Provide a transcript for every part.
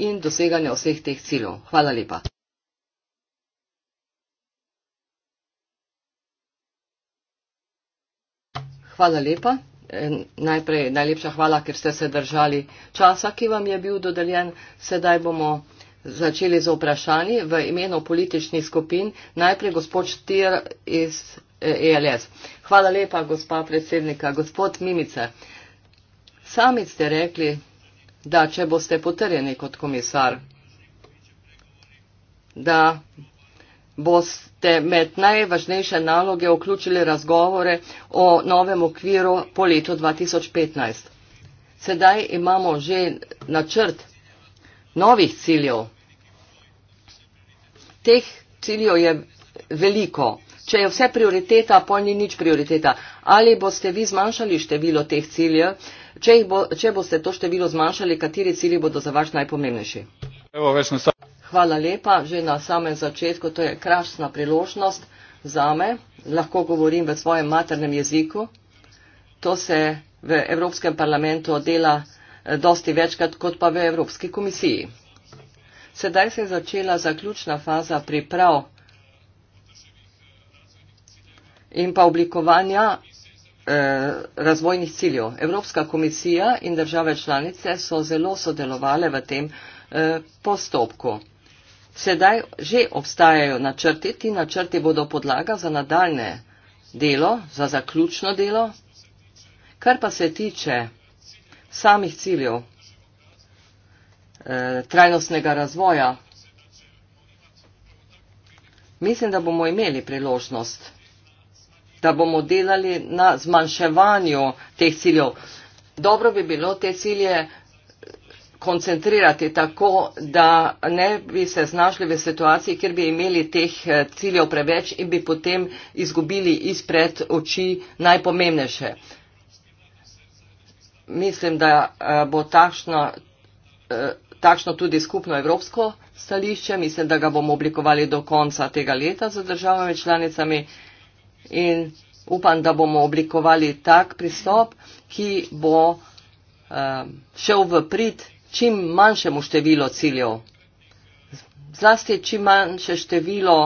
in doseganja vseh teh ciljev. Hvala lepa. Hvala lepa. Najprej najlepša hvala, ker ste se držali časa, ki vam je bil dodeljen. Sedaj bomo začeli z vprašanji v imenu političnih skupin. Najprej gospod Štir iz ELS. Eh, e hvala lepa, gospa predsednika. Gospod Mimice, sami ste rekli, da če boste potrjeni kot komisar, da boste med najvažnejše naloge vključili razgovore o novem okviru po letu 2015. Sedaj imamo že načrt novih ciljev. Teh ciljev je veliko. Če je vse prioriteta, pa ni nič prioriteta. Ali boste vi zmanjšali število teh ciljev, Če, bo, če boste to število zmanjšali, kateri cilji bodo za vaš najpomembnejši? Evo, Hvala lepa, že na samem začetku, to je krasna priložnost za me, lahko govorim v svojem maternem jeziku. To se v Evropskem parlamentu dela eh, dosti večkrat, kot pa v Evropski komisiji. Sedaj se je začela zaključna faza priprav in pa oblikovanja Eh, razvojnih ciljev. Evropska komisija in države članice so zelo sodelovali v tem eh, postopku. Sedaj že obstajajo načrti, ti načrti bodo podlaga za nadaljne delo, za zaključno delo. Kar pa se tiče samih ciljev eh, trajnostnega razvoja, mislim, da bomo imeli priložnost da bomo delali na zmanjševanju teh ciljev. Dobro bi bilo te cilje koncentrirati tako, da ne bi se znašli v situaciji, kjer bi imeli teh eh, ciljev preveč in bi potem izgubili izpred oči najpomembnejše. Mislim, da eh, bo takšno, eh, takšno tudi skupno evropsko stališče. Mislim, da ga bomo oblikovali do konca tega leta z državami članicami in upam, da bomo oblikovali tak pristop, ki bo eh, šel v prid čim manjšemu številu ciljev. Zlasti čim manjše število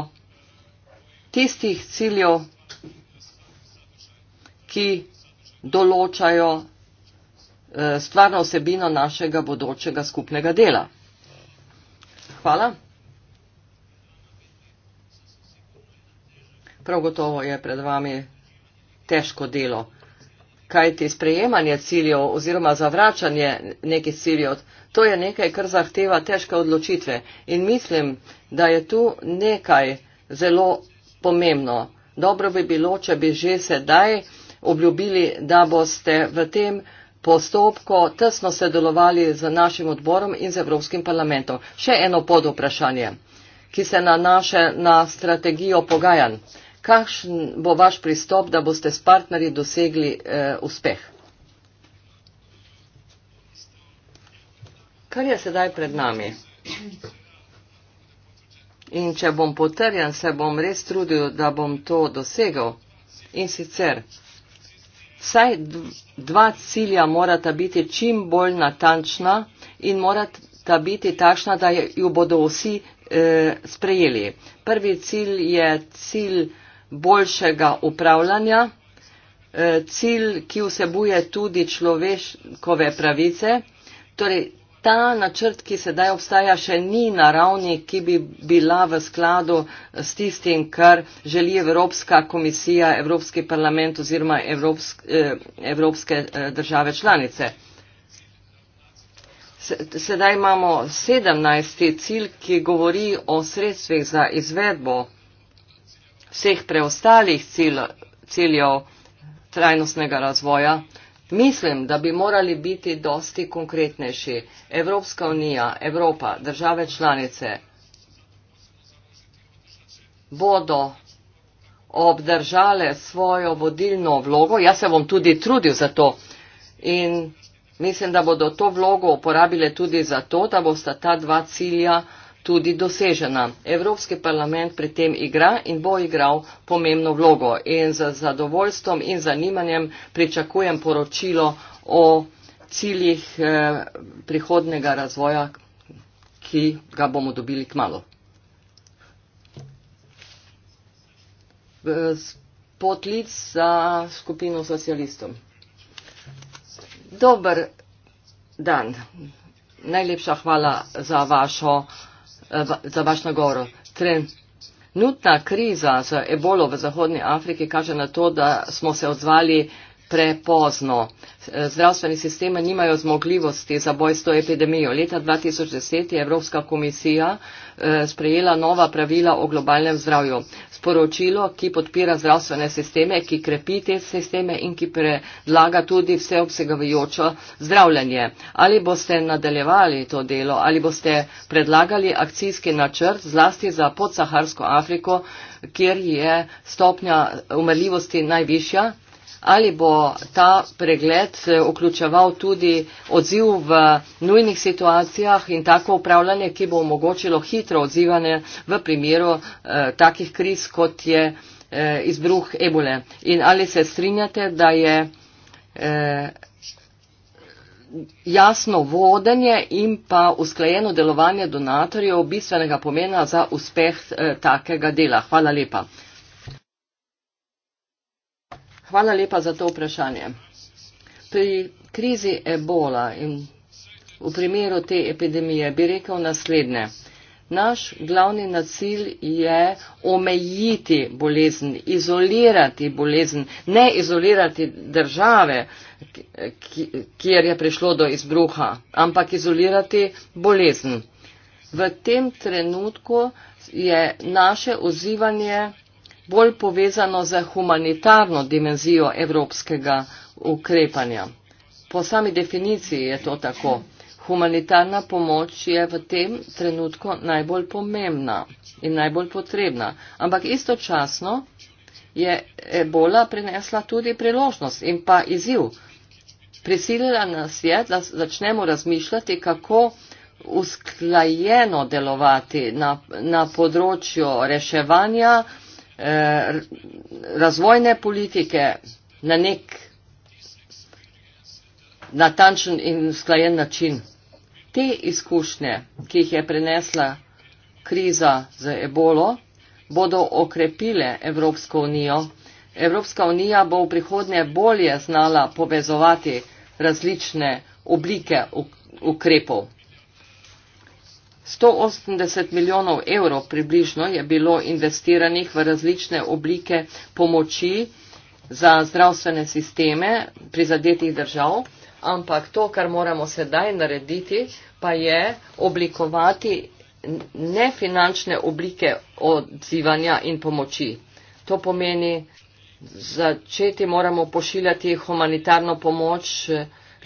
tistih ciljev, ki določajo eh, stvarno osebino našega bodočega skupnega dela. Hvala. prav gotovo je pred vami težko delo. Kaj ti sprejemanje ciljev oziroma zavračanje nekih ciljev, to je nekaj, kar zahteva težke odločitve. In mislim, da je tu nekaj zelo pomembno. Dobro bi bilo, če bi že sedaj obljubili, da boste v tem postopku tesno sodelovali z našim odborom in z Evropskim parlamentom. Še eno podoprašanje, ki se nanaše na strategijo pogajanj kakšen bo vaš pristop, da boste s partnerji dosegli uh, uspeh? Kar je sedaj pred nami. In če bom potrjen, se bom res trudil, da bom to dosegel. In sicer, vsaj dva cilja morata biti čim bolj natančna in morata biti takšna, da jo bodo vsi eh, sprejeli. Prvi cilj je cilj boljšega upravljanja, e, cilj, ki vsebuje tudi človeškove pravice. Torej, ta načrt, ki sedaj obstaja, še ni na ravni, ki bi bila v skladu s tistim, kar želi Evropska komisija, Evropski parlament oziroma e, Evropske e, države članice. Sedaj imamo 17. cilj, ki govori o sredstvih za izvedbo vseh preostalih cilj, ciljev trajnostnega razvoja, mislim, da bi morali biti dosti konkretnejši. Evropska unija, Evropa, države članice bodo obdržale svojo vodilno vlogo. Jaz se bom tudi trudil za to in mislim, da bodo to vlogo uporabile tudi za to, da bosta ta dva cilja tudi dosežena. Evropski parlament pri tem igra in bo igral pomembno vlogo in z zadovoljstvom in zanimanjem pričakujem poročilo o ciljih eh, prihodnega razvoja, ki ga bomo dobili k malu. Potlic za skupino socialistov. Dobar dan. Najlepša hvala za vašo uh, Eh, za vaš nagovor. Trenutna kriza z ebolo v Zahodnji Afriki kaže na to, da smo se odzvali prepozno. Eh, zdravstveni sistemi nimajo zmogljivosti za boj s to epidemijo. Leta 2010 je Evropska komisija eh, sprejela nova pravila o globalnem zdravju. Sporočilo, ki podpira zdravstvene sisteme, ki krepi te sisteme in ki predlaga tudi vseobsegavajočo zdravljanje. Ali boste nadaljevali to delo, ali boste predlagali akcijski načrt zlasti za podsaharsko Afriko, kjer je stopnja umrljivosti najvišja? ali bo ta pregled eh, vključeval tudi odziv v nujnih situacijah in tako upravljanje, ki bo omogočilo hitro odzivanje v primeru eh, takih kriz, kot je eh, izbruh ebole. In ali se strinjate, da je eh, jasno vodenje in pa usklajeno delovanje donatorjev bistvenega pomena za uspeh eh, takega dela? Hvala lepa. Hvala lepa za to vprašanje. Pri krizi ebola in v primeru te epidemije bi rekel naslednje. Naš glavni nacilj je omejiti bolezen, izolirati bolezen, ne izolirati države, kjer je prišlo do izbruha, ampak izolirati bolezen. V tem trenutku je naše ozivanje bolj povezano z humanitarno dimenzijo evropskega ukrepanja. Po sami definiciji je to tako. Humanitarna pomoč je v tem trenutku najbolj pomembna in najbolj potrebna, ampak istočasno je ebola prinesla tudi priložnost in pa izziv. Prisilila nas je, da začnemo razmišljati, kako usklajeno delovati na, na področju reševanja, Eh, razvojne politike na nek natančen in sklajen način. Te izkušnje, ki jih je prenesla kriza z ebolo, bodo okrepile Evropsko unijo. Evropska unija bo v prihodnje bolje znala povezovati različne oblike ukrepov. 180 milijonov evrov približno je bilo investiranih v različne oblike pomoči za zdravstvene sisteme prizadetih držav, ampak to, kar moramo sedaj narediti, pa je oblikovati nefinančne oblike odzivanja in pomoči. To pomeni, začeti moramo pošiljati humanitarno pomoč,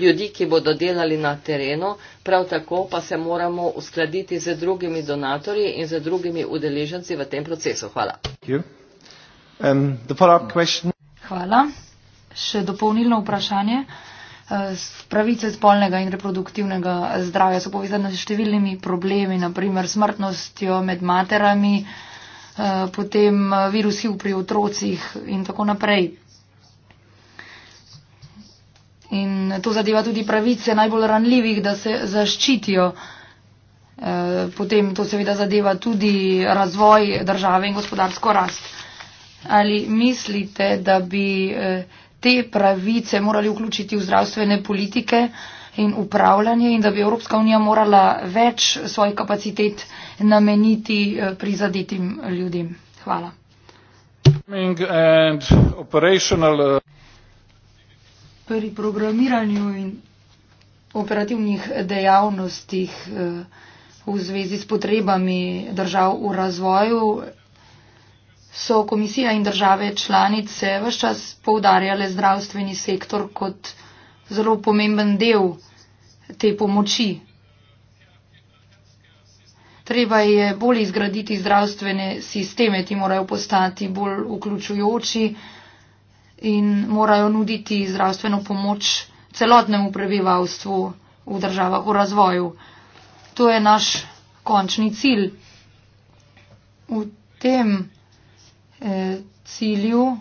ljudi, ki bodo delali na terenu, prav tako pa se moramo uskladiti z drugimi donatorji in z drugimi udeleženci v tem procesu. Hvala. Um, Hvala. Še dopolnilno vprašanje. Eh, pravice spolnega in reproduktivnega zdravja so povezane s številnimi problemi, naprimer smrtnostjo med materami, eh, potem eh, virusi pri otrocih in tako naprej. In to zadeva tudi pravice najbolj ranljivih, da se zaščitijo. Eh, potem to seveda zadeva tudi razvoj države in gospodarsko rast. Ali mislite, da bi eh, te pravice morali vključiti v zdravstvene politike in upravljanje in da bi Evropska unija morala več svojih kapacitet nameniti eh, prizadetim ljudem? Hvala pri programiranju in operativnih dejavnostih eh, v zvezi s potrebami držav v razvoju so komisija in države članice vse čas poudarjale zdravstveni sektor kot zelo pomemben del te pomoči. Treba je bolje izgraditi zdravstvene sisteme, ti morajo postati bolj vključujoči, in morajo nuditi zdravstveno pomoč celotnemu prebivalstvu v državah v razvoju. To je naš končni cilj. V tem eh, cilju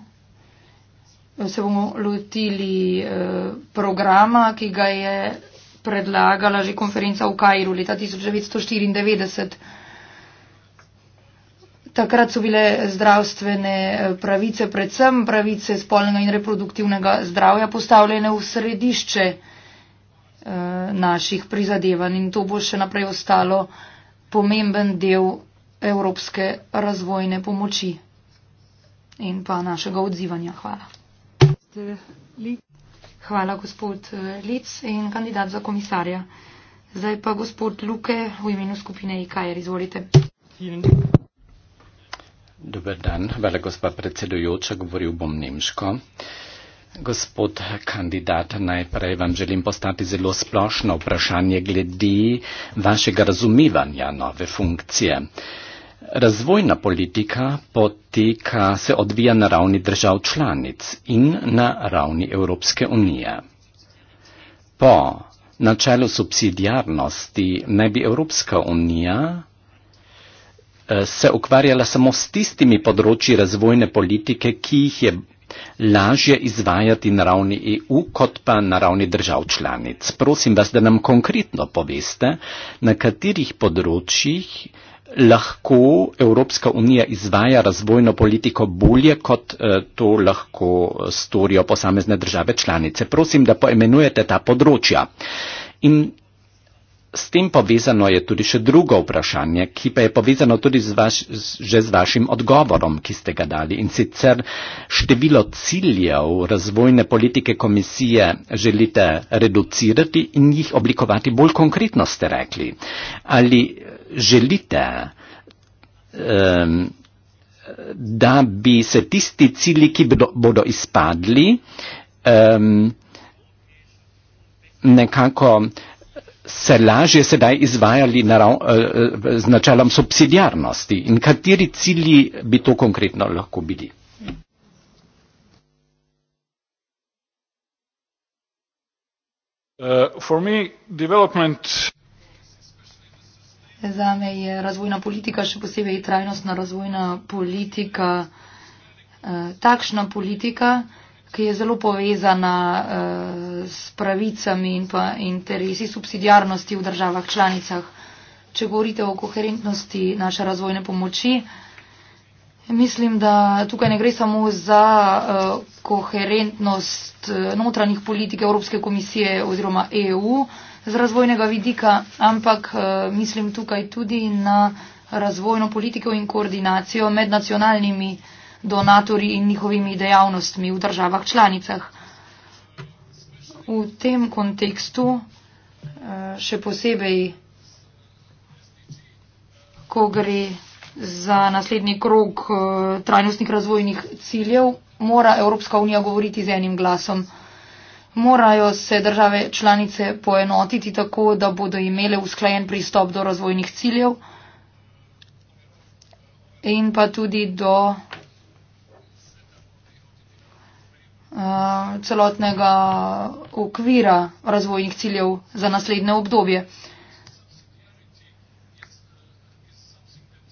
eh, se bomo lotili eh, programa, ki ga je predlagala že konferenca v Kairu leta 1994. Takrat so bile zdravstvene eh, pravice, predvsem pravice spolnega in reproduktivnega zdravja, postavljene v središče eh, naših prizadevanj in to bo še naprej ostalo pomemben del evropske razvojne pomoči in pa našega odzivanja. Hvala. Hvala, gospod eh, Lic in kandidat za komisarja. Zdaj pa gospod Luke v imenu skupine IKR. Izvolite. Dober dan, velja gospa predsedujoča, govoril bom nemško. Gospod kandidat, najprej vam želim postati zelo splošno vprašanje glede vašega razumivanja nove funkcije. Razvojna politika poteka, se odvija na ravni držav članic in na ravni Evropske unije. Po načelu subsidijarnosti naj bi Evropska unija Eh, se ukvarjala samo s tistimi področji razvojne politike, ki jih je lažje izvajati na ravni EU kot pa na ravni držav članic. Prosim vas, da nam konkretno poveste, na katerih področjih lahko Evropska unija izvaja razvojno politiko bolje, kot eh, to lahko storijo posamezne države članice. Prosim, da poimenujete ta področja. In S tem povezano je tudi še drugo vprašanje, ki pa je povezano tudi z vaš, že z vašim odgovorom, ki ste ga dali. In sicer število ciljev razvojne politike komisije želite reducirati in jih oblikovati bolj konkretno, ste rekli. Ali želite, um, da bi se tisti cilji, ki bodo, bodo izpadli, um, nekako se lažje sedaj izvajali narav, eh, eh, z načelom subsidijarnosti in kateri cilji bi to konkretno lahko bili? Uh, me, Za me je razvojna politika, še posebej trajnostna razvojna politika, uh, takšna politika, ki je zelo povezana eh, s pravicami in pa interesi subsidijarnosti v državah članicah. Če govorite o koherentnosti naše razvojne pomoči, mislim, da tukaj ne gre samo za eh, koherentnost eh, notranjih politik Evropske komisije oziroma EU z razvojnega vidika, ampak mislim tukaj tudi na razvojno politiko in koordinacijo med nacionalnimi donatorji in njihovimi dejavnostmi v državah članicah. V tem kontekstu eh, še posebej, ko gre za naslednji krok eh, trajnostnih razvojnih ciljev, mora Evropska unija govoriti z enim glasom. Morajo se države članice poenotiti tako, da bodo imele usklajen pristop do razvojnih ciljev in pa tudi do Eh, celotnega okvira razvojnih ciljev za naslednje obdobje.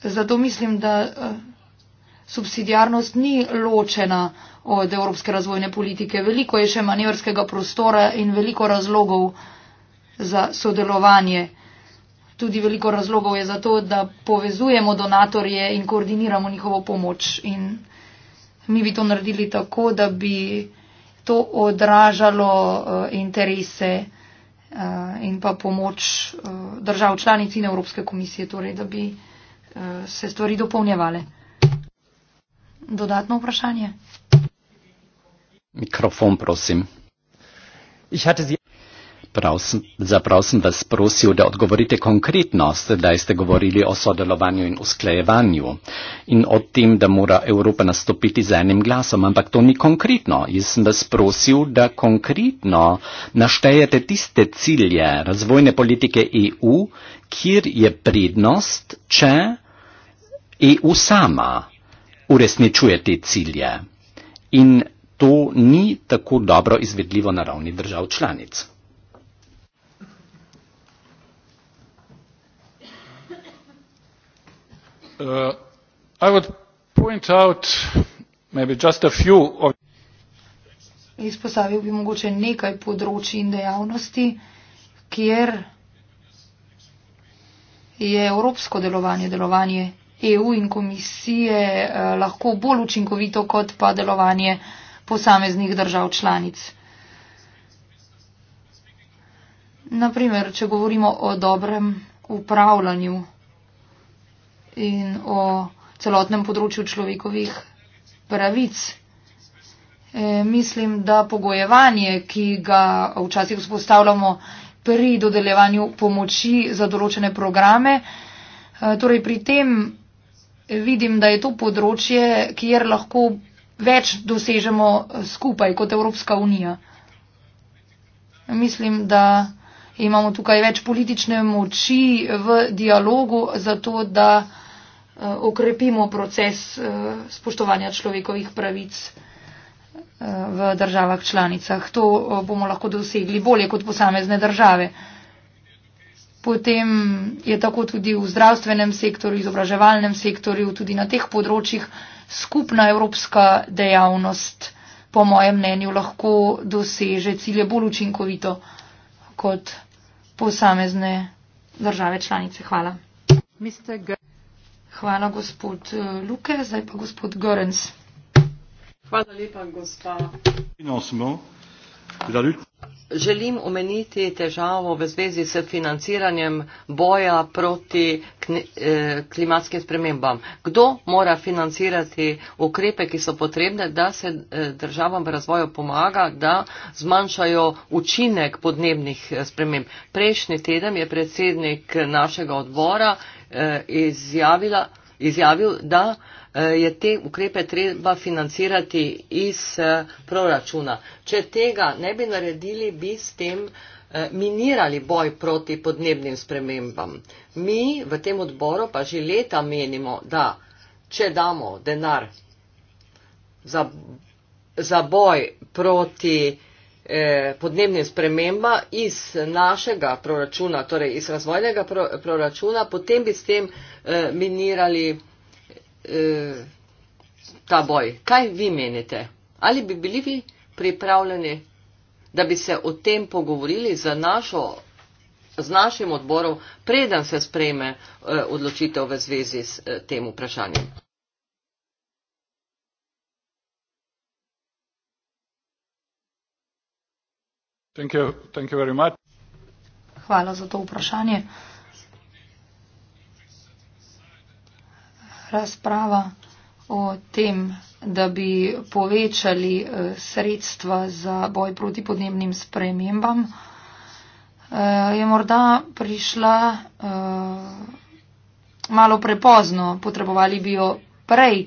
Zato mislim, da eh, subsidijarnost ni ločena od evropske razvojne politike. Veliko je še manevrskega prostora in veliko razlogov za sodelovanje. Tudi veliko razlogov je za to, da povezujemo donatorje in koordiniramo njihovo pomoč. In mi bi to naredili tako, da bi to odražalo eh, interese eh, in pa pomoč eh, držav članic in Evropske komisije, torej da bi se stvari dopolnjevale. Dodatno vprašanje? Mikrofon, prosim. Ich hatte Sie Za prav sem vas prosil, da odgovorite konkretnost, da ste govorili o sodelovanju in usklajevanju in o tem, da mora Evropa nastopiti z enim glasom, ampak to ni konkretno. Jaz sem vas prosil, da konkretno naštejete tiste cilje razvojne politike EU, kjer je prednost, če EU sama uresničuje te cilje. In to ni tako dobro izvedljivo na ravni držav članic. Uh, i would point out maybe just a few of izpostavil bi mogoče nekaj področij in dejavnosti, kjer je evropsko delovanje, delovanje EU in komisije eh, lahko bolj učinkovito kot pa delovanje posameznih držav članic. Naprimer, če govorimo o dobrem upravljanju in o celotnem področju človekovih pravic. E, mislim, da pogojevanje, ki ga včasih vzpostavljamo pri dodeljevanju pomoči za določene programe, e, torej pri tem vidim, da je to področje, kjer lahko več dosežemo skupaj kot Evropska unija. Mislim, da imamo tukaj več politične moči v dialogu, zato da. Eh, okrepimo proces eh, spoštovanja človekovih pravic eh, v državah članicah. To bomo lahko dosegli bolje kot posamezne države. Potem je tako tudi v zdravstvenem sektorju, izobraževalnem sektorju, tudi na teh področjih skupna evropska dejavnost, po mojem mnenju, lahko doseže cilje bolj učinkovito kot posamezne države članice. Hvala. Hvala, gospod eh, Luke. Zdaj pa gospod Görens. Hvala lepa, gospa. Želim omeniti težavo v zvezi s financiranjem boja proti eh, klimatskim spremembam. Kdo mora financirati ukrepe, ki so potrebne, da se eh, državam v razvoju pomaga, da zmanjšajo učinek podnebnih sprememb? Prejšnji teden je predsednik našega odbora Eh, izjavila, izjavil, da eh, je te ukrepe treba financirati iz eh, proračuna. Če tega ne bi naredili, bi s tem minirali boj proti podnebnim spremembam. Mi v tem odboru pa že leta menimo, da če damo denar za, za boj proti eh, Eh, podnebnim spremembam iz našega proračuna, torej iz razvojnega pro, proračuna, potem bi s tem eh, minirali eh, ta boj. Kaj vi menite? Ali bi bili vi pripravljeni, da bi se o tem pogovorili za našo z našim odborom, preden se sprejme eh, odločitev v zvezi s eh, tem vprašanjem. Thank you. Thank you very much. Hvala za to vprašanje. Razprava o tem, da bi povečali eh, sredstva za boj proti podnebnim spremembam, eh, je morda prišla eh, malo prepozno. Potrebovali bi jo prej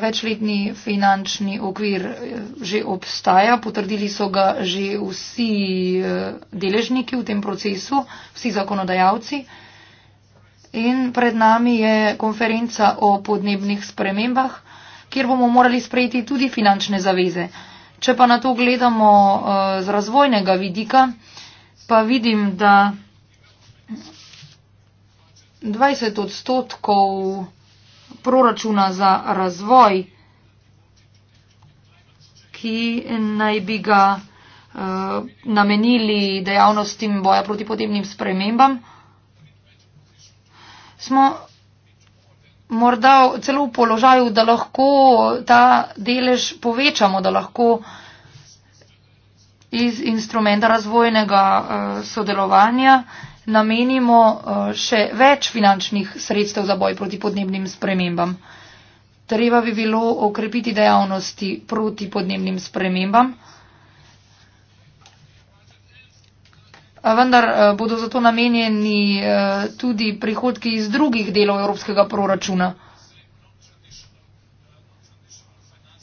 večletni finančni okvir eh, že obstaja, potrdili so ga že vsi eh, deležniki v tem procesu, vsi zakonodajalci. In pred nami je konferenca o podnebnih spremembah, kjer bomo morali sprejeti tudi finančne zaveze. Če pa na to gledamo eh, z razvojnega vidika, pa vidim, da 20 odstotkov proračuna za razvoj, ki naj bi ga uh, namenili dejavnostim boja proti podnebnim spremembam, smo morda celo v položaju, da lahko ta delež povečamo, da lahko iz instrumenta razvojnega uh, sodelovanja uh, namenimo eh, še več finančnih sredstev za boj proti podnebnim spremembam. Treba bi bilo okrepiti dejavnosti proti podnebnim spremembam, vendar eh, bodo zato namenjeni eh, tudi prihodki iz drugih delov evropskega proračuna.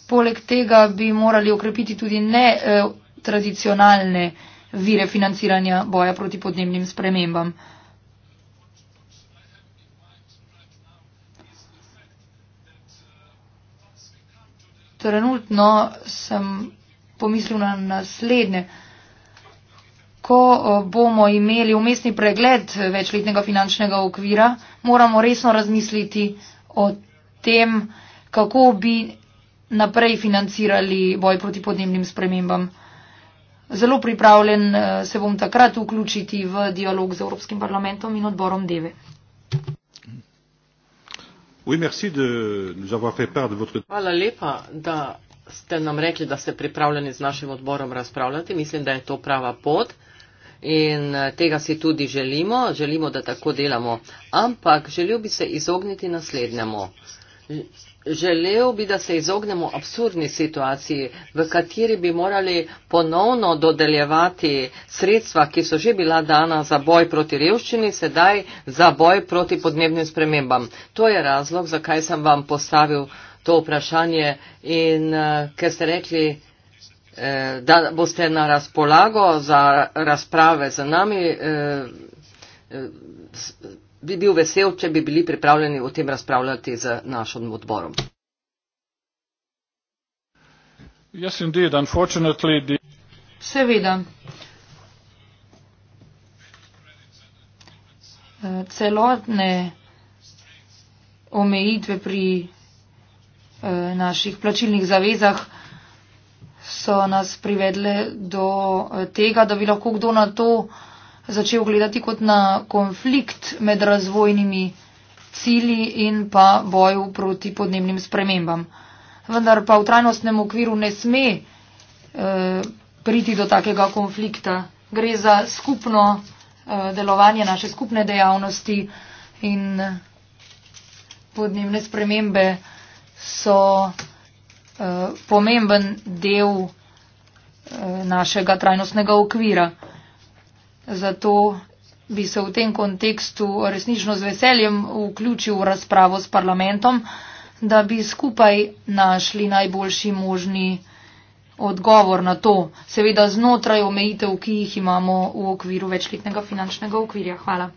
Poleg tega bi morali okrepiti tudi netradicionalne eh, vire financiranja boja proti podnebnim spremembam. Trenutno sem pomislil na naslednje. Ko eh, bomo imeli umestni pregled večletnega finančnega okvira, moramo resno razmisliti o tem, kako bi naprej financirali boj proti podnebnim spremembam zelo pripravljen eh, se bom takrat vključiti v dialog z Evropskim parlamentom in odborom Deve. Hvala lepa, da ste nam rekli, da ste pripravljeni z našim odborom razpravljati. Mislim, da je to prava pot in eh, tega si tudi želimo. Želimo, da tako delamo. Ampak želel bi se izogniti naslednjemu. Želel bi, da se izognemo absurdni situaciji, v kateri bi morali ponovno dodeljevati sredstva, ki so že bila dana za boj proti revščini, sedaj za boj proti podnebnim spremembam. To je razlog, zakaj sem vam postavil to vprašanje in eh, ker ste rekli, eh, da boste na razpolago za razprave z nami eh, bi bil vesel, če bi bili pripravljeni o tem razpravljati z našim odborom. Yes, indeed, unfortunately. The... Seveda. Celotne omejitve pri eh, naših plačilnih zavezah so nas privedle do eh, tega, da bi lahko kdo na to uh, začel gledati kot na konflikt med razvojnimi cilji in pa boju proti podnebnim spremembam. Vendar pa v trajnostnem okviru ne sme eh, priti do takega konflikta. Gre za skupno eh, delovanje naše skupne dejavnosti in podnebne spremembe so eh, pomemben del eh, našega trajnostnega okvira. Zato bi se v tem kontekstu resnično z veseljem vključil v razpravo s parlamentom, da bi skupaj našli najboljši možni odgovor na to, seveda znotraj omejitev, ki jih imamo v okviru večletnega finančnega okvirja. Hvala.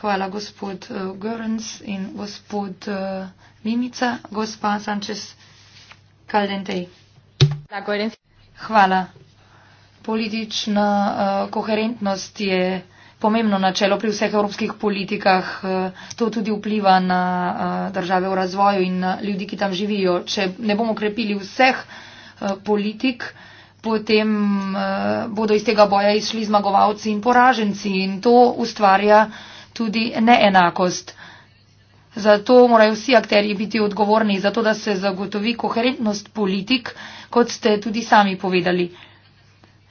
Hvala, gospod eh, Görens in gospod eh, Mimica, gospa Sančes Kaldentej. Hvala. Politična uh, koherentnost je pomembno načelo pri vseh evropskih politikah. Uh, to tudi vpliva na uh, države v razvoju in na ljudi, ki tam živijo. Če ne bomo krepili vseh uh, politik, potem uh, bodo iz tega boja išli zmagovalci in poraženci in to ustvarja tudi neenakost. Zato morajo vsi akteri biti odgovorni, zato da se zagotovi koherentnost politik, kot ste tudi sami povedali.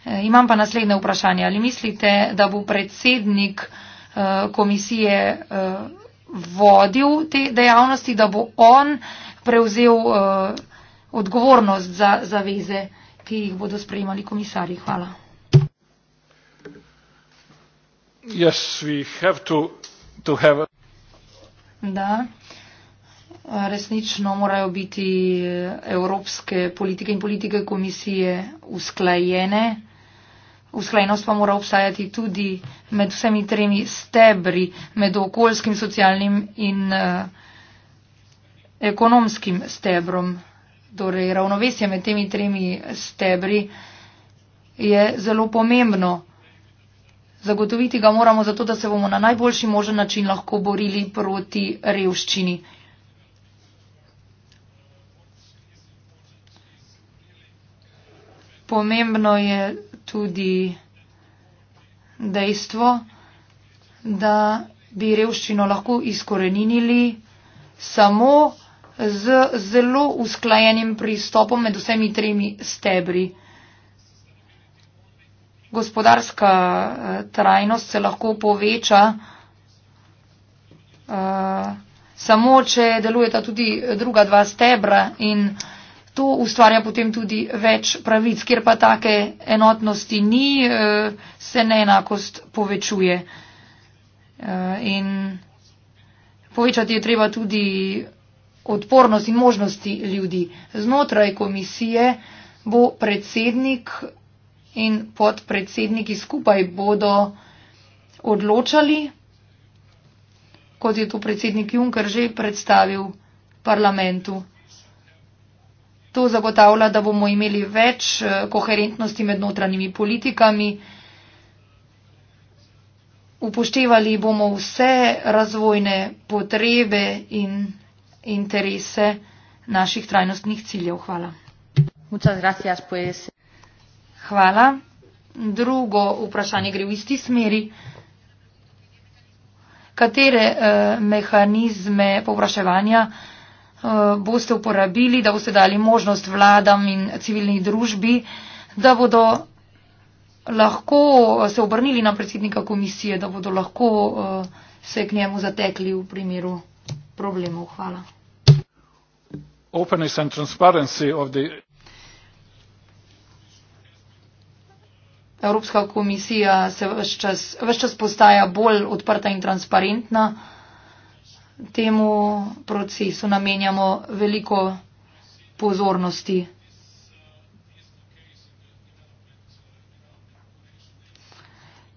Eh, imam pa naslednje vprašanje. Ali mislite, da bo predsednik eh, komisije eh, vodil te dejavnosti, da bo on prevzel odgovornost za zaveze, ki jih bodo sprejemali komisari? Hvala. Yes, to, to a... Da, resnično morajo biti evropske politike in politike komisije usklajene usklajenost pa mora obstajati tudi med vsemi tremi stebri, med okoljskim, socialnim in uh, ekonomskim stebrom. Torej, ravnovesje med temi tremi stebri je zelo pomembno. Zagotoviti ga moramo zato, da se bomo na najboljši možen način lahko borili proti revščini. Pomembno je tudi dejstvo, da bi revščino lahko izkorenili samo z zelo usklajenim pristopom med vsemi tremi stebri. Gospodarska eh, trajnost se lahko poveča uh, samo, če delujeta tudi druga dva stebra in uh, to ustvarja potem tudi več pravic, kjer pa take enotnosti ni, eh, se neenakost povečuje. Eh, in povečati je treba tudi odpornost in možnosti ljudi. Znotraj komisije bo predsednik in podpredsedniki skupaj bodo odločali, kot je to predsednik Juncker že predstavil parlamentu. To zagotavlja, da bomo imeli več eh, koherentnosti med notranjimi politikami. Upoštevali bomo vse razvojne potrebe in interese naših trajnostnih ciljev. Hvala. Hvala. Drugo vprašanje gre v isti smeri. Katere eh, mehanizme povpraševanja eh, Eh, boste uporabili, da boste dali možnost vladam in civilni družbi, da bodo lahko eh, se obrnili na predsednika komisije, da bodo lahko eh, se k njemu zatekli v primeru problemov. Hvala. Openness and transparency of the... Evropska komisija se veččas postaja bolj odprta in transparentna temu procesu namenjamo veliko pozornosti.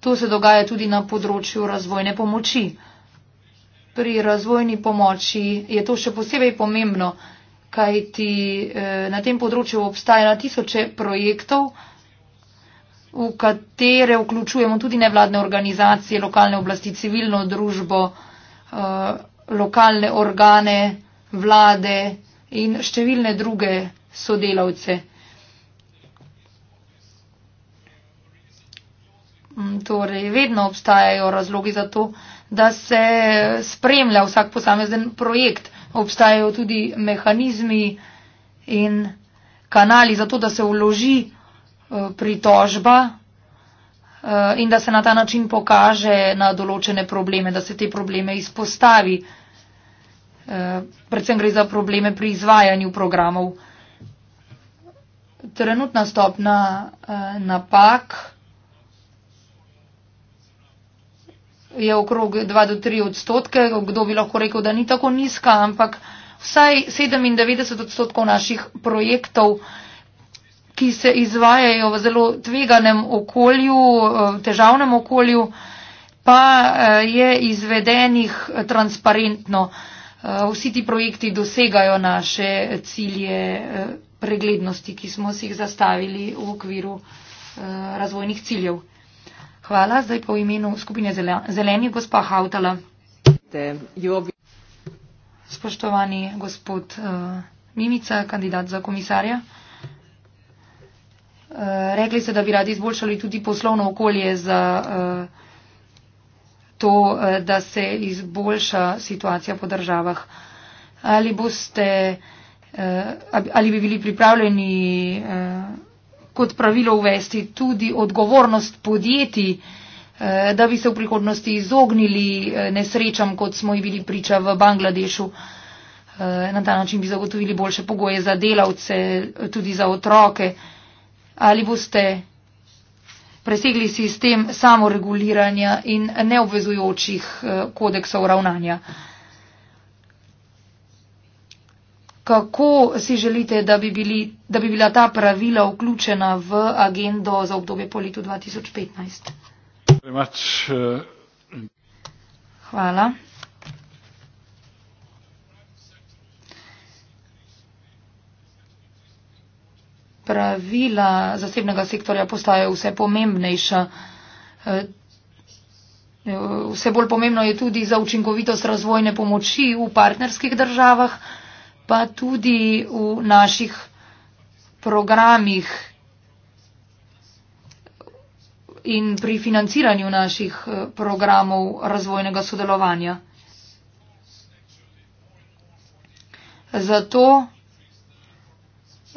To se dogaja tudi na področju razvojne pomoči. Pri razvojni pomoči je to še posebej pomembno, kajti eh, na tem področju obstaja na tisoče projektov, v katere vključujemo tudi nevladne organizacije, lokalne oblasti, civilno družbo, eh, lokalne organe, vlade in številne druge sodelavce. Mm, torej, vedno obstajajo razlogi za to, da se spremlja vsak posamezen projekt. Obstajajo tudi mehanizmi in kanali za to, da se vloži eh, pritožba Eh, in da se na ta način pokaže na določene probleme, da se te probleme izpostavi. Eh, predvsem gre za probleme pri izvajanju programov. Trenutna stopna eh, napak je okrog 2 do 3 odstotke, kdo bi lahko rekel, da ni tako nizka, ampak vsaj 97 odstotkov naših projektov ki se izvajajo v zelo tveganem okolju, eh, težavnem okolju, pa eh, je izvedenih eh, transparentno. Vsi ti projekti dosegajo naše cilje preglednosti, ki smo si jih zastavili v okviru razvojnih ciljev. Hvala. Zdaj pa v imenu skupine zeleni gospa Hautala. Spoštovani gospod Mimica, kandidat za komisarja. Eh, rekli ste, da bi radi izboljšali tudi poslovno okolje za eh, to, eh, da se izboljša situacija po državah. Ali, boste, ali bi bili pripravljeni kot pravilo uvesti tudi odgovornost podjetij, da bi se v prihodnosti izognili nesrečam, kot smo jih bili priča v Bangladešu. Na ta način bi zagotovili boljše pogoje za delavce, tudi za otroke ali boste presegli sistem samoreguliranja in neobvezujočih eh, kodeksov ravnanja. Kako si želite, da bi, bili, da bi bila ta pravila vključena v agendo za obdobje po letu 2015? Eh, Hvala. pravila zasebnega sektorja postajajo vse pomembnejša. E, vse bolj pomembno je tudi za učinkovitost razvojne pomoči v partnerskih državah, pa tudi v naših programih in pri financiranju naših e, programov razvojnega sodelovanja. Zato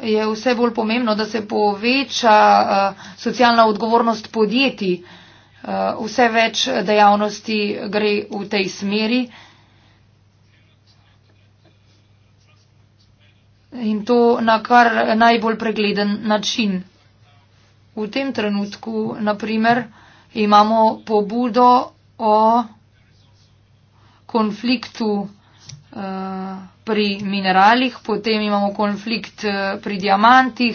je vse bolj pomembno, da se poveča eh, socialna odgovornost podjetij. Eh, vse več eh, dejavnosti gre v tej smeri. In to na kar najbolj pregleden način. V tem trenutku, naprimer, imamo pobudo o konfliktu Eh, pri mineralih, potem imamo konflikt eh, pri diamantih,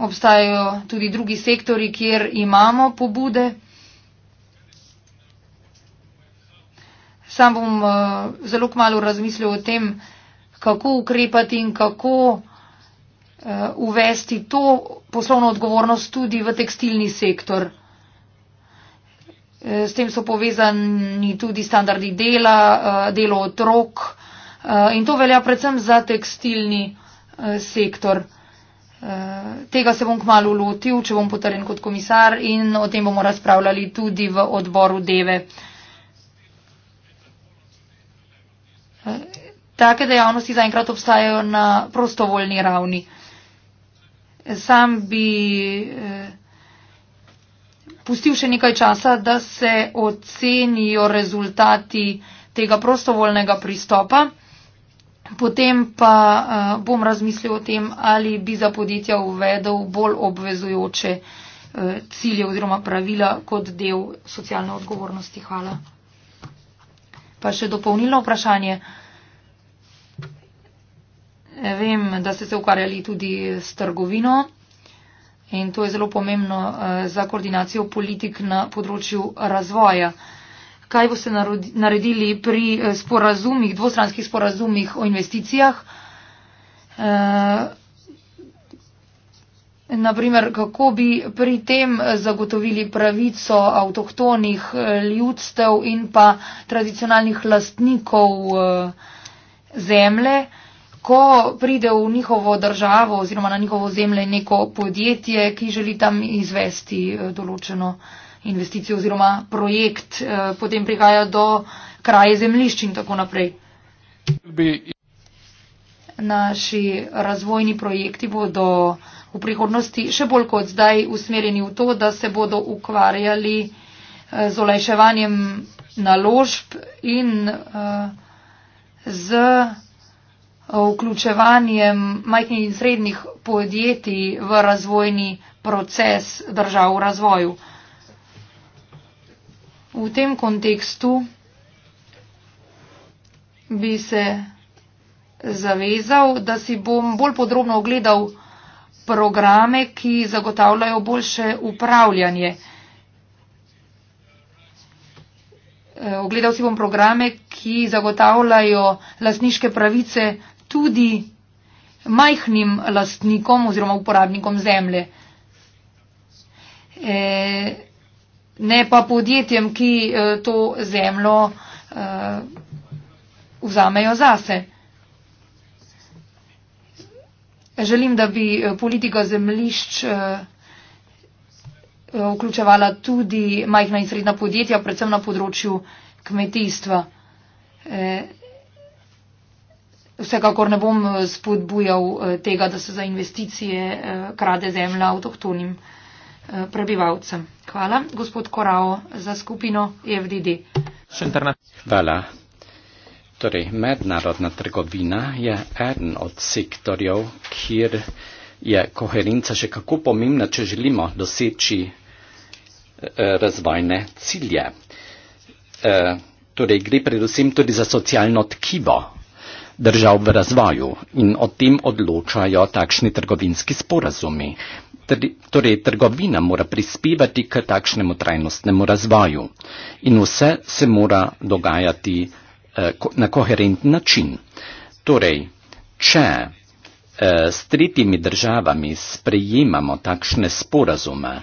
obstajajo tudi drugi sektori, kjer imamo pobude. Sam bom eh, zelo kmalo razmislil o tem, kako ukrepati in kako uvesti to poslovno odgovornost tudi v tekstilni sektor. S tem so povezani tudi standardi dela, eh, delo otrok eh, in to velja predvsem za tekstilni eh, sektor. Tega se bom kmalo lotil, če bom potrjen kot komisar in o tem bomo razpravljali tudi v odboru Deve. Take dejavnosti zaenkrat obstajajo na prostovoljni ravni. Sam bi eh, pustil še nekaj časa, da se ocenijo rezultati tega prostovoljnega pristopa. Potem pa uh, bom razmislil o tem, ali bi za podjetja uvedel bolj obvezujoče uh, cilje oziroma pravila kot del socialne odgovornosti. Hvala. Pa še dopolnilno vprašanje. Eh, vem, da ste se ukvarjali tudi s trgovino. In to je zelo pomembno eh, za koordinacijo politik na področju razvoja. Kaj boste naredili pri eh, sporazumih, dvostranskih sporazumih o investicijah? Eh, Naprimer, kako bi pri tem zagotovili pravico avtohtonih ljudstev in pa tradicionalnih lastnikov zemlje? ko pride v njihovo državo oziroma na njihovo zemlje neko podjetje, ki želi tam izvesti eh, določeno investicijo oziroma projekt, eh, potem prihaja do kraje zemljišč in tako naprej. Naši razvojni projekti bodo v prihodnosti še bolj kot zdaj usmerjeni v to, da se bodo ukvarjali eh, z olajševanjem naložb in uh, z vključevanjem majhnih in srednjih podjetij v razvojni proces držav v razvoju. V tem kontekstu bi se zavezal, da si bom bolj podrobno ogledal programe, ki zagotavljajo boljše upravljanje. Eh, ogledal si bom programe, ki zagotavljajo lasniške pravice tudi majhnim lastnikom oziroma uporabnikom zemlje. E, ne pa podjetjem, ki e, to zemljo e, vzamejo zase. Želim, da bi e, politika zemljišč e, vključevala tudi majhna in srednja podjetja, predvsem na področju kmetijstva. E, Vsekakor ne bom eh, spodbujal eh, tega, da se za investicije eh, krade zemlja avtohtonim prebivalcem. Hvala, gospod Korao, za skupino FDD. Hvala. Torej, mednarodna trgovina je eden od sektorjev, kjer je koherenca še kako pomembna, če želimo doseči razvojne cilje. Torej, gre predvsem tudi za socialno tkivo držav v razvoju in o tem odločajo takšni trgovinski sporazumi. Torej, trgovina mora prispevati k takšnemu trajnostnemu razvoju in vse se mora dogajati eh, na koherenten način. Torej, če eh, s tretjimi državami sprejemamo takšne sporazume,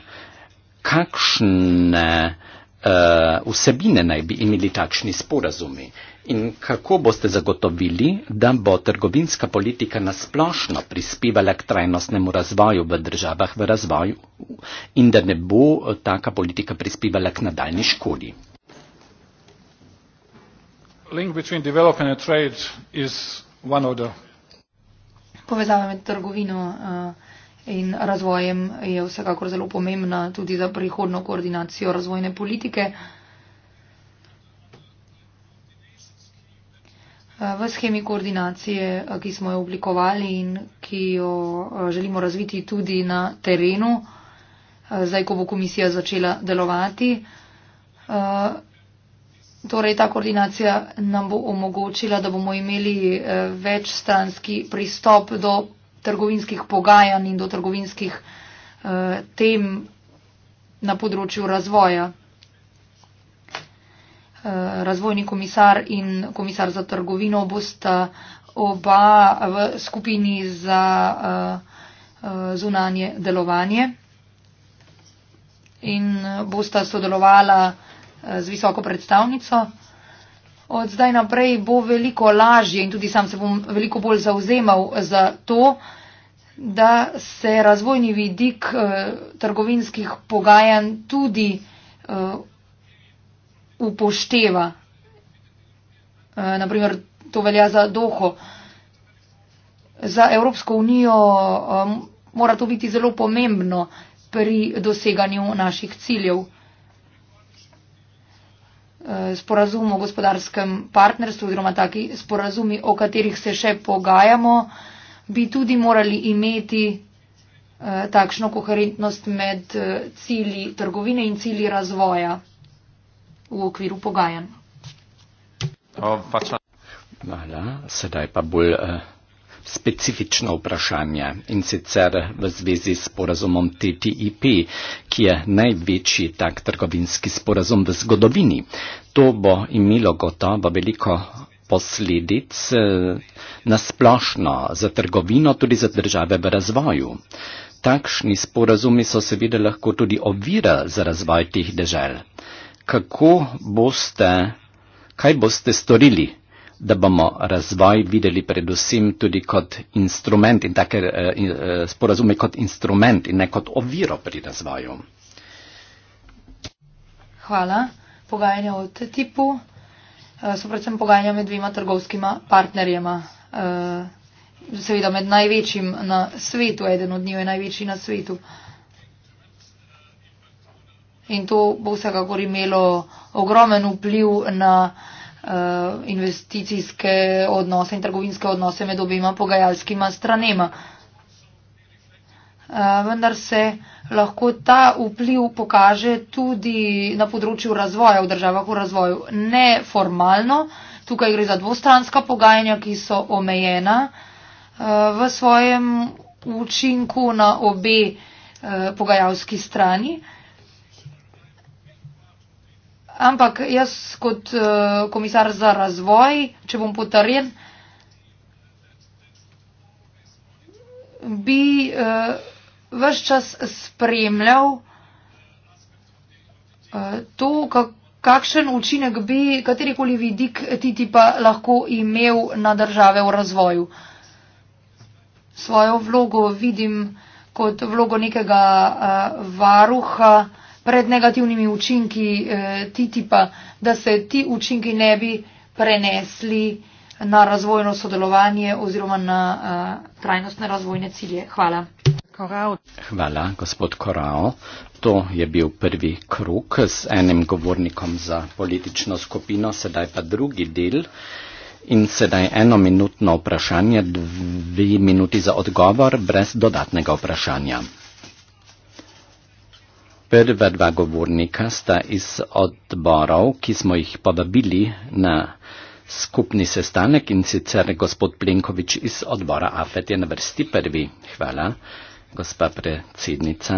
kakšne eh, Eh, vsebine naj bi imeli takšni sporazumi in kako boste zagotovili, da bo trgovinska politika nasplošno prispevala k trajnostnemu razvoju v državah v razvoju in da ne bo eh, taka politika prispevala k nadaljni škodi. Povezava med trgovino uh, in razvojem je vsekakor zelo pomembna tudi za prihodno koordinacijo razvojne politike. V schemi koordinacije, ki smo jo oblikovali in ki jo eh, želimo razviti tudi na terenu, eh, zdaj, ko bo komisija začela delovati. Eh, torej, ta koordinacija nam bo omogočila, da bomo imeli večstranski pristop do trgovinskih pogajanj in do trgovinskih eh, tem na področju razvoja. Eh, razvojni komisar in komisar za trgovino bosta oba v skupini za eh, eh zunanje delovanje in bosta sodelovala eh, z visoko predstavnico od zdaj naprej bo veliko lažje in tudi sam se bom veliko bolj zauzemal za to, da se razvojni vidik eh, trgovinskih pogajanj tudi eh, upošteva. Eh, Naprimer, to velja za Doho. Za Evropsko unijo mora to biti zelo pomembno pri doseganju naših ciljev. Eh, sporazum o gospodarskem partnerstvu oziroma taki sporazumi, o katerih se še pogajamo, bi tudi morali imeti eh, takšno koherentnost med eh, cilji trgovine in cilji razvoja v okviru pogajanj. Hvala, sedaj pa bolj. Uh specifično vprašanje in sicer v zvezi s sporazumom TTIP, ki je največji tak trgovinski sporazum v zgodovini. To bo imelo gotovo veliko posledic eh, na splošno za trgovino, tudi za države v razvoju. Takšni sporazumi so seveda lahko tudi ovira za razvoj teh dežel. Kako boste, kaj boste storili da bomo razvoj videli predvsem tudi kot instrument in take uh, in, uh, sporazume kot instrument in ne kot oviro pri razvoju. Hvala. Pogajanja o TTIP-u uh, so predvsem pogajanja med dvima trgovskima partnerjema. Uh, seveda med največjim na svetu, eden od njih je največji na svetu. In to bo vsekakor imelo ogromen vpliv na. Eh, investicijske odnose in trgovinske odnose med obima pogajalskima stranema. Eh, vendar se lahko ta vpliv pokaže tudi na področju razvoja v državah v razvoju. Neformalno, tukaj gre za dvostranska pogajanja, ki so omejena eh, v svojem učinku na obe pogajalski strani. Ampak jaz kot uh, komisar za razvoj, če bom potrjen, bi uh, eh, vse čas spremljal uh, to, kakšen učinek bi katerikoli vidik TTIP-a lahko imel na države v razvoju. Svojo vlogo vidim kot vlogo nekega uh, varuha pred negativnimi učinki eh, TTIP-a, da se ti učinki ne bi prenesli na razvojno sodelovanje oziroma na eh, trajnostne razvojne cilje. Hvala. Korau. Hvala, gospod Korao. To je bil prvi krok z enim govornikom za politično skupino, sedaj pa drugi del. In sedaj eno minutno vprašanje, dve minuti za odgovor brez dodatnega vprašanja. Prva dva govornika sta iz odborov, ki smo jih povabili na skupni sestanek in sicer gospod Plenkovič iz odbora AFET je na vrsti prvi. Hvala, gospa predsednica.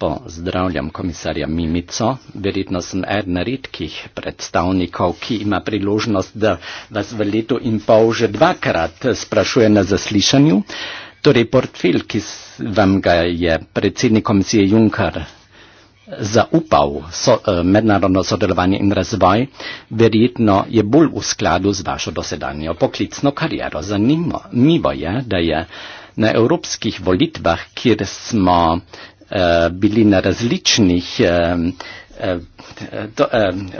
Pozdravljam komisarja Mimico. Verjetno sem eden redkih predstavnikov, ki ima priložnost, da vas v letu in pol že dvakrat sprašuje na zaslišanju. Torej, portfelj, ki vam ga je predsednik komisije Junkar zaupal so, eh, mednarodno sodelovanje in razvoj, verjetno je bolj v skladu z vašo dosedanjo poklicno kariero. Zanimivo je, da je na evropskih volitvah, kjer smo eh, bili na različnih, eh,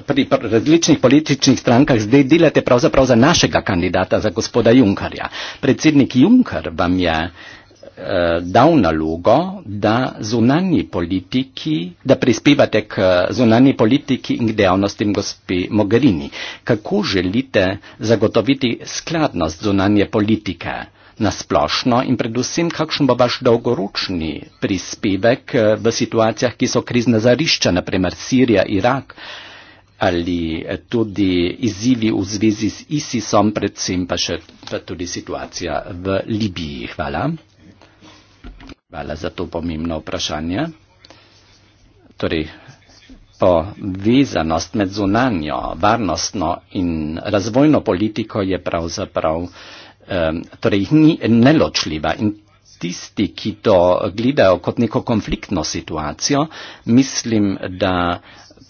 pri različnih političnih strankah, zdaj delate pravzaprav za našega kandidata, za gospoda Junkarja. Predsednik Junkar vam je Eh, dal nalogo, da zunanji politiki, da prispevate k eh, zunanji politiki in k dejavnostim gospe Mogherini. Kako želite zagotoviti skladnost zunanje politike na splošno in predvsem kakšen bo vaš dolgoročni prispevek eh, v situacijah, ki so krizna zarišča, naprimer Sirija, Irak ali tudi izzivi v zvezi z ISISom, predvsem pa še pa tudi situacija v Libiji. Hvala. Hvala za to pomembno vprašanje. Torej, povezanost med zunanjo, varnostno in razvojno politiko je pravzaprav um, torej, neločljiva. In tisti, ki to gledajo kot neko konfliktno situacijo, mislim, da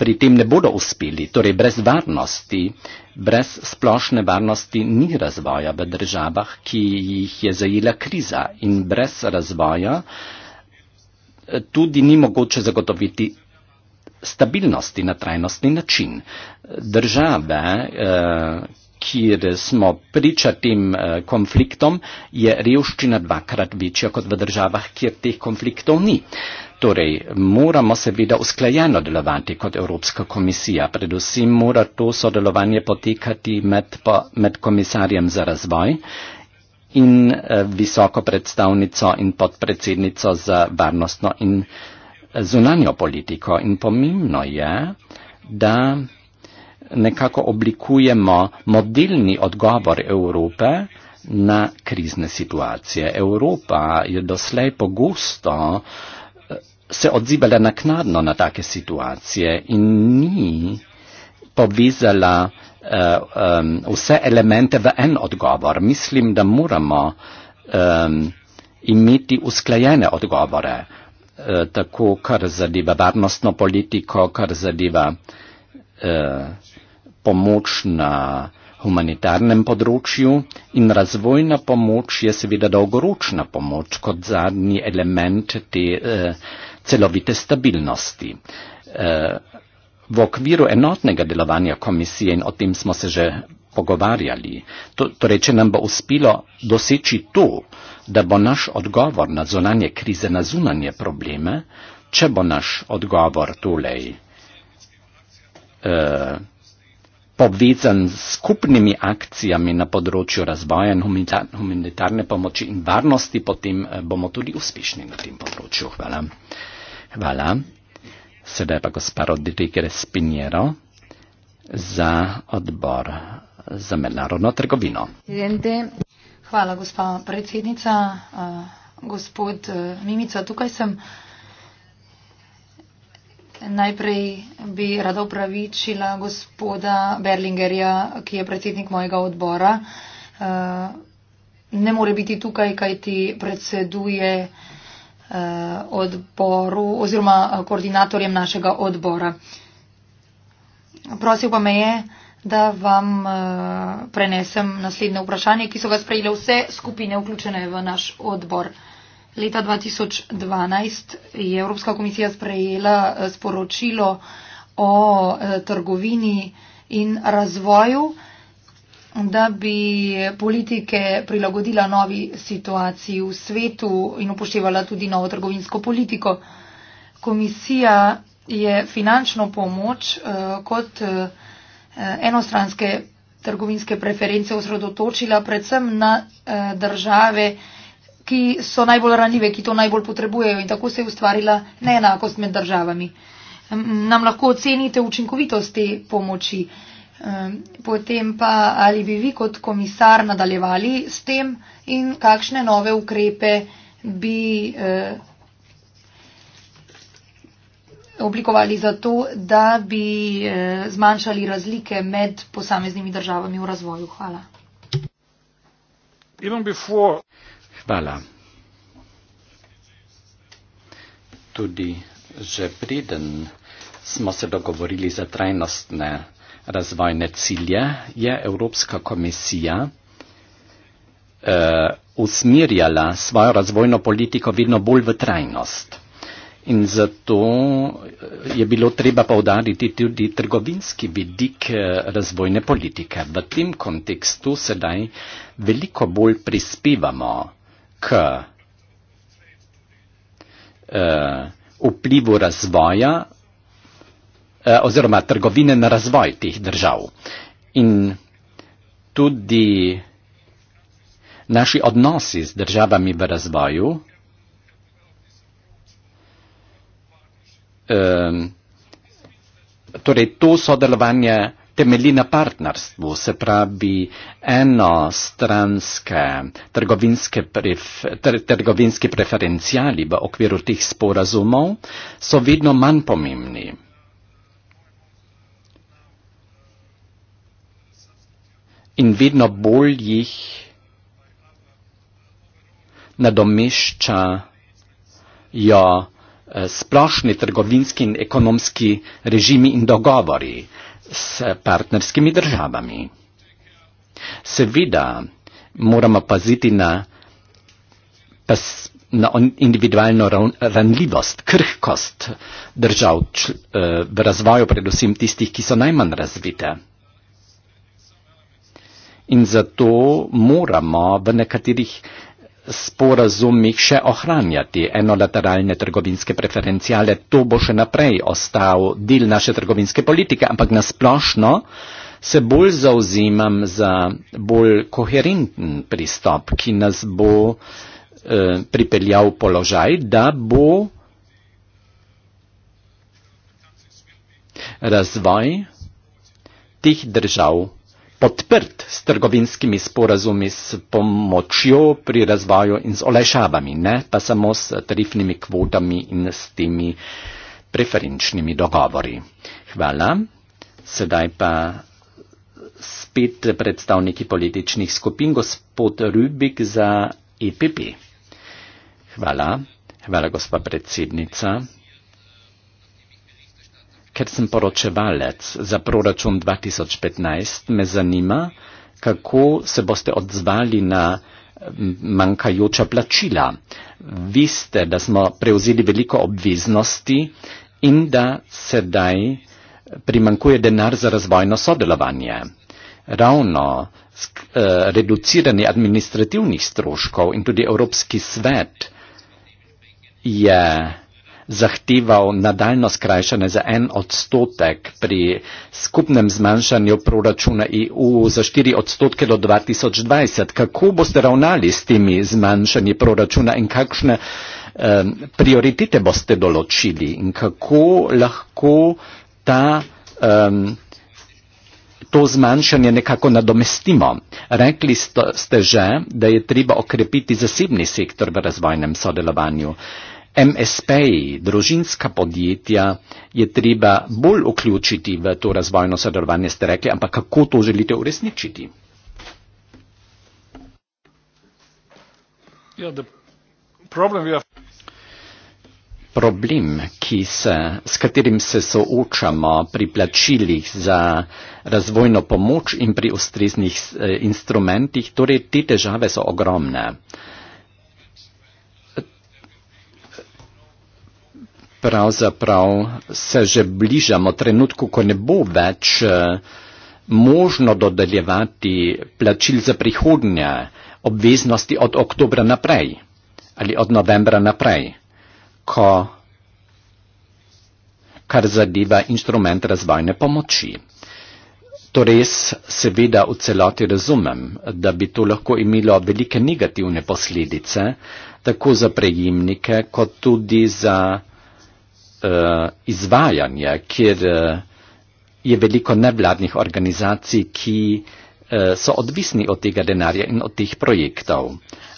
pri tem ne bodo uspeli. Torej, brez varnosti uh, Brez splošne varnosti ni razvoja v državah, ki jih je zajela kriza in brez razvoja eh, tudi ni mogoče zagotoviti stabilnosti na trajnostni način. Države, eh, kjer smo priča tem eh, konfliktom, je revščina dvakrat večja kot v državah, kjer teh konfliktov ni. Torej, moramo seveda usklajeno delovati kot Evropska komisija. Predvsem mora to sodelovanje potekati med, po, med komisarjem za razvoj in eh, visoko predstavnico in podpredsednico za varnostno in eh, zunanjo politiko. In pomembno je, da nekako oblikujemo modelni odgovor Evrope na krizne situacije. Evropa je doslej pogosto eh, se odzivala naknadno na take situacije in ni povezala uh, um, vse elemente v en odgovor. Mislim, da moramo um, imeti usklajene odgovore, uh, tako kar zadeva varnostno politiko, kar zadeva uh, pomoč na humanitarnem področju in razvojna pomoč je seveda dolgoročna pomoč kot zadnji element te. Uh, celovite stabilnosti. Eh, v okviru enotnega delovanja komisije in o tem smo se že pogovarjali, torej če nam bo uspelo doseči to, da bo naš odgovor na zonanje krize, na zunanje probleme, če bo naš odgovor tulej eh, povezan s skupnimi akcijami na področju razvoja in humanitarne pomoči in varnosti, potem eh, bomo tudi uspešni na tem področju. Hvala. Hvala. Sedaj pa gospa Rodrigue Spinjero za odbor za mednarodno trgovino. Presidente, hvala gospa predsednica, gospod e, Mimica, tukaj sem. Najprej bi rada upravičila gospoda Berlingerja, ki je predsednik mojega odbora. E, ne more biti tukaj, kaj ti predseduje Eh, odboru oziroma eh, koordinatorjem našega odbora. Prosil pa me je, da vam eh, prenesem naslednje vprašanje, ki so ga sprejele vse skupine vključene v naš odbor. Leta 2012 je Evropska komisija sprejela sporočilo o trgovini in razvoju da bi politike prilagodila novi situaciji v svetu in upoštevala tudi novo trgovinsko politiko. Komisija je finančno pomoč eh, kot eh, enostranske trgovinske preference osredotočila predvsem na eh, države, ki so najbolj ranljive, ki to najbolj potrebujejo in tako se je ustvarila neenakost med državami. Nam lahko ocenite učinkovitosti pomoči. Ehm, potem pa ali bi vi kot komisar nadaljevali s tem in kakšne nove ukrepe bi eh, oblikovali za to, da bi eh, zmanjšali razlike med posameznimi državami v razvoju. Hvala. Hvala. Tudi že preden smo se dogovorili za trajnostne razvojne cilje je Evropska komisija uh, eh, usmirjala svojo razvojno politiko vedno bolj v trajnost. In zato eh, je bilo treba povdariti tudi trgovinski vidik eh, razvojne politike. V tem kontekstu sedaj veliko bolj prispevamo k uh, vplivu razvoja Eh, oziroma trgovine na razvoj tih držav. In tudi naši odnosi z državami v razvoju um, Torej, to sodelovanje temelji na partnerstvu, se pravi enostranske trgovinske pref, tr, trgovinski preferencijali v okviru teh sporazumov so vedno manj pomembni. in vedno bolj jih nadomeščajo eh, splošni trgovinski in ekonomski režimi in dogovori s partnerskimi državami. Seveda moramo paziti na, pas, na individualno ranljivost, krhkost držav čl, eh, v razvoju, predvsem tistih, ki so najmanj razvite in zato moramo v nekaterih sporazumih še ohranjati enolateralne trgovinske preferencijale. To bo še naprej ostal del naše trgovinske politike, ampak nasplošno se bolj zauzimam za bolj koherenten pristop, ki nas bo eh, pripeljal v položaj, da bo razvoj teh držav podprt s trgovinskimi sporazumi s pomočjo pri razvoju in z olajšavami, ne pa samo s tarifnimi kvotami in s temi preferenčnimi dogovori. Hvala. Sedaj pa spet predstavniki političnih skupin, gospod Rubik za EPP. Hvala. Hvala, gospa predsednica. Ker sem poročevalec za proračun 2015, me zanima, kako se boste odzvali na manjkajoča plačila. Vi ste, da smo prevzeli veliko obveznosti in da sedaj primankuje denar za razvojno sodelovanje. Ravno eh, reduciranje administrativnih stroškov in tudi Evropski svet je. Eh, zahteval nadaljno skrajšanje za en odstotek pri skupnem zmanjšanju proračuna EU za 4 odstotke do 2020. Kako boste ravnali s temi zmanjšanji proračuna in kakšne um, prioritete boste določili in kako lahko ta, um, to zmanjšanje nekako nadomestimo? Rekli ste že, da je treba okrepiti zasebni sektor v razvojnem sodelovanju. MSP-ji, družinska podjetja, je treba bolj vključiti v to razvojno sodelovanje, ste rekli, ampak kako to želite uresničiti? Ja, problem, se, s katerim se soočamo pri plačilih za razvojno pomoč in pri ustreznih eh, instrumentih, torej te težave so ogromne. Eh, pravzaprav se že bližamo trenutku, ko ne bo več eh, možno dodeljevati plačil za prihodnje obveznosti od oktobra naprej ali od novembra naprej, ko kar zadeva instrument razvojne pomoči. To res seveda v celoti razumem, da bi to lahko imelo velike negativne posledice, tako za prejemnike, kot tudi za uh, izvajanje, kjer uh, je veliko nevladnih organizacij, ki uh, so odvisni od tega denarja in od teh projektov.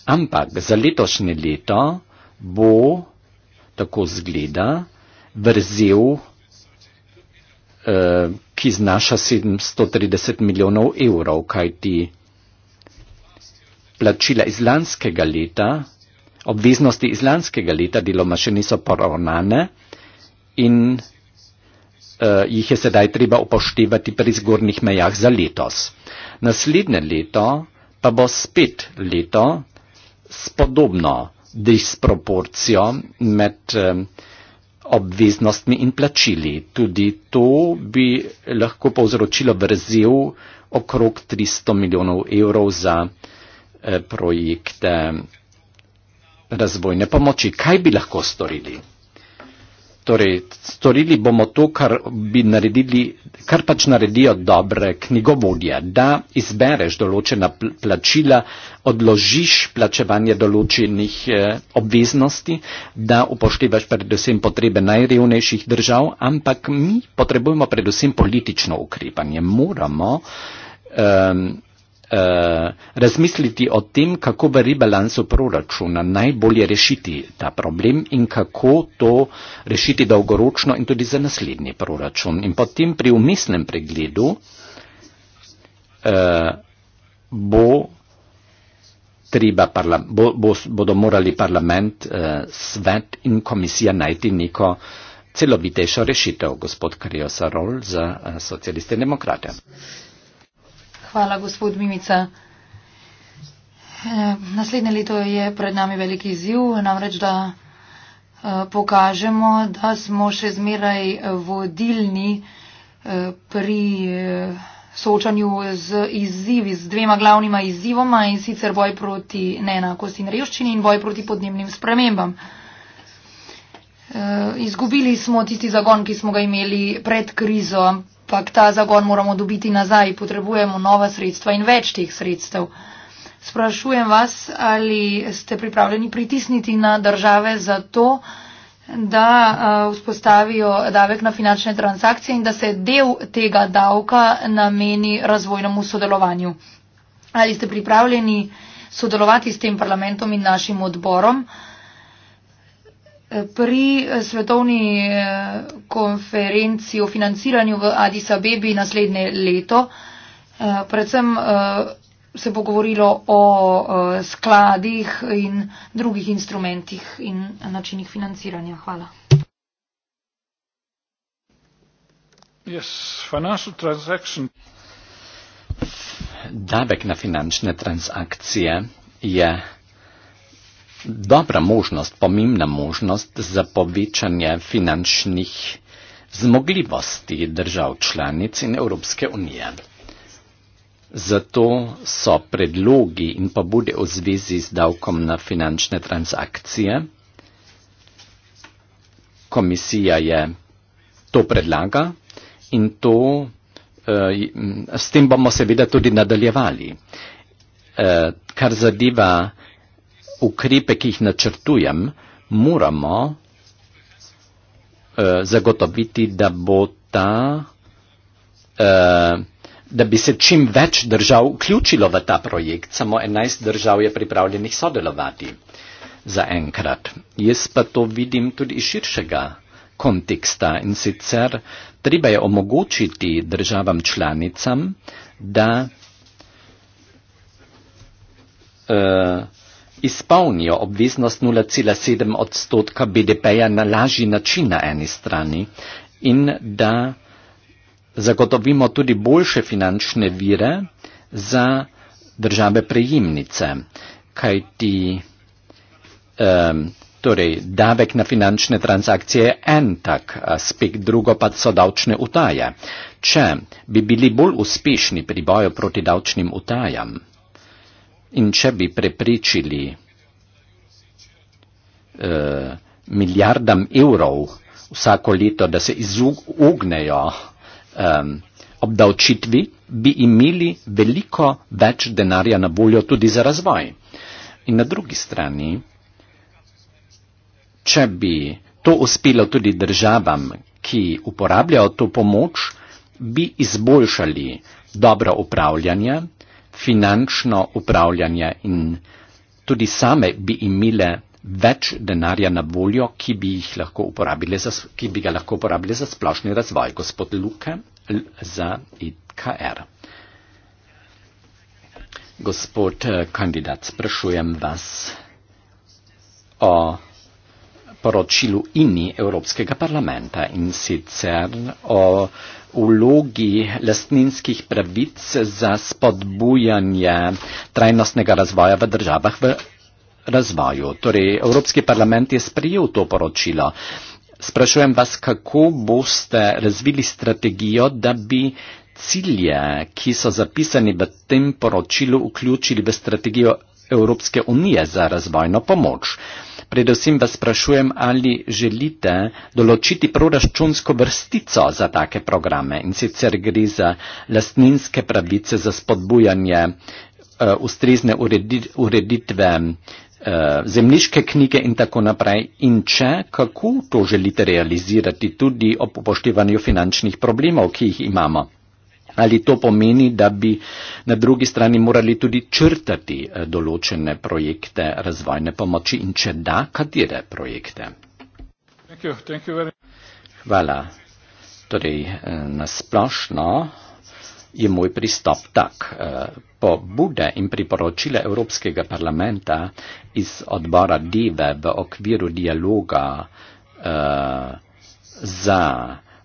Ampak za letošnje leto bo, tako zgleda, vrzel, uh, ki znaša 730 milijonov evrov, kajti plačila iz lanskega leta, obveznosti iz lanskega leta deloma še niso poravnane, in uh, jih je sedaj treba upoštevati pri zgornjih mejah za letos. Naslednje leto pa bo spet leto s podobno disproporcijo med um, obveznostmi in plačili. Tudi to bi lahko povzročilo brzel okrog 300 milijonov evrov za eh, projekte razvojne pomoči. Kaj bi lahko storili? Torej, storili bomo to, kar, naredili, kar pač naredijo dobre knjigovodje, da izbereš določena plačila, odložiš plačevanje določenih eh, obveznosti, da upoštevaš predvsem potrebe najrevnejših držav, ampak mi potrebujemo predvsem politično ukrepanje. Moramo. Eh, Eh, razmisliti o tem, kako v rebalansu proračuna najbolje rešiti ta problem in kako to rešiti dolgoročno in tudi za naslednji proračun. In potem pri umestnem pregledu uh, bo treba, parla, bo, bo, bodo morali parlament, uh, svet in komisija najti neko celovitejšo rešitev, gospod Kriosarol za uh, socialiste in demokrate. Hvala, gospod Mimica. Eh, naslednje leto je pred nami veliki izziv, namreč da eh, pokažemo, da smo še zmeraj vodilni eh, pri soočanju z izzivi, z dvema glavnima izzivoma in sicer boj proti neenakosti in revščini in boj proti podnebnim spremembam. Izgubili smo tisti zagon, ki smo ga imeli pred krizo, ampak ta zagon moramo dobiti nazaj, potrebujemo nova sredstva in več teh sredstev. Sprašujem vas, ali ste pripravljeni pritisniti na države za to, da vzpostavijo davek na finančne transakcije in da se del tega davka nameni razvojnemu sodelovanju. Ali ste pripravljeni sodelovati s tem parlamentom in našim odborom? Pri eh, svetovni eh, konferenci o financiranju v Addis Abebi naslednje leto eh, predvsem se bo govorilo o skladih in drugih instrumentih in načinih financiranja. Hvala. Yes, financial transaction. Davek na finančne transakcije je dobra možnost, pomembna možnost za povečanje finančnih zmogljivosti držav članic in Evropske unije. Zato so predlogi in pobude v zvezi z davkom na finančne transakcije. Komisija je to predlaga in to, eh, s tem bomo seveda tudi nadaljevali. Eh, kar zadeva ukrepe, ki jih načrtujem, moramo uh, zagotoviti, da, ta, uh, da bi se čim več držav vključilo v ta projekt. Samo 11 držav je pripravljenih sodelovati za enkrat. Jaz pa to vidim tudi iz širšega konteksta in sicer treba je omogočiti državam članicam, da uh, izpolnijo obveznost 0,7 odstotka BDP-ja na lažji način na eni strani in da zagotovimo tudi boljše finančne vire za države prejemnice, kaj ti um, torej davek na finančne transakcije je en tak aspekt, drugo pa so davčne utaje. Če bi bili bolj uspešni pri boju proti davčnim utajam, In če bi prepričili eh, milijardam evrov vsako leto, da se izognejo eh, obdavčitvi, bi imeli veliko več denarja na voljo tudi za razvoj. In na drugi strani, če bi to uspelo tudi državam, ki uporabljajo to pomoč, bi izboljšali dobro upravljanje, finančno upravljanje in tudi same bi imele več denarja na voljo, ki bi, za, ki bi ga lahko uporabili za splošni razvoj. Gospod Luke za IKR. Gospod eh, kandidat, sprašujem vas o poročilu INI Evropskega parlamenta in sicer o vlogi lastninskih pravic za spodbujanje trajnostnega razvoja v državah v razvoju. Torej, Evropski parlament je sprejel to poročilo. Sprašujem vas, kako boste razvili strategijo, da bi cilje, ki so zapisani v tem poročilu, vključili v strategijo Evropske unije za razvojno pomoč. Predvsem vas sprašujem, ali želite določiti proračunsko vrstico za take programe in sicer gre za lastninske pravice za spodbujanje uh, ustrezne ureditve uh, zemljiške knjige in tako naprej. In če, kako to želite realizirati tudi ob upoštevanju finančnih problemov, ki jih imamo? Ali to pomeni, da bi na drugi strani morali tudi črtati eh, določene projekte razvojne pomoči in če da, katere projekte? Thank you. Thank you very... Hvala. Torej, eh, nasplošno je moj pristop tak. Eh, pobude in priporočile Evropskega parlamenta iz odbora DIVE v okviru dialoga uh, za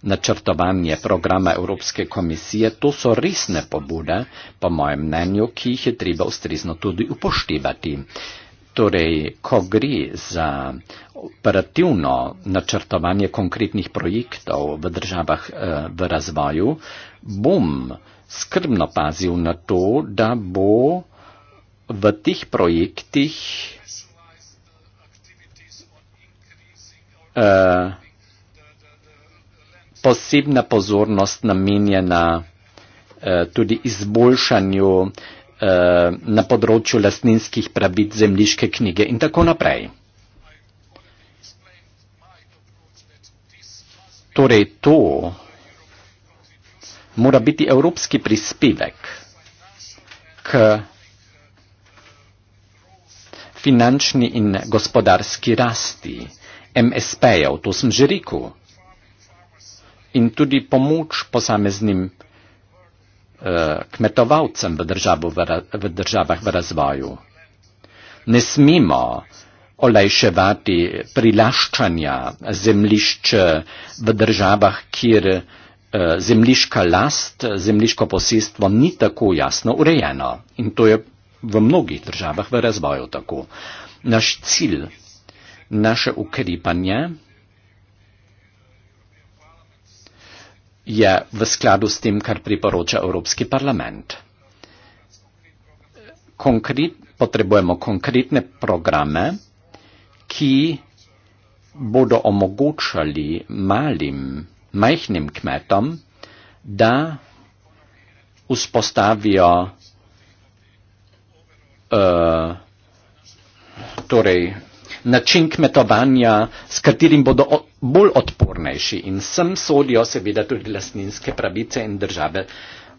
načrtovanje programa Evropske komisije, to so resne pobude, po mojem mnenju, ki jih je treba ustrezno tudi upoštevati. Torej, ko gre za operativno načrtovanje konkretnih projektov v državah eh, v razvoju, bom skrbno pazil na to, da bo v teh projektih eh, posebna pozornost namenjena eh, tudi izboljšanju eh, na področju lastninskih pravic zemljiške knjige in tako naprej. Torej to mora biti evropski prispevek k finančni in gospodarski rasti MSP-jev, to sem že rekel in tudi pomoč posameznim eh, kmetovalcem v, državu, v državah v razvoju. Ne smemo olajševati prilaščanja zemljišč eh, v državah, kjer eh, zemljiška last, zemljiško posestvo ni tako jasno urejeno. In to je v mnogih državah v razvoju tako. Naš cilj, naše ukrepanje, je v skladu s tem, kar priporoča Evropski parlament. Konkret, potrebujemo konkretne programe, ki bodo omogočali malim, majhnim kmetom, da vzpostavijo uh, torej, način kmetovanja, s katerim bodo bolj odpornejši in sem sodijo seveda tudi lastninske pravice in države,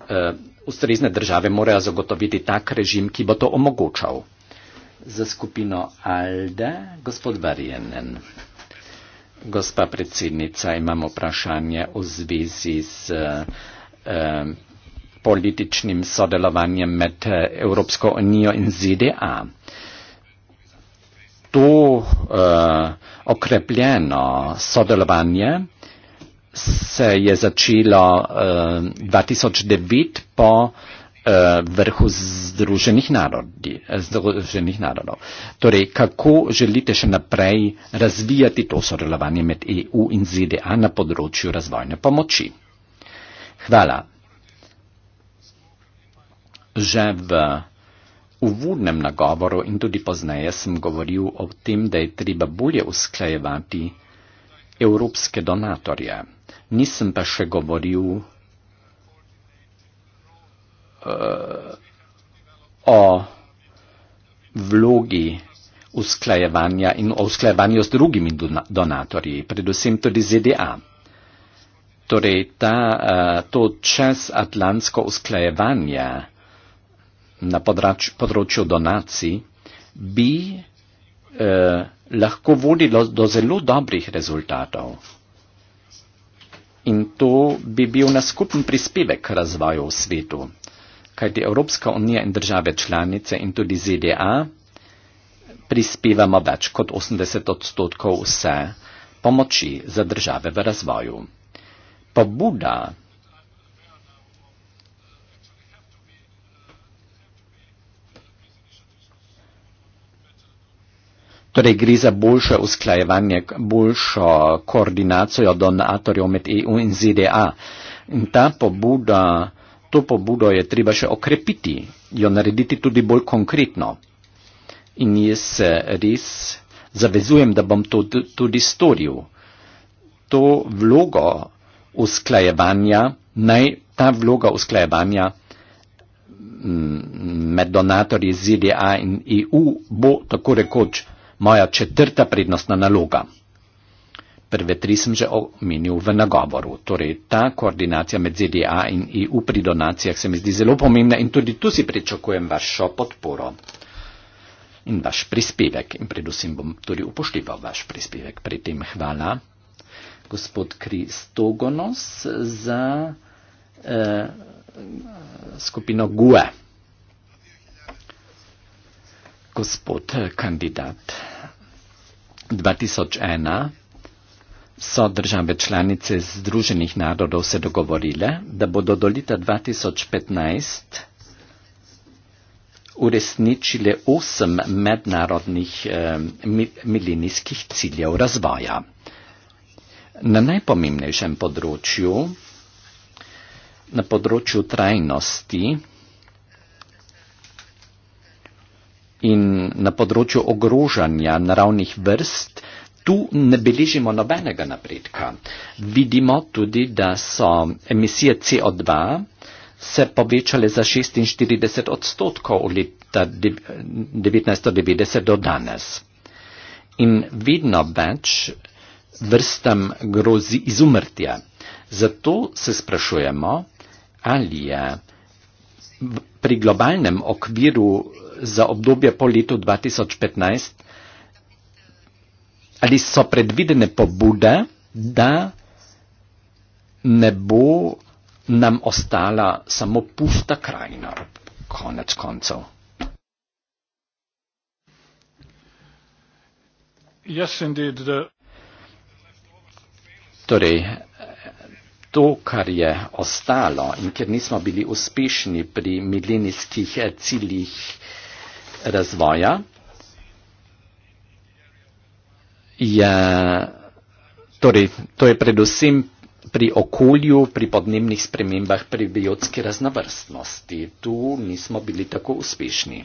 eh, ustrezne države morajo zagotoviti tak režim, ki bo to omogočal. Za skupino Alde, gospod Varjenen. Gospa predsednica, imamo vprašanje v zvezi z eh, eh političnim sodelovanjem med eh, Evropsko unijo in ZDA. Eh, to uh, okrepljeno sodelovanje se je začelo uh, eh, 2009 po uh, vrhu Združenih, narodi, Združenih narodov. Torej, kako želite še naprej razvijati to sodelovanje med EU in ZDA na področju razvojne pomoči? Hvala. Že v uvodnem nagovoru in tudi pozneje sem govoril o tem, da je treba bolje usklajevati evropske donatorje. Nisem pa še govoril uh, o vlogi usklajevanja in o usklajevanju z drugimi donatorji, predvsem tudi ZDA. Torej, ta, uh, to čezatlantsko usklajevanje, na podrač, področju donacij, bi eh, lahko vodilo do zelo dobrih rezultatov. In to bi bil na skupen prispevek k razvoju v svetu, kajti Evropska unija in države članice in tudi ZDA prispevamo več kot 80 odstotkov vse pomoči za države v razvoju. Pobuda Torej gre za boljše usklajevanje, boljšo koordinacijo donatorjev med EU in ZDA. In ta pobuda, to pobudo je treba še okrepiti, jo narediti tudi bolj konkretno. In jaz se res zavezujem, da bom to tudi storil. To vlogo usklajevanja, naj ta vloga usklajevanja med donatorji ZDA in EU bo tako rekoč moja četrta prednostna naloga. Prve tri sem že omenil v nagovoru. Torej, ta koordinacija med ZDA in EU pri donacijah se mi zdi zelo pomembna in tudi tu si pričakujem vašo podporo in vaš prispevek. In predvsem bom tudi upošteval vaš prispevek. Pri tem hvala, gospod Kristogonos, za eh, skupino GUE. Gospod eh, kandidat. 2001 so države članice Združenih narodov se dogovorile, da bodo do leta 2015 uresničile osem mednarodnih eh, milenijskih ciljev razvoja. Na najpomembnejšem področju, na področju trajnosti, in na področju ogrožanja naravnih vrst, tu ne beležimo nobenega napredka. Vidimo tudi, da so emisije CO2 se povečale za 46 odstotkov od leta 1990 do danes. In vedno več vrstam grozi izumrtje. Zato se sprašujemo, ali je pri globalnem okviru za obdobje po letu 2015, ali so predvidene pobude, da ne bo nam ostala samo pusta krajina, konec koncev. Yes, indeed, the... Torej, to, kar je ostalo in ker nismo bili uspešni pri milenijskih ciljih, razvoja je, torej, to je predvsem pri okolju, pri podnebnih spremembah, pri biotski raznovrstnosti. Tu nismo bili tako uspešni.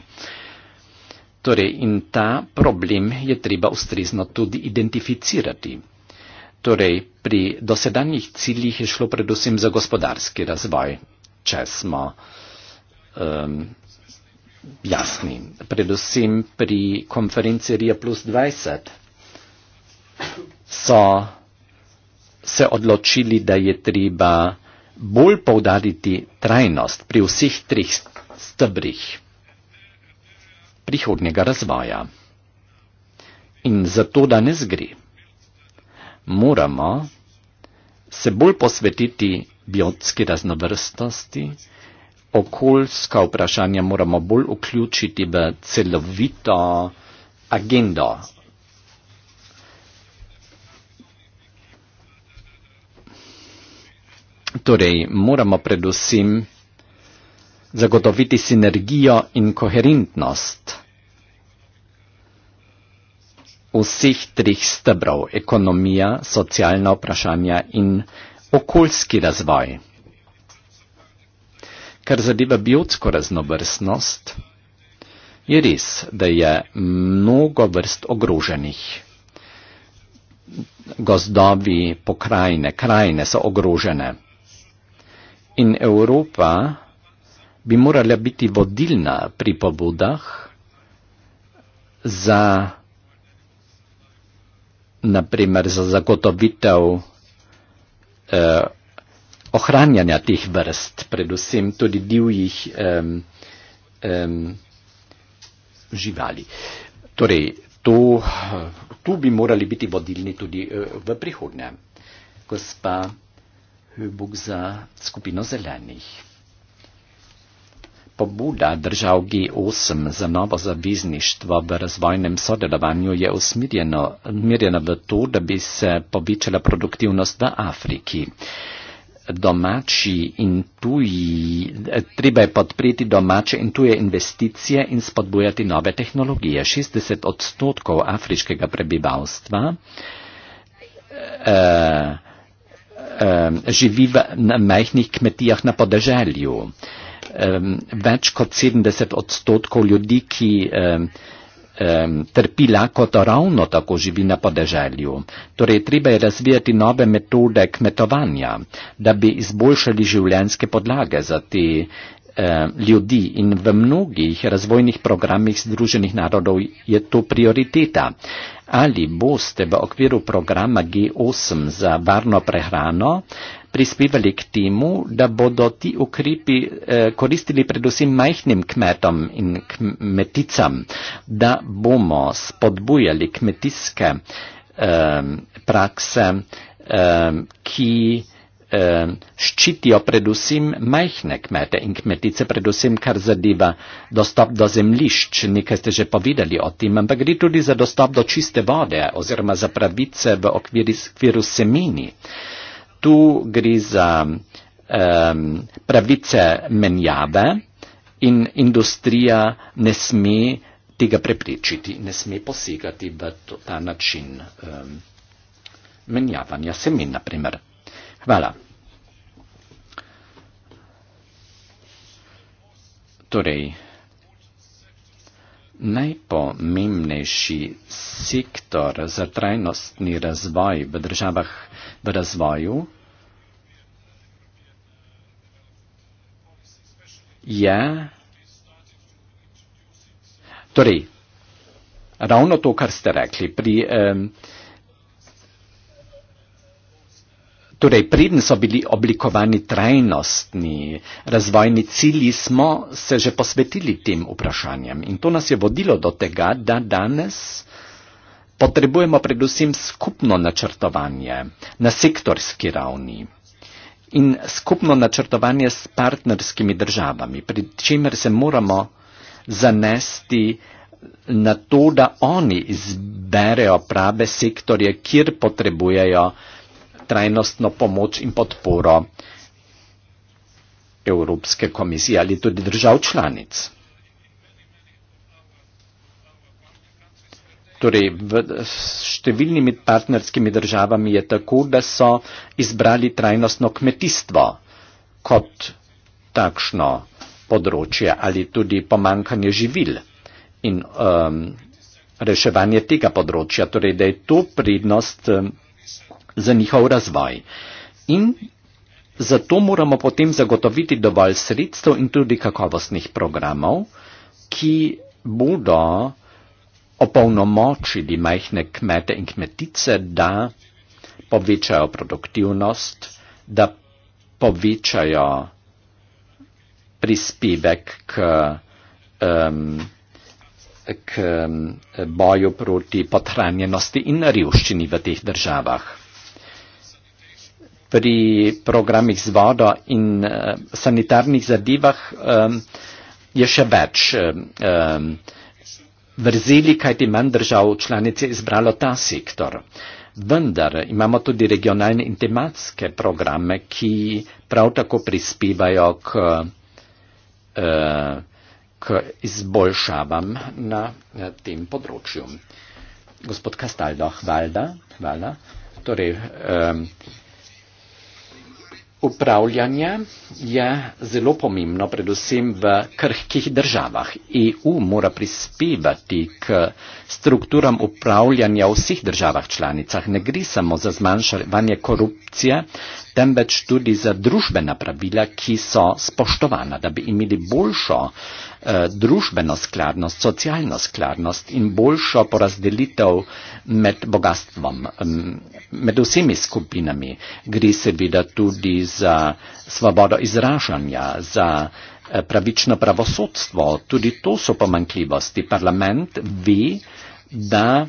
Torej, in ta problem je treba ustrezno tudi identificirati. Torej, pri dosedanjih ciljih je šlo predvsem za gospodarski razvoj, če smo um, jasni, predvsem pri konferenci Rija plus 20 so se odločili, da je treba bolj povdariti trajnost pri vseh treh stebrih prihodnjega razvoja. In zato danes gre. Moramo se bolj posvetiti biotski raznovrstosti, okoljska vprašanja moramo bolj vključiti v celovito agendo. Torej, moramo predvsem zagotoviti sinergijo in koherentnost vseh treh stebrov, ekonomija, socialna vprašanja in okoljski razvoj kar zadeva biotsko raznovrstnost, je res, da je mnogo vrst ogroženih. Gozdovi, pokrajine, krajine so ogrožene. In Evropa bi morala biti vodilna pri pobudah za naprimer za zagotovitev eh, ohranjanja teh vrst, predvsem tudi divjih um, um, živali. Torej, to, tu bi morali biti vodilni tudi uh, v prihodnje. Gospa Hübuk za skupino zelenih. Pobuda držav G8 za novo zavezništvo v razvojnem sodelovanju je usmerjena v to, da bi se povečala produktivnost v Afriki domači in tuji, eh, treba je podpreti domače in tuje investicije in spodbujati nove tehnologije. 60 odstotkov afriškega prebivalstva uh, živi v majhnih kmetijah na podeželju. Več kot 70 odstotkov ljudi, ki trpila, kot ravno tako živi na podeželju. Torej, treba je razvijati nove metode kmetovanja, da bi izboljšali življenjske podlage za te ljudi in v mnogih razvojnih programih Združenih narodov je to prioriteta. Ali boste v okviru programa G8 za varno prehrano prispevali k temu, da bodo ti ukrepi eh, koristili predvsem majhnim kmetom in kmeticam, da bomo spodbujali kmetijske eh, prakse, eh, ki eh, ščitijo predvsem majhne kmete in kmetice, predvsem kar zadeva dostop do zemlišč. Nekaj ste že povedali o tem, ampak gre tudi za dostop do čiste vode oziroma za pravice v okviru semeni. Eh, tu gre za um, pravice menjave in industrija ne sme tega preprečiti, ne sme posegati v to, ta način um, menjavanja semen, naprimer. Hvala. Torej. Najpomembnejši sektor za trajnostni razvoj v državah v razvoju je. Torej, ravno to, kar ste rekli. Pri, eh, Torej, preden so bili oblikovani trajnostni razvojni cilji, smo se že posvetili tem vprašanjem in to nas je vodilo do tega, da danes potrebujemo predvsem skupno načrtovanje na sektorski ravni in skupno načrtovanje s partnerskimi državami, pri čemer se moramo zanesti na to, da oni izberejo prave sektorje, kjer potrebujejo trajnostno pomoč in podporo Evropske komisije ali tudi držav članic. Torej, številnimi partnerskimi državami je tako, da so izbrali trajnostno kmetijstvo kot takšno področje ali tudi pomankanje živil in um, reševanje tega področja. Torej, da je to prednost um, za njihov razvoj. In zato moramo potem zagotoviti dovolj sredstev in tudi kakovostnih programov, ki bodo opolnomočili majhne kmete in kmetice, da povečajo produktivnost, da povečajo prispevek k, um, k boju proti potranjenosti in revščini v teh državah pri programih z vodo in uh, sanitarnih zadevah um, je še več um, vrzeli, kajti manj držav članic je izbralo ta sektor. Vendar imamo tudi regionalne in tematske programe, ki prav tako prispevajo k, eh, k izboljšavam na eh, tem področju. Gospod Kastaldo, hvala. hvala. Torej, um, upravljanje je zelo pomembno, predvsem v krhkih državah. EU mora prispevati k strukturam upravljanja v vseh državah članicah. Ne gre samo za zmanjševanje korupcije, temveč tudi za družbena pravila, ki so spoštovana, da bi imeli boljšo eh, družbeno skladnost, socialno skladnost in boljšo porazdelitev med bogatstvom, med vsemi skupinami. Gre seveda tudi za svobodo izražanja, za eh, pravično pravosodstvo. Tudi to so pomankljivosti. Parlament ve, da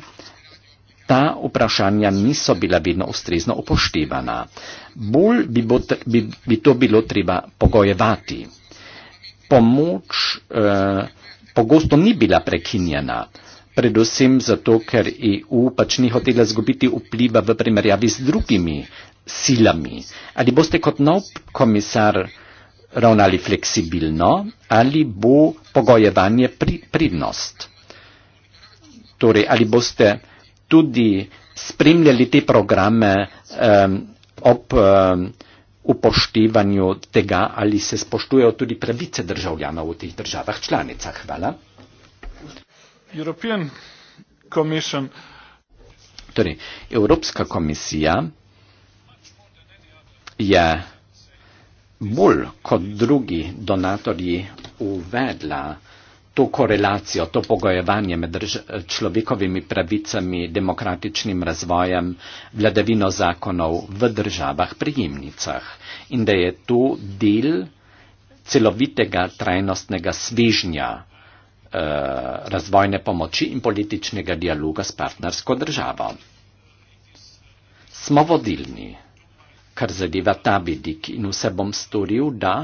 ta vprašanja niso bila vedno ustrezno upoštevana. Bolj bi, bo, bi, bi to bilo treba pogojevati. Pomoč eh, pogosto ni bila prekinjena, predvsem zato, ker EU pač ni hotela zgubiti vpliva v primerjavi z drugimi silami. Ali boste kot nov komisar ravnali fleksibilno ali bo pogojevanje pri, pridnost? Torej, ali boste tudi spremljali te programe um, ob um, upoštevanju tega, ali se spoštujejo tudi pravice državljanov v teh državah članicah. Hvala. Torej, Evropska komisija je bolj kot drugi donatorji uvedla tu korelacijo, to pogojevanje med človekovimi pravicami, demokratičnim razvojem, vladavino zakonov v državah prijemnicah in da je tu del celovitega trajnostnega svežnja eh, razvojne pomoči in političnega dialoga s partnersko državo. Smo vodilni, kar zadeva ta vidik in vse bom storil, da.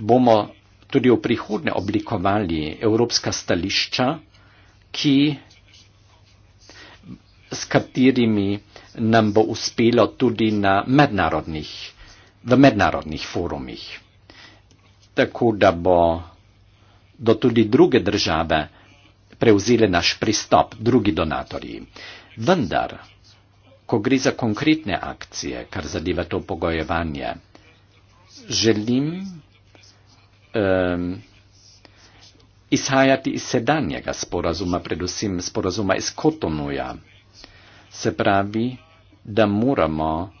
bomo tudi v prihodnje oblikovali evropska stališča, ki, s katerimi nam bo uspelo tudi na mednarodnih, v mednarodnih forumih. Tako da bo do tudi druge države prevzeli naš pristop, drugi donatorji. Vendar, ko gre za konkretne akcije, kar zadeva to pogojevanje, želim, um, izhajati iz sedanjega sporazuma, predvsem sporazuma iz Kotonuja. Se pravi, da moramo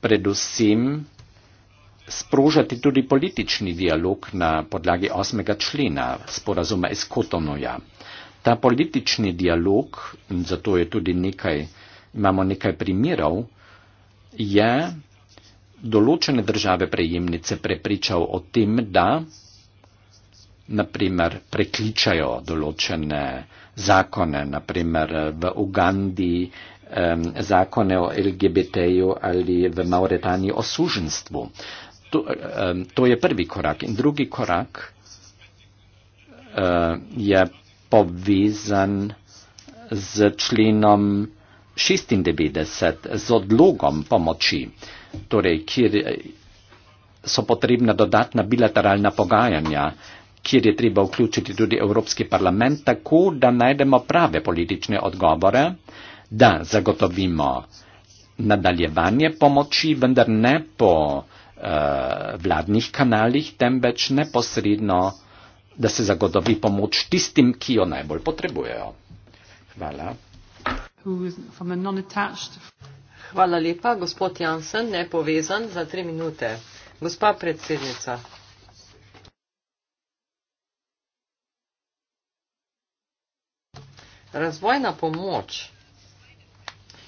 predvsem sprožati tudi politični dialog na podlagi osmega člena sporazuma iz Kotonuja. Ta politični dialog, in zato je tudi nekaj, imamo nekaj primerov, je določene države prejemnice prepričal o tem, da naprimer prekličajo določene zakone, naprimer v Ugandi um, zakone o LGBT-ju ali v Mauretaniji o suženstvu. To, um, to je prvi korak. In drugi korak uh, je povezan z členom 96, z odlogom pomoči. Uh, torej, kjer so potrebna dodatna bilateralna pogajanja, kjer je treba vključiti tudi Evropski parlament, tako da najdemo prave politične odgovore, da zagotovimo nadaljevanje pomoči, vendar ne po uh, vladnih kanalih, temveč neposredno, da se zagotovi pomoč tistim, ki jo najbolj potrebujejo. Hvala. Hvala lepa, gospod Jansen, nepovezan za tri minute. Gospa predsednica. Razvojna pomoč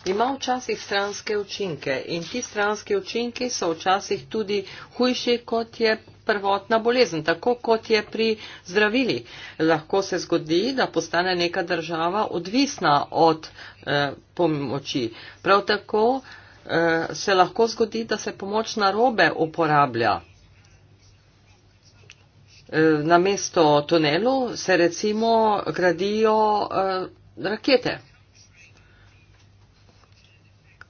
ima včasih stranske učinke in ti stranske učinki so včasih tudi hujši, kot je prvotna bolezen, tako kot je pri zdravili. Lahko se zgodi, da postane neka država odvisna od eh, pomoči. Prav tako eh, se lahko zgodi, da se pomoč narobe uporablja. Eh, na mesto tunelu se recimo gradijo eh, rakete.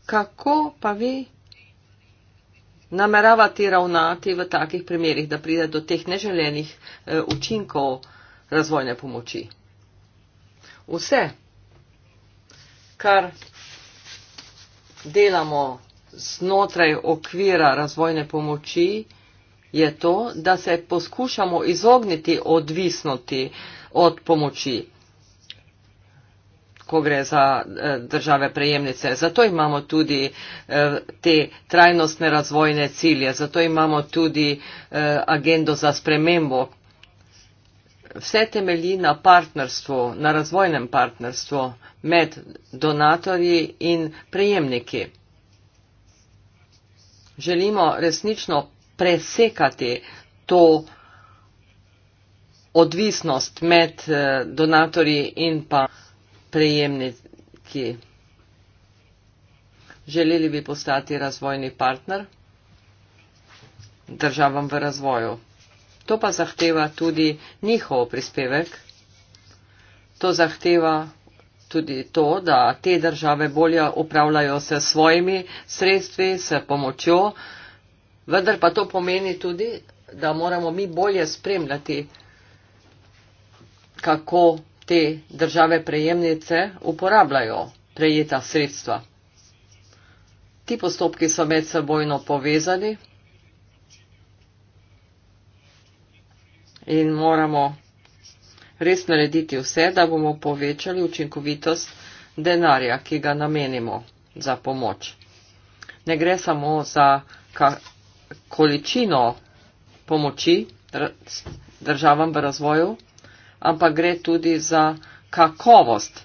Kako pa vi nameravati ravnati v takih primerih, da pride do teh neželenih eh, učinkov razvojne pomoči. Vse, kar delamo znotraj okvira razvojne pomoči, je to, da se poskušamo izogniti odvisnosti od pomoči ko gre za eh, države prejemnice. Zato imamo tudi eh, te trajnostne razvojne cilje, zato imamo tudi eh, agendo za spremembo. Vse temelji na partnerstvu, na razvojnem partnerstvu med donatorji in prejemniki. Želimo resnično presekati to odvisnost med donatorji in pa prejemniki. Želeli bi postati razvojni partner državam v razvoju. To pa zahteva tudi njihov prispevek. To zahteva tudi to, da te države bolje upravljajo se svojimi sredstvi, se pomočjo, vendar pa to pomeni tudi, da moramo mi bolje spremljati, kako te države prejemnice uporabljajo prejeta sredstva. Ti postopki so med sebojno povezani in moramo res narediti vse, da bomo povečali učinkovitost denarja, ki ga namenimo za pomoč. Ne gre samo za količino pomoči državam v razvoju, ampak gre tudi za kakovost.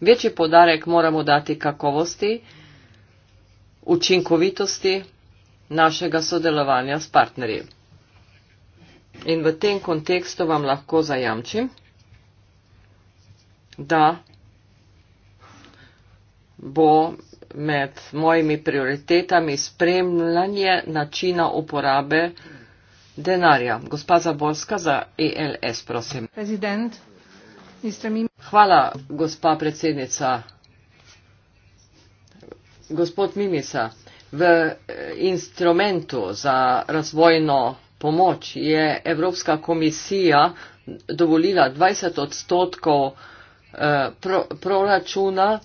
Večji podarek moramo dati kakovosti, učinkovitosti našega sodelovanja s partnerji. In v tem kontekstu vam lahko zajamčim, da bo med mojimi prioritetami spremljanje načina uporabe denarja. Gospa Zaborska za ELS, prosim. Prezident, Hvala, gospa predsednica. Gospod Mimisa, v eh, instrumentu za razvojno pomoč je Evropska komisija dovolila 20 odstotkov eh, pro, proračuna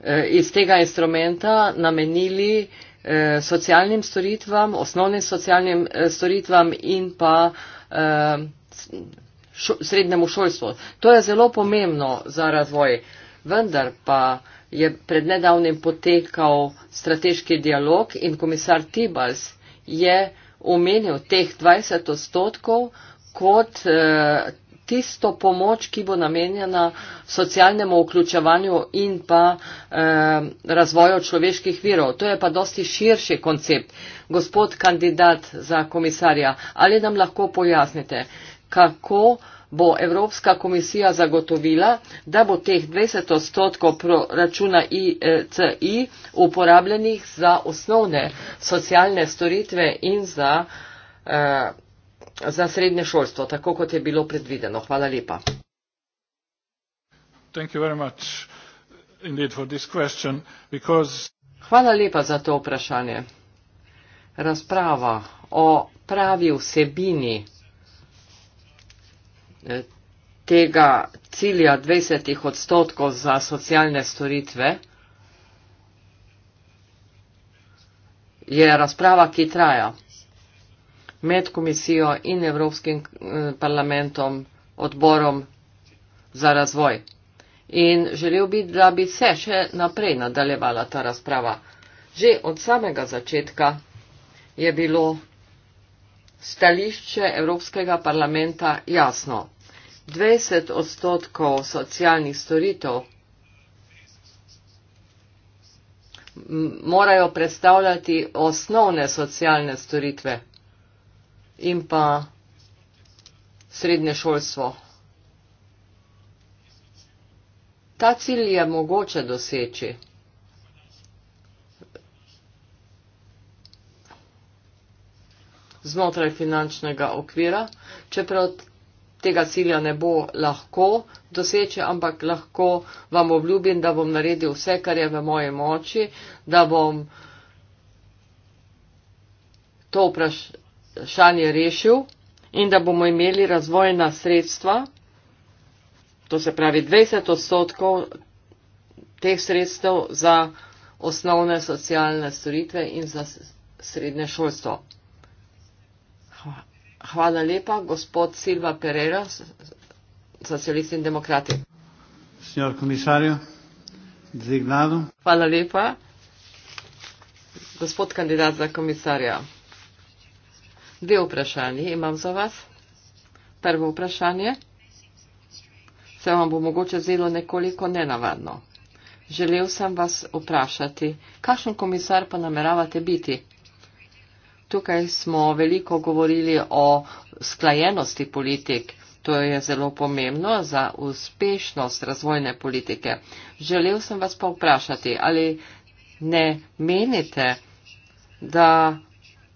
eh, iz tega instrumenta namenili eh, socialnim storitvam, osnovnim socialnim eh, storitvam in pa eh, šo, srednjemu šolstvu. To je zelo pomembno za razvoj. Vendar pa je pred nedavnim potekal strateški dialog in komisar Tibals je omenil teh 20 odstotkov kot eh, tisto pomoč, ki bo namenjena socialnemu vključevanju in pa eh, razvoju človeških virov. To je pa dosti širši koncept. Gospod kandidat za komisarja, ali nam lahko pojasnite, kako bo Evropska komisija zagotovila, da bo teh 20 odstotkov računa ICI e uporabljenih za osnovne socialne storitve in za eh, za srednje šolstvo, tako kot je bilo predvideno. Hvala lepa. Hvala lepa za to vprašanje. Razprava o pravi vsebini eh, tega cilja 20 odstotkov za socialne storitve je razprava, ki traja med komisijo in Evropskim eh, parlamentom, odborom za razvoj. In želel bi, da bi se še naprej nadaljevala ta razprava. Že od samega začetka je bilo stališče Evropskega parlamenta jasno. 20 odstotkov socialnih storitev morajo predstavljati osnovne socialne storitve in pa srednje šolstvo. Ta cilj je mogoče doseči. znotraj finančnega okvira, čeprav tega cilja ne bo lahko doseči, ampak lahko vam obljubim, da bom naredil vse, kar je v moji moči, da bom to vprašal vprašanje rešil in da bomo imeli razvojna sredstva, to se pravi 20 odstotkov teh sredstev za osnovne socialne storitve in za srednje šolstvo. Hvala lepa, gospod Silva Pereira, socialisti in demokrati. Senjor komisarju, zignado. Hvala lepa, gospod kandidat za komisarja. Dve vprašanje imam za vas. Prvo vprašanje. Se vam bo mogoče zelo nekoliko nenavadno. Želel sem vas vprašati, kakšen komisar pa nameravate biti? Tukaj smo veliko govorili o sklajenosti politik. To je zelo pomembno za uspešnost razvojne politike. Želel sem vas pa vprašati, ali ne menite, da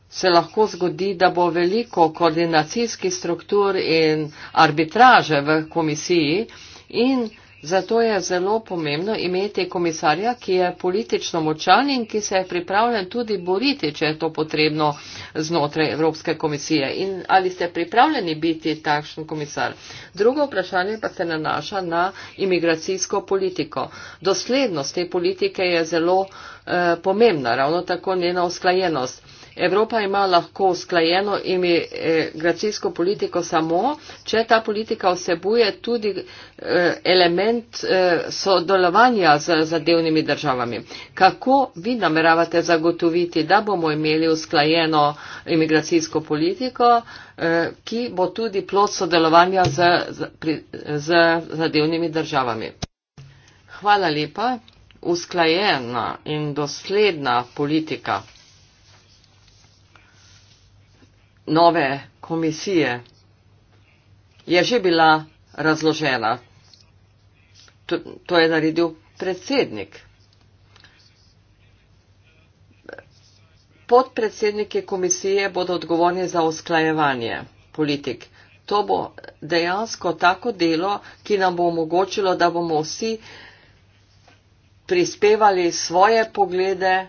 se lahko zgodi, da bo veliko koordinacijskih struktur in arbitraže v komisiji in zato je zelo pomembno imeti komisarja, ki je politično močan in ki se je pripravljen tudi boriti, če je to potrebno znotraj Evropske komisije. In ali ste pripravljeni biti takšen komisar? Drugo vprašanje pa se nanaša na imigracijsko politiko. Doslednost te politike je zelo eh, pomembna, ravno tako njena usklajenost. Evropa ima lahko usklajeno imigracijsko politiko samo, če ta politika vsebuje tudi eh, element eh, sodelovanja z zadevnimi državami. Kako vi nameravate zagotoviti, da bomo imeli usklajeno imigracijsko politiko, eh, ki bo tudi plod sodelovanja z, z, z zadevnimi državami? Hvala lepa. Usklajena in dosledna politika. nove komisije je že bila razložena. To, to je naredil predsednik. Podpredsedniki komisije bodo odgovorni za usklajevanje politik. To bo dejansko tako delo, ki nam bo omogočilo, da bomo vsi prispevali svoje poglede,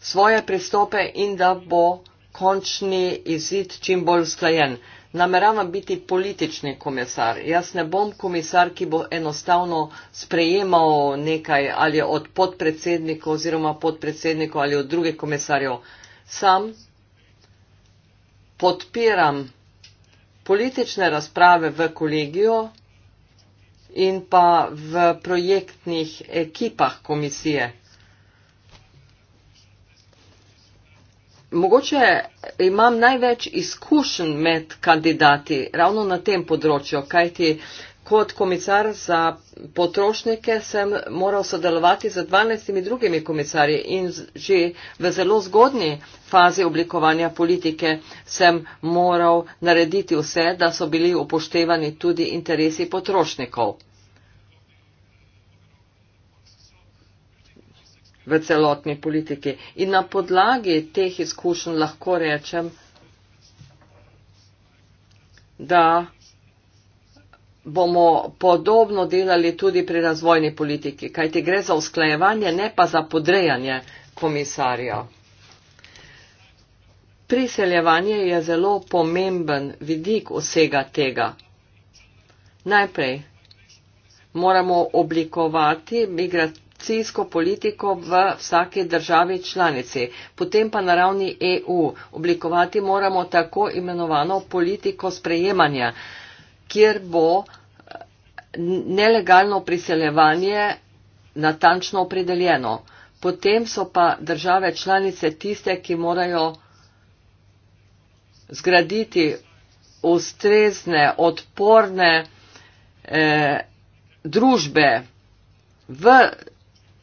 svoje pristope in da bo končni izid čim bolj usklajen. Nameravam biti politični komisar. Jaz ne bom komisar, ki bo enostavno sprejemal nekaj ali od podpredsednikov oziroma podpredsednikov ali od drugih komisarjev. Sam podpiram politične razprave v kolegiju in pa v projektnih ekipah komisije. mogoče imam največ izkušenj med kandidati ravno na tem področju, kajti kot komisar za potrošnike sem moral sodelovati z 12 drugimi komisarji in že v zelo zgodnji fazi oblikovanja politike sem moral narediti vse, da so bili upoštevani tudi interesi potrošnikov. v celotni politiki. In na podlagi teh izkušenj lahko rečem, da bomo podobno delali tudi pri razvojni politiki, kajti gre za usklajevanje, ne pa za podrejanje komisarja. Priseljevanje je zelo pomemben vidik vsega tega. Najprej moramo oblikovati migracijsko politiko v vsaki državi članici, potem pa na ravni EU. Oblikovati moramo tako imenovano politiko sprejemanja, kjer bo eh, nelegalno priseljevanje natančno opredeljeno. Potem so pa države članice tiste, ki morajo zgraditi ustrezne, odporne eh, družbe v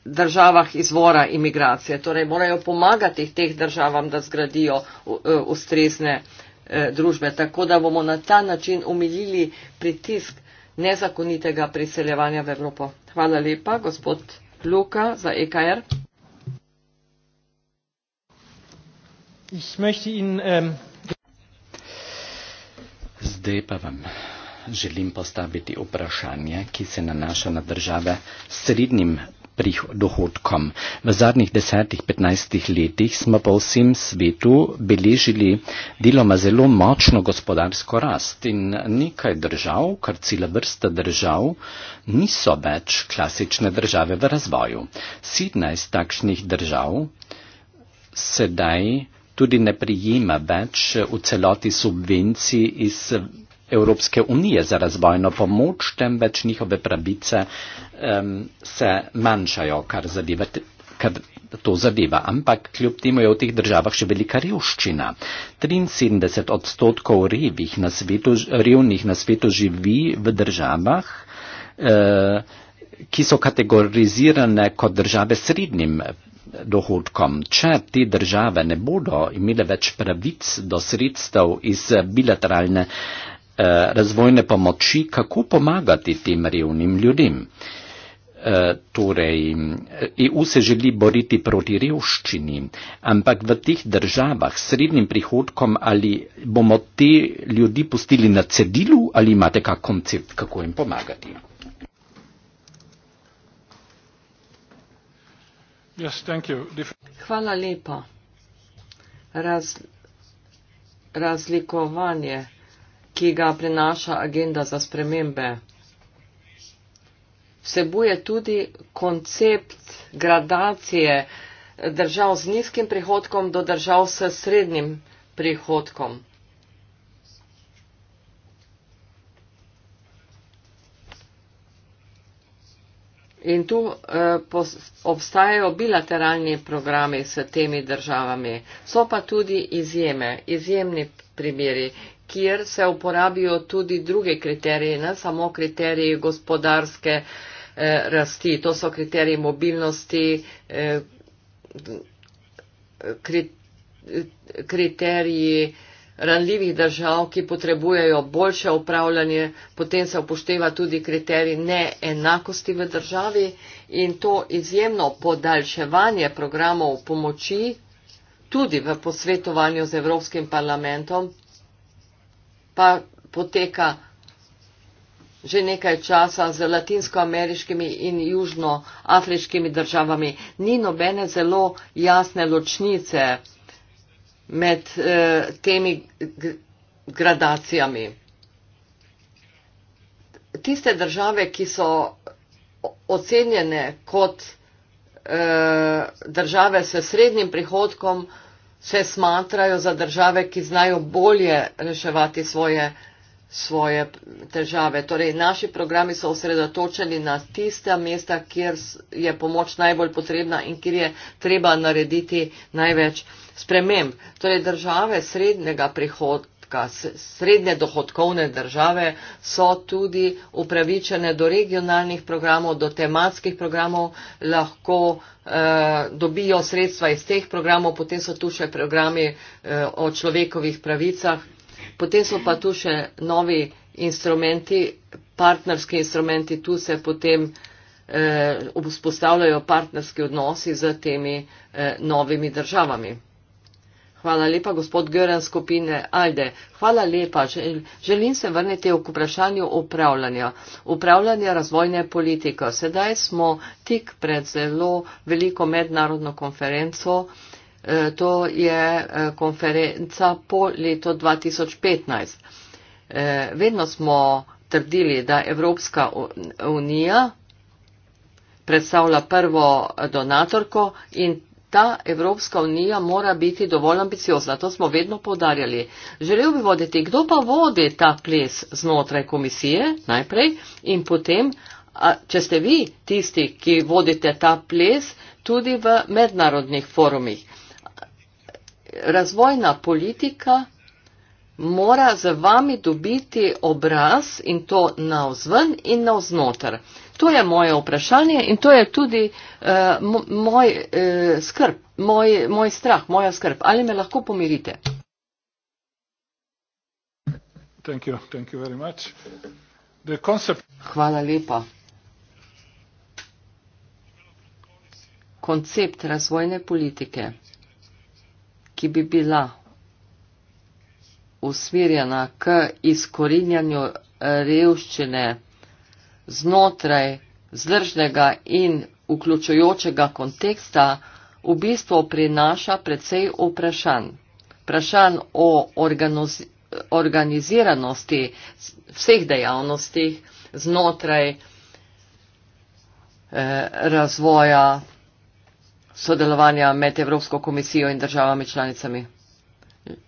državah izvora imigracije. Torej morajo pomagati teh državam, da zgradijo e, ustrezne e, družbe. Tako da bomo na ta način umilili pritisk nezakonitega priseljevanja v Evropo. Hvala lepa, gospod Luka za EKR. Ähm, Zdaj pa vam želim postaviti vprašanje, ki se nanaša na države s srednjim dohodkom. V zadnjih desetih, petnajstih letih smo pa vsem svetu beležili deloma zelo močno gospodarsko rast in nekaj držav, kar cela vrsta držav, niso več klasične države v razvoju. Sedemnajst takšnih držav sedaj tudi ne prijema več v celoti subvencij iz Evropske unije za razvojno pomoč, temveč njihove pravice um, se manjšajo, kar, zadeva, kar to zadeva. Ampak kljub temu je v teh državah še velika revščina. 73 odstotkov revih na svetu, revnih na svetu živi v državah, uh, ki so kategorizirane kot države srednjim. Dohodkom. Če te države ne bodo imele več pravic do sredstev iz bilateralne eh, Eh, razvojne pomoči, kako pomagati tem revnim ljudem. Eh, torej, EU se želi boriti proti revščini, ampak v teh državah s srednjim prihodkom ali bomo te ljudi pustili na cedilu ali imate kak koncept, kako jim pomagati? Yes, Hvala lepa. Raz, razlikovanje ki ga prinaša agenda za spremembe. Vsebuje tudi koncept gradacije držav z nizkim prihodkom do držav s srednjim prihodkom. In tu eh, obstajajo bilateralni programi s temi državami. So pa tudi izjeme, izjemni primeri kjer se uporabijo tudi druge kriterije, ne samo kriteriji gospodarske eh, rasti. To so kriteriji mobilnosti, eh, kri, kriteriji ranljivih držav, ki potrebujejo boljše upravljanje, potem se upošteva tudi kriterij neenakosti v državi in to izjemno podaljševanje programov pomoči, tudi v posvetovanju z Evropskim parlamentom, pa poteka že nekaj časa z latinskoameriškimi in južnoafriškimi državami. Ni nobene zelo jasne ločnice med eh, temi gradacijami. Tiste države, ki so ocenjene kot eh, države s srednjim prihodkom, eh, se smatrajo za države, ki znajo bolje reševati svoje, svoje težave. Torej, naši programi so osredotočeni na tiste mesta, kjer je pomoč najbolj potrebna in kjer je treba narediti največ sprememb. Torej, države srednjega prihodka dohodka. Srednje dohodkovne države so tudi upravičene do regionalnih programov, do tematskih programov, lahko eh, dobijo sredstva iz teh programov, potem so tu še programi eh, o človekovih pravicah, potem so pa tu še novi instrumenti, partnerski instrumenti, tu se potem eh, vzpostavljajo partnerski odnosi z temi eh, novimi državami. Hvala lepa, gospod Göran skupine Alde. Hvala lepa. Želim se vrniti k vprašanju upravljanja. Upravljanja razvojne politike. Sedaj smo tik pred zelo veliko mednarodno konferenco. E, to je e, konferenca po letu 2015. E, vedno smo trdili, da Evropska unija predstavlja prvo donatorko in ta Evropska unija mora biti dovolj ambiciozna, to smo vedno povdarjali. Želel bi voditi, kdo pa vodi ta ples znotraj komisije najprej in potem, a, če ste vi tisti, ki vodite ta ples, tudi v mednarodnih forumih. Razvojna politika mora z vami dobiti obraz in to navzven in navznoter. To je moje vprašanje in to je tudi uh, moj uh, skrb, moj, moj strah, moja skrb. Ali me lahko pomirite? Thank you. Thank you very much. The concept... Hvala lepa. Koncept razvojne politike, ki bi bila usmerjena k izkorinjanju revščine znotraj zdržnega in vključujočega konteksta, v bistvu prinaša precej vprašanj. Vprašanj o organiziranosti vseh dejavnosti znotraj eh, razvoja sodelovanja med Evropsko komisijo in državami članicami.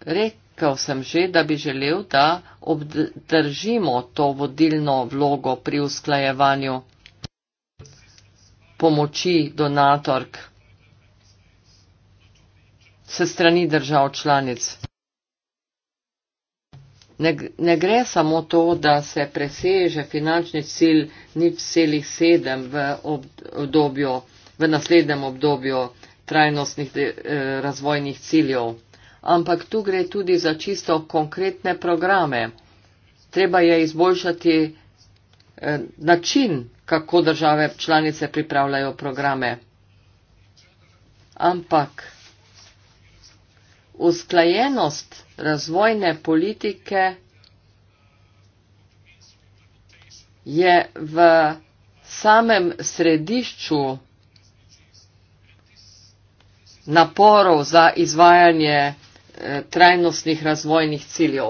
Rek, rekel sem že, da bi želel, da obdržimo to vodilno vlogo pri usklajevanju pomoči donatork se strani držav članic. Ne, ne gre samo to, da se preseže finančni cilj nič celih sedem v obdobju, v naslednjem obdobju trajnostnih de, eh, razvojnih ciljev ampak tu gre tudi za čisto konkretne programe. Treba je izboljšati eh, način, kako države članice pripravljajo programe. Ampak usklajenost razvojne politike je v samem središču naporov za izvajanje Eh, trajnostnih razvojnih ciljev.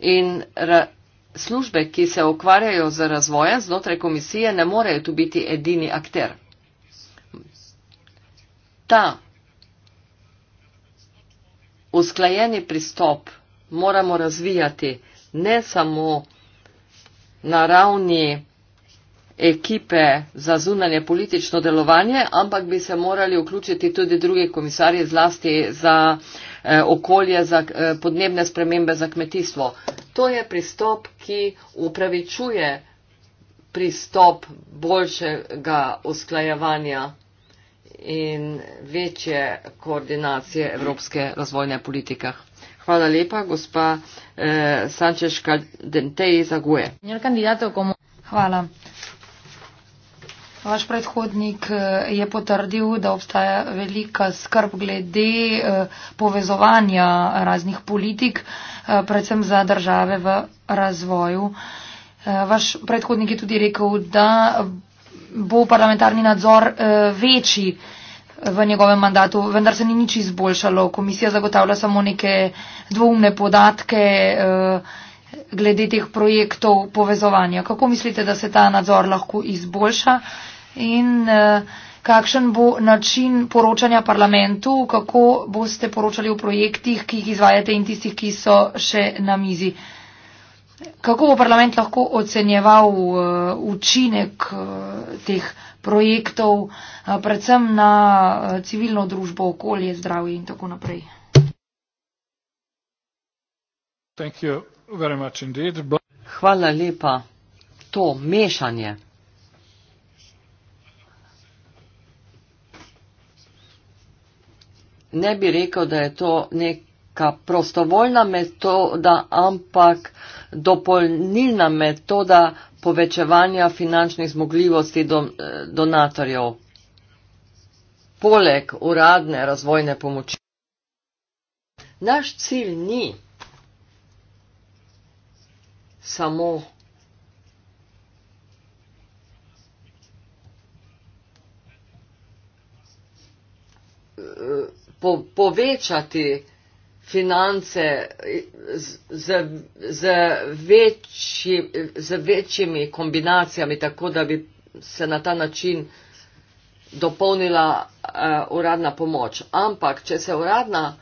In ra, službe, ki se ukvarjajo z razvojem znotraj komisije, ne morejo tu biti edini akter. Ta usklajeni pristop moramo razvijati ne samo na ravni ekipe za zunanje politično delovanje, ampak bi se morali vključiti tudi drugi komisarji zlasti za eh, okolje, za eh, podnebne spremembe, za kmetijstvo. To je pristop, ki upravičuje pristop boljšega usklajevanja in večje koordinacije evropske razvojne politike. Hvala lepa, gospa eh, Sančeška Dentei Zague. Hvala. Vaš predhodnik eh, je potrdil, da obstaja velika skrb glede eh, povezovanja raznih politik, eh, predvsem za države v razvoju. Vaš predhodnik je tudi rekel, da bo parlamentarni nadzor večji v njegovem mandatu, vendar se ni nič izboljšalo. Komisija zagotavlja samo neke dvoumne podatke glede teh projektov povezovanja. Kako mislite, da se ta nadzor lahko izboljša? in uh, kakšen bo način poročanja parlamentu, kako boste poročali o projektih, ki jih izvajate in tistih, ki so še na mizi. Kako bo parlament lahko ocenjeval uh, učinek uh, teh projektov, uh, predvsem na uh, civilno družbo, okolje, zdravje in tako naprej? Hvala lepa. To mešanje ne bi rekel, da je to neka prostovoljna metoda, ampak dopolnilna metoda povečevanja finančnih zmogljivosti donatorjev. Poleg uradne razvojne pomoči. Naš cilj ni samo uh, po, povečati finance z, z, z, večji, z večjimi kombinacijami, tako da bi se na ta način dopolnila uh, uradna pomoč. Ampak, če se uradna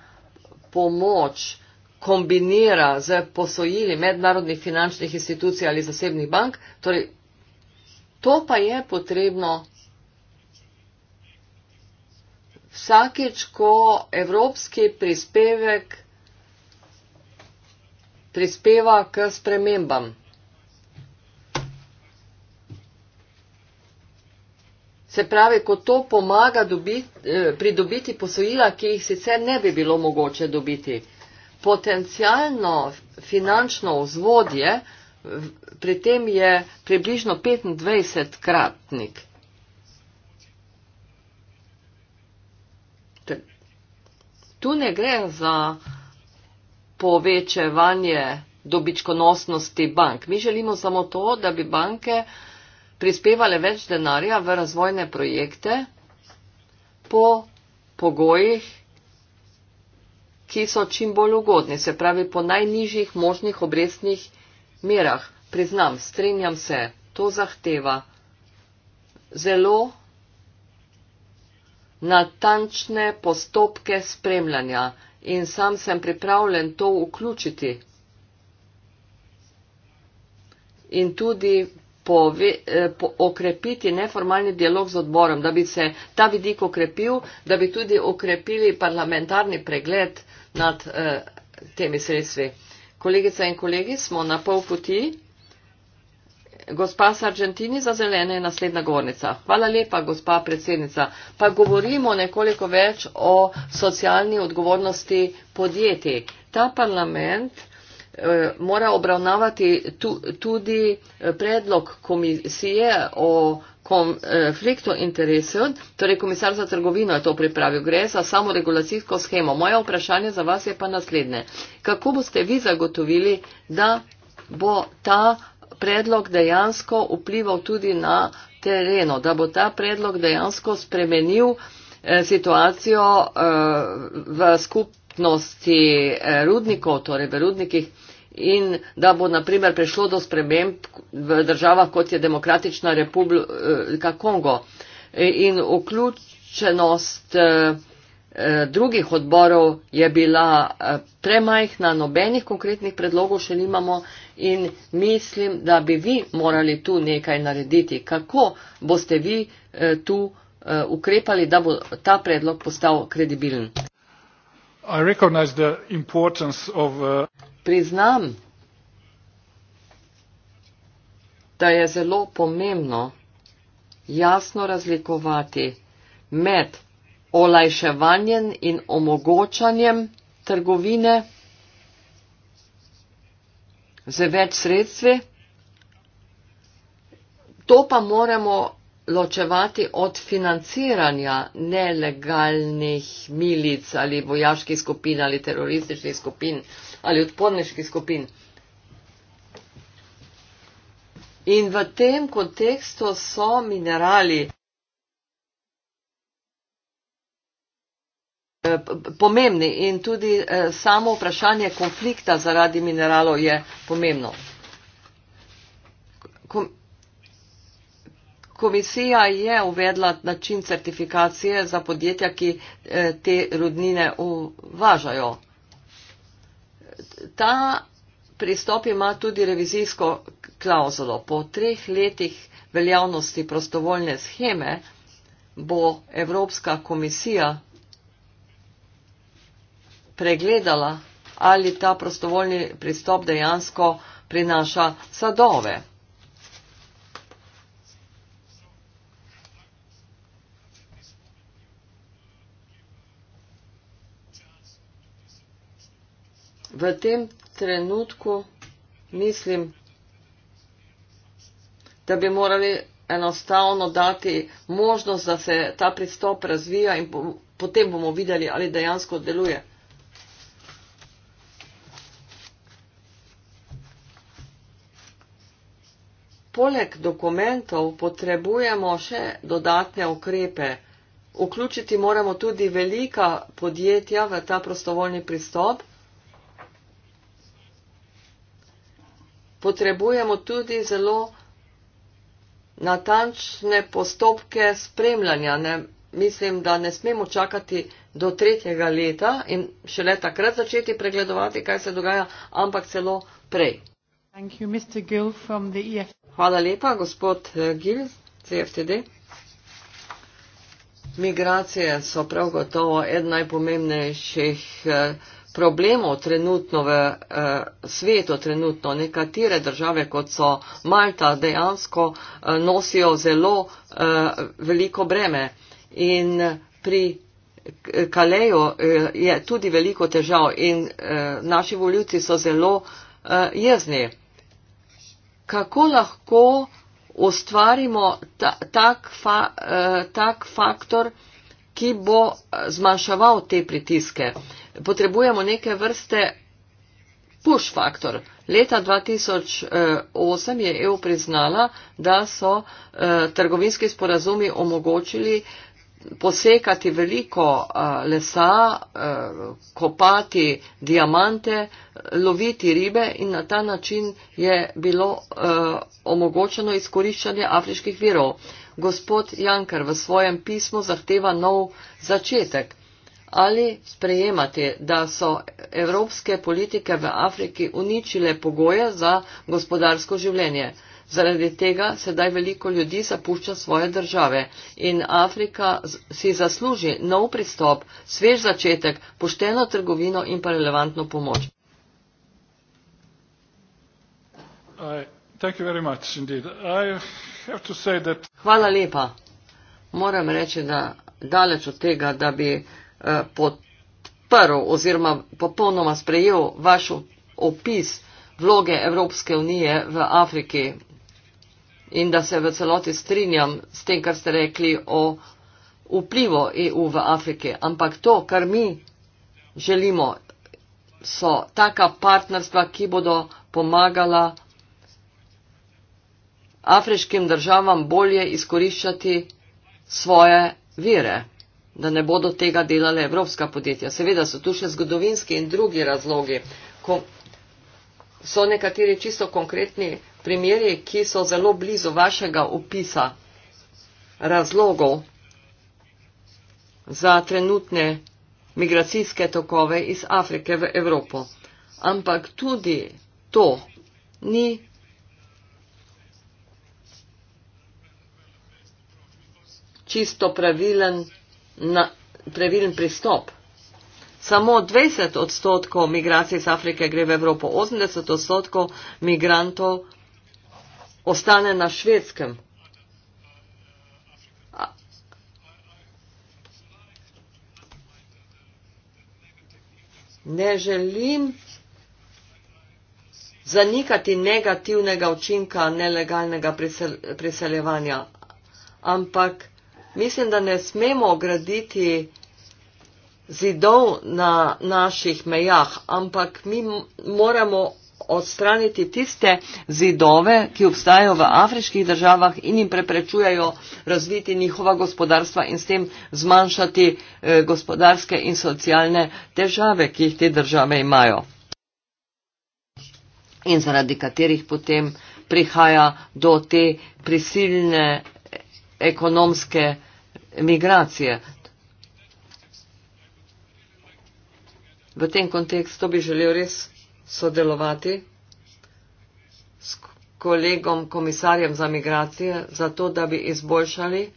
pomoč kombinira z posojili mednarodnih finančnih institucij ali zasebnih bank, torej, to pa je potrebno vsakeč, ko evropski prispevek prispeva k spremembam. Se pravi, ko to pomaga dobiti, eh, pridobiti posojila, ki jih sicer ne bi bilo mogoče dobiti. Potencijalno finančno vzvodje pri tem je približno 25-kratnik. tu ne gre za povečevanje dobičkonosnosti bank. Mi želimo samo to, da bi banke prispevale več denarja v razvojne projekte po pogojih, ki so čim bolj ugodni, se pravi po najnižjih možnih obrestnih merah. Priznam, strinjam se, to zahteva zelo natančne postopke spremljanja in sam sem pripravljen to vključiti. In tudi pove, eh, po, okrepiti neformalni dialog z odborom, da bi se ta vidik okrepil, da bi tudi okrepili parlamentarni pregled nad eh, temi sredstvi. Kolegica in kolegi, smo na pol poti gospa Sargentini za zelene je naslednja govornica. Hvala lepa, gospa predsednica. Pa govorimo nekoliko več o socialni odgovornosti podjetij. Ta parlament eh, mora obravnavati tudi eh, predlog komisije o konfliktu interesov, torej komisar za trgovino je to pripravil, gre za samo regulacijsko schemo. Moje vprašanje za vas je pa naslednje. Kako boste vi zagotovili, da bo ta predlog dejansko vplival tudi na terenu, da bo ta predlog dejansko spremenil eh, situacijo eh, v skupnosti eh, rudnikov, torej v rudnikih in da bo naprimer prišlo do sprememb v državah, kot je Demokratična republika Kongo. In vključenost drugih odborov je bila premajhna, nobenih konkretnih predlogov še nimamo in mislim, da bi vi morali tu nekaj narediti. Kako boste vi eh, tu eh, ukrepali, da bo ta predlog postal kredibilen? Of, uh... Priznam, da je zelo pomembno jasno razlikovati med olajševanjem in omogočanjem trgovine z več sredstvi. To pa moramo ločevati od financiranja nelegalnih milic ali vojaških skupin ali terorističnih skupin ali odporniških skupin. In v tem kontekstu so minerali Eh, pomembni in tudi eh, samo vprašanje konflikta zaradi mineralov je pomembno. Komisija je uvedla način certifikacije za podjetja, ki eh, te rudnine uvažajo. Ta pristop ima tudi revizijsko klauzulo. Po treh letih veljavnosti prostovoljne scheme bo Evropska komisija pregledala, ali ta prostovoljni pristop dejansko prinaša sadove. V tem trenutku mislim, da bi morali enostavno dati možnost, da se ta pristop razvija in potem bomo videli, ali dejansko deluje. poleg dokumentov potrebujemo še dodatne okrepe. Vključiti moramo tudi velika podjetja v ta prostovoljni pristop. Potrebujemo tudi zelo natančne postopke spremljanja. Ne, mislim, da ne smemo čakati do tretjega leta in šele takrat začeti pregledovati, kaj se dogaja, ampak celo prej. Thank you, Mr. Gill from the EFT. Hvala lepa, gospod eh, Gil, CFTD. Migracije so prav gotovo eden najpomembnejših eh, problemov trenutno v eh, svetu. Trenutno nekatere države, kot so Malta, dejansko nosijo zelo veliko breme. In pri Kaleju je tudi veliko težav in naši voljivci so zelo jezni kako lahko ustvarimo ta, tak, fa, uh, tak faktor, ki bo eh, zmanjševal te pritiske. Potrebujemo neke vrste push faktor. Leta 2008 je EU priznala, da so uh, trgovinski sporazumi omogočili uh, posekati veliko uh, lesa, uh, kopati diamante, loviti ribe in na ta način je bilo uh, omogočeno izkoriščanje afriških virov. Gospod Jankar v svojem pismu zahteva nov začetek. Ali sprejemate, da so evropske politike v Afriki uničile pogoje za gospodarsko življenje? Zaradi tega sedaj veliko ljudi zapušča svoje države in Afrika si zasluži nov pristop, svež začetek, pošteno trgovino in pa relevantno pomoč. Hvala lepa. Moram reči, da daleč od tega, da bi eh, podprl oziroma popolnoma sprejel vaš opis vloge Evropske unije v Afriki in da se v celoti strinjam s tem, kar ste rekli o vplivu EU v Afriki. Ampak to, kar mi želimo, so taka partnerstva, ki bodo pomagala afriškim državam bolje izkoriščati svoje vire, da ne bodo tega delale evropska podjetja. Seveda so tu še zgodovinski in drugi razlogi, ko so nekateri čisto konkretni primeri, ki so zelo blizu vašega opisa razlogov za trenutne migracijske tokove iz Afrike v Evropo. Ampak tudi to ni čisto pravilen, na, pravilen pristop. Samo 20 odstotkov migracij iz Afrike gre v Evropo, 80 odstotkov migrantov ostane na švedskem. Ne želim zanikati negativnega učinka nelegalnega priseljevanja, ampak mislim, da ne smemo ograditi zidov na naših mejah, ampak mi moramo odstraniti tiste zidove, ki obstajajo v afriških državah in jim preprečujajo razviti njihova gospodarstva in s tem zmanjšati eh, gospodarske in socialne težave, ki jih te države imajo. In zaradi katerih potem prihaja do te prisilne eh, ekonomske migracije. V tem kontekstu bi želel res sodelovati s kolegom komisarjem za migracije, zato da bi izboljšali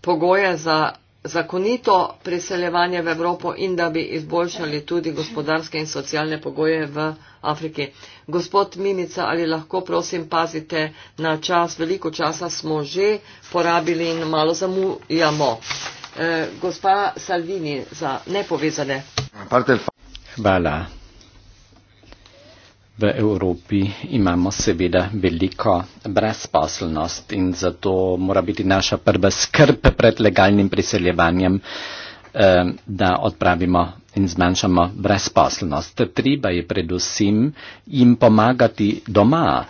pogoje za zakonito priseljevanje v Evropo in da bi izboljšali tudi gospodarske in socialne pogoje v Afriki. Gospod Minica, ali lahko prosim pazite na čas, veliko časa smo že porabili in malo zamujamo eh, gospa Salvini za nepovezane. Hvala. V Evropi imamo seveda veliko brezposelnost in zato mora biti naša prva skrb pred legalnim priseljevanjem, eh, da odpravimo in zmanjšamo brezposelnost. Treba je predvsem jim pomagati doma,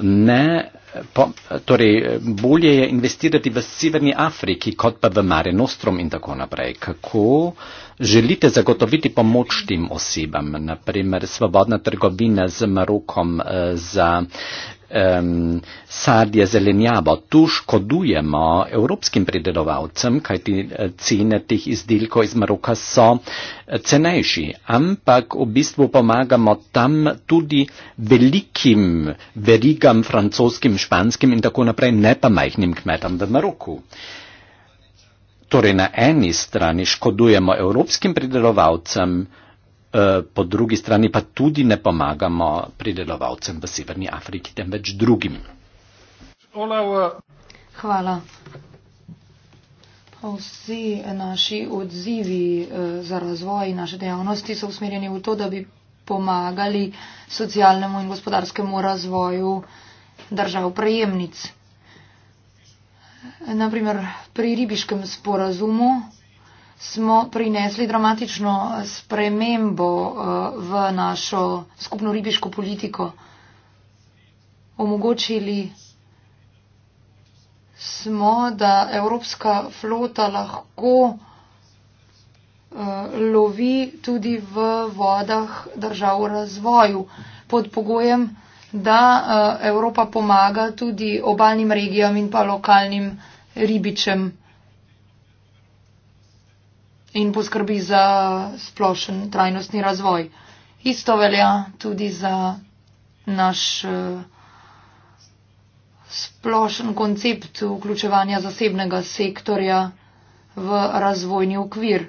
ne Po, torej, bolje je investirati v Severni Afriki, kot pa v Mare Nostrum in tako naprej. Kako želite zagotoviti pomoč tem osebam, naprimer svobodna trgovina z Marokom eh, za um, sadje, zelenjavo. Tu škodujemo evropskim pridelovalcem, kajti eh, cene teh izdelkov iz Maroka so eh, cenejši, ampak v bistvu pomagamo tam tudi velikim verigam, francoskim, španskim in tako naprej, ne pa majhnim kmetom v Maroku. Torej na eni strani škodujemo evropskim pridelovalcem, Eh, po drugi strani pa tudi ne pomagamo pridelovalcem v Severni Afriki, temveč drugim. Hvala. Vsi naši odzivi eh, za razvoj naše dejavnosti so usmerjeni v to, da bi pomagali socialnemu in gospodarskemu razvoju držav prejemnic. Naprimer, pri ribiškem sporazumu smo prinesli dramatično spremembo eh, v našo skupno ribiško politiko. Omogočili smo, da evropska flota lahko eh, lovi tudi v vodah držav v razvoju pod pogojem, da eh, Evropa pomaga tudi obalnim regijam in pa lokalnim ribičem in poskrbi za splošen trajnostni razvoj. Isto velja tudi za naš eh, splošen koncept vključevanja zasebnega sektorja v razvojni okvir.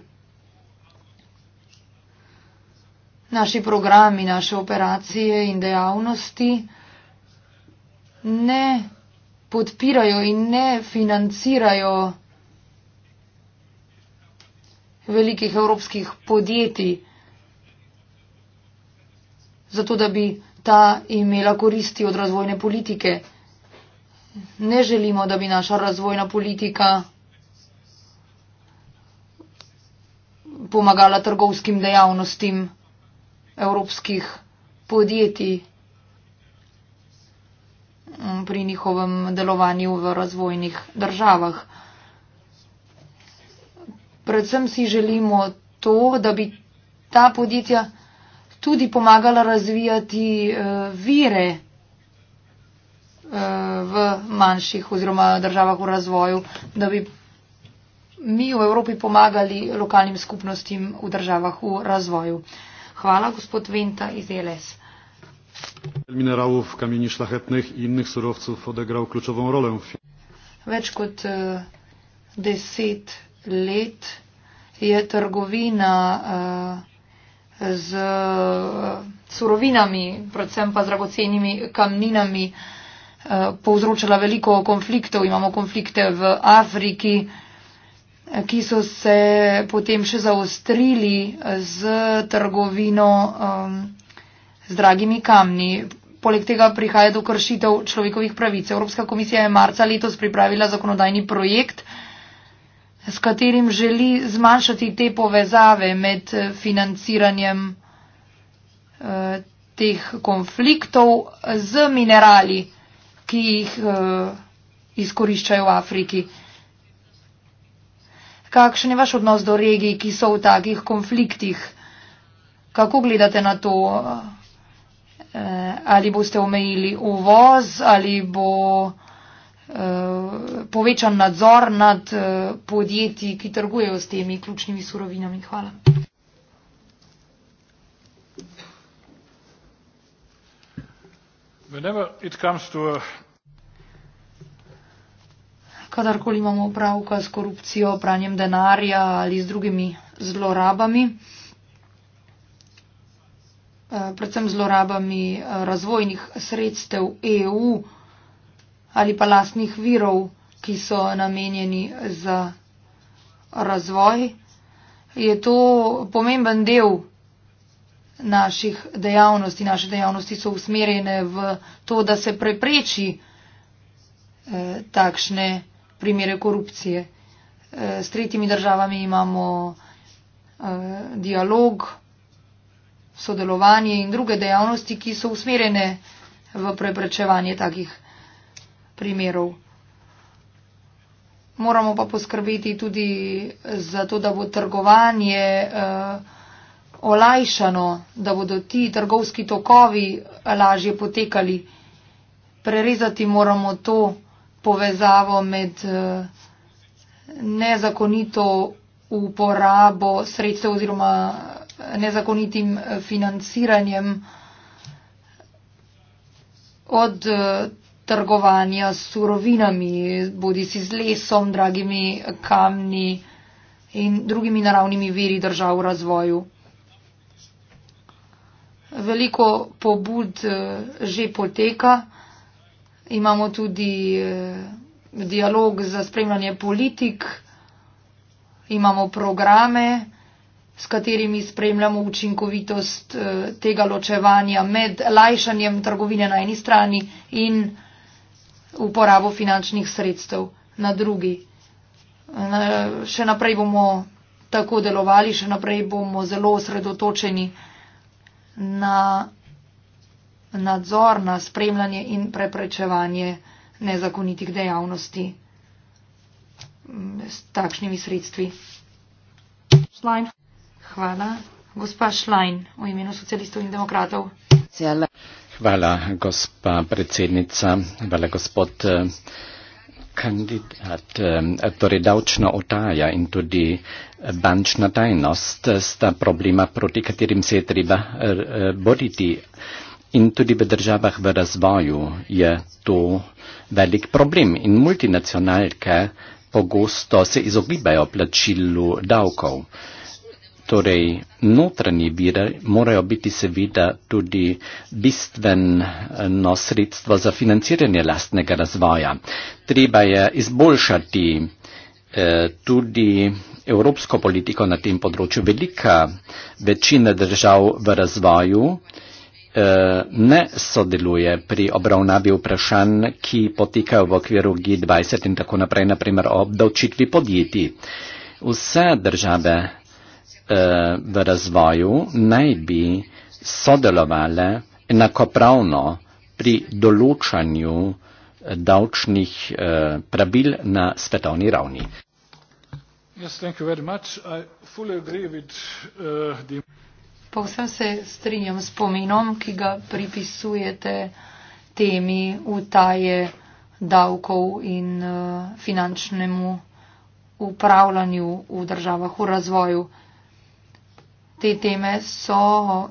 Naši programi, naše operacije in dejavnosti ne podpirajo in ne financirajo velikih evropskih podjetij, zato da bi ta imela koristi od razvojne politike. Ne želimo, da bi naša razvojna politika pomagala trgovskim dejavnostim evropskih podjetij mm, pri njihovem delovanju v razvojnih državah predvsem si želimo to, da bi ta podjetja tudi pomagala razvijati eh, vire eh, v manjših oziroma državah v razvoju, da bi mi v Evropi pomagali lokalnim skupnostim v državah v razvoju. Hvala, gospod Venta iz LS. Mineralov, kamenih, šlahetnih in drugih surovcev odigral ključovno rolo v filmu. Več kot eh, deset. Uh, 10 let je trgovina eh, z eh, surovinami, predvsem pa z dragocenimi kamninami, eh, povzročala veliko konfliktov. Imamo konflikte v Afriki, ki so se potem še zaostrili z trgovino z dragimi kamni. Poleg tega prihaja do kršitev človekovih pravic. Evropska komisija je marca letos pripravila zakonodajni projekt, s katerim želi zmanjšati te povezave med eh, financiranjem eh, teh konfliktov z minerali, ki jih eh, izkoriščajo v Afriki. Kakšen je vaš odnos do regij, ki so v takih konfliktih? Kako gledate na to? Ali boste omejili uvoz, ali bo. Eh, povečan nadzor nad eh, podjetji, ki trgujejo s temi ključnimi surovinami. Hvala. Kadarkoli imamo upravka s korupcijo, pranjem denarja ali z drugimi zlorabami, eh, predvsem zlorabami razvojnih sredstev EU, ali pa lastnih virov, ki so namenjeni za razvoj, je to pomemben del naših dejavnosti. Naše dejavnosti so usmerjene v to, da se prepreči eh, takšne primere korupcije. Eh, s tretjimi državami imamo eh, dialog, sodelovanje in druge dejavnosti, ki so usmerjene v preprečevanje takih primerov. Moramo pa poskrbeti tudi za to, da bo trgovanje eh, olajšano, da bodo ti trgovski tokovi lažje potekali. Prerezati moramo to povezavo med eh, nezakonito uporabo sredstev oziroma eh, nezakonitim eh, financiranjem od eh, trgovanja s surovinami, bodi si z lesom, dragimi kamni in drugimi naravnimi viri držav v razvoju. Veliko pobud eh, že poteka, imamo tudi eh, dialog za spremljanje politik, imamo programe, s katerimi spremljamo učinkovitost eh, tega ločevanja med lajšanjem trgovine na eni strani in uporabo finančnih sredstev na drugi. Na, še naprej bomo tako delovali, še naprej bomo zelo osredotočeni na nadzor, na spremljanje in preprečevanje nezakonitih dejavnosti mm, s takšnimi sredstvi. Schlein. Hvala. Gospa Šlajn, v imenu socialistov in demokratov. Cijela. Hvala, gospa predsednica, hvala, gospod eh, kandidat. Eh, torej, davčna otaja in tudi eh, bančna tajnost sta problema, proti katerim se je treba boriti. In tudi v državah v razvoju je to velik problem. In multinacionalke pogosto se izogibajo plačilu davkov. Torej, notranji vire morajo biti seveda tudi bistveno sredstvo za financiranje lastnega razvoja. Treba je izboljšati eh, tudi evropsko politiko na tem področju. Velika večina držav v razvoju eh, ne sodeluje pri obravnavi vprašanj, ki potekajo v okviru G20 in tako naprej, naprimer o obdavčitvi podjetij. Vse države Eh, v razvoju naj bi sodelovale enakopravno pri določanju eh, davčnih eh, pravil na svetovni ravni. Yes, Povsem se strinjam s pomenom, ki ga pripisujete temi utaje davkov in finančnemu upravljanju v državah v razvoju te teme so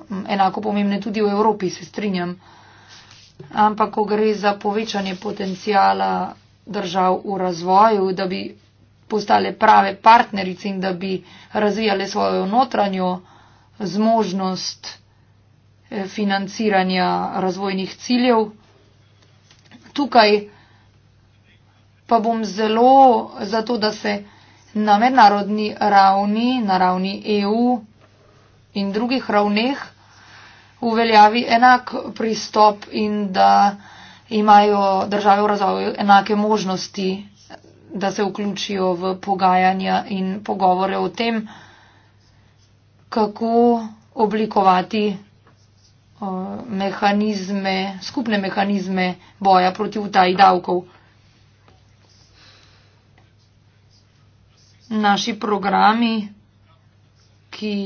mm, enako pomembne tudi v Evropi, se strinjam. Ampak, ko gre za povečanje potencijala držav v razvoju, da bi postale prave partnerice in da bi razvijale svojo notranjo zmožnost eh, financiranja razvojnih ciljev. Tukaj pa bom zelo za to, da se na mednarodni ravni, na ravni EU, in drugih ravneh uveljavi enak pristop in da imajo države v razvoju enake možnosti, da se vključijo v pogajanja in pogovore o tem, kako oblikovati eh, mehanizme, skupne mehanizme boja proti utaji davkov. Naši programi, ki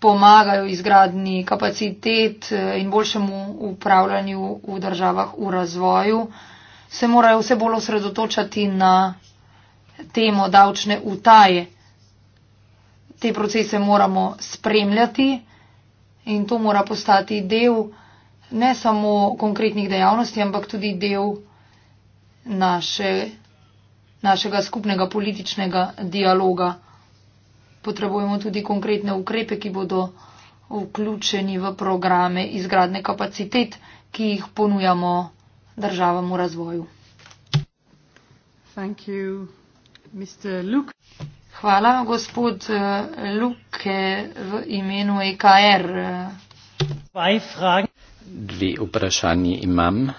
pomagajo izgradni kapacitet eh, in boljšemu upravljanju v državah v razvoju, se morajo vse bolj osredotočati na temo davčne utaje. Te procese moramo spremljati in to mora postati del ne samo konkretnih dejavnosti, ampak tudi del naše, našega skupnega političnega dialoga potrebujemo tudi konkretne ukrepe, ki bodo vključeni v programe izgradne kapacitet, ki jih ponujamo državam v razvoju. Hvala, gospod eh, Luke, v imenu EKR. Dve vprašanji imam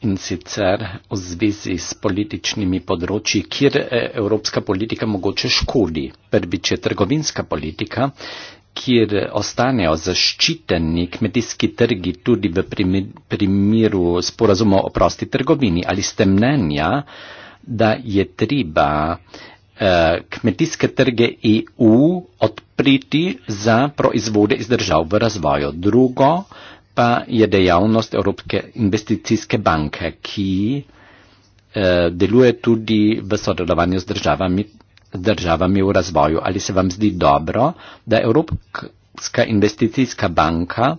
in sicer v zvezi s političnimi področji, kjer eh, evropska politika mogoče škodi. Prvič je trgovinska politika, kjer eh, ostanejo zaščiteni kmetijski trgi tudi v primeru sporazuma o prosti trgovini. Ali ste mnenja, da je treba eh, kmetijske trge EU odpriti za proizvode iz držav v razvoju. Drugo, pa je dejavnost Evropske investicijske banke, ki eh, deluje tudi v sodelovanju z državami, z državami v razvoju. Ali se vam zdi dobro, da Evropska investicijska banka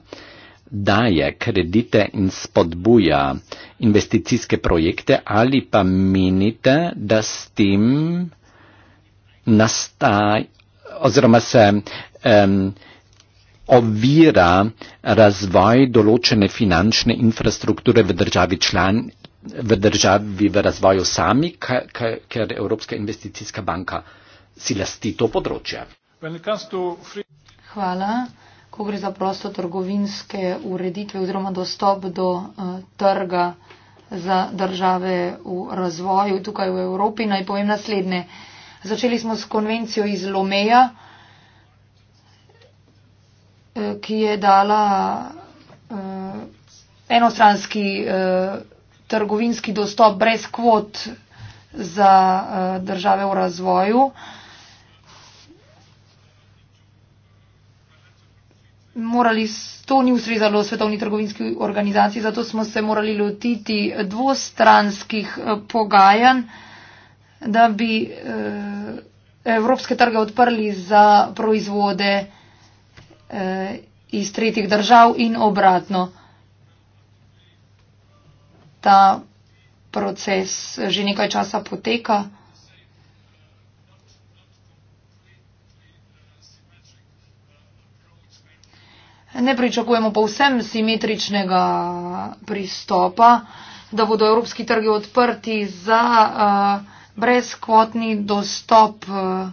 daje kredite in spodbuja investicijske projekte ali pa menite, da s tem nastaja oziroma se um, ovira razvoj določene finančne infrastrukture v državi član v državi v razvoju sami, ker Evropska investicijska banka si lasti to področje. Hvala. Ko gre za prosto trgovinske ureditve oziroma dostop do uh, trga za države v razvoju tukaj v Evropi, naj povem naslednje. Začeli smo s konvencijo iz Lomeja, uh, Eh, ki je dala eh, enostranski eh, trgovinski dostop brez kvot za države v razvoju. Morali, to ni ustrezalo svetovni trgovinski organizaciji, zato smo se morali lotiti dvostranskih pogajanj, da bi evropske trge odprli za proizvode eh, iz tretjih držav in obratno. Ta proces že nekaj časa poteka. Ne pričakujemo povsem simetričnega pristopa, da bodo evropski trgi odprti za uh, brezkvotni dostop uh,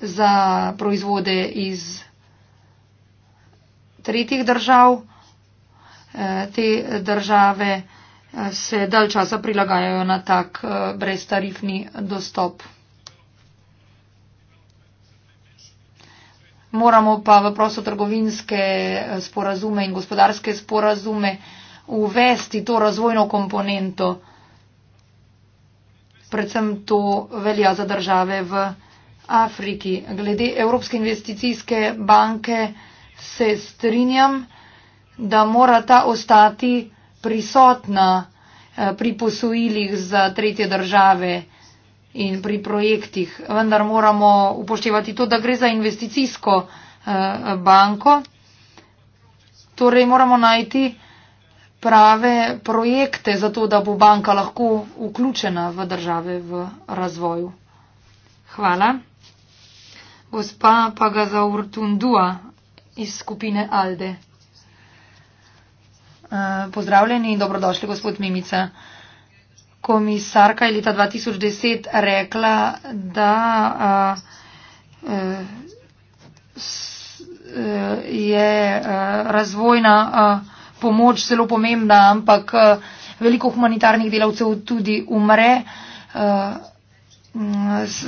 za proizvode iz tretjih držav. Eh, te države eh, se dalj časa prilagajajo na tak eh, breztarifni dostop. Moramo pa v prostotrgovinske sporazume in gospodarske sporazume uvesti to razvojno komponento. Predvsem to velja za države v. Afriki. Glede Evropske investicijske banke se strinjam, da mora ta ostati prisotna eh, pri posojilih za tretje države in pri projektih. Vendar moramo upoštevati to, da gre za investicijsko eh, banko. Torej moramo najti prave projekte za to, da bo banka lahko vključena v države v razvoju. Hvala gospa pa ga za urtundua iz skupine Alde. Uh, pozdravljeni in dobrodošli, gospod Mimica. Komisarka je leta 2010 rekla, da uh, uh, je uh, razvojna uh, pomoč zelo pomembna, ampak uh, veliko humanitarnih delavcev tudi umre. Uh,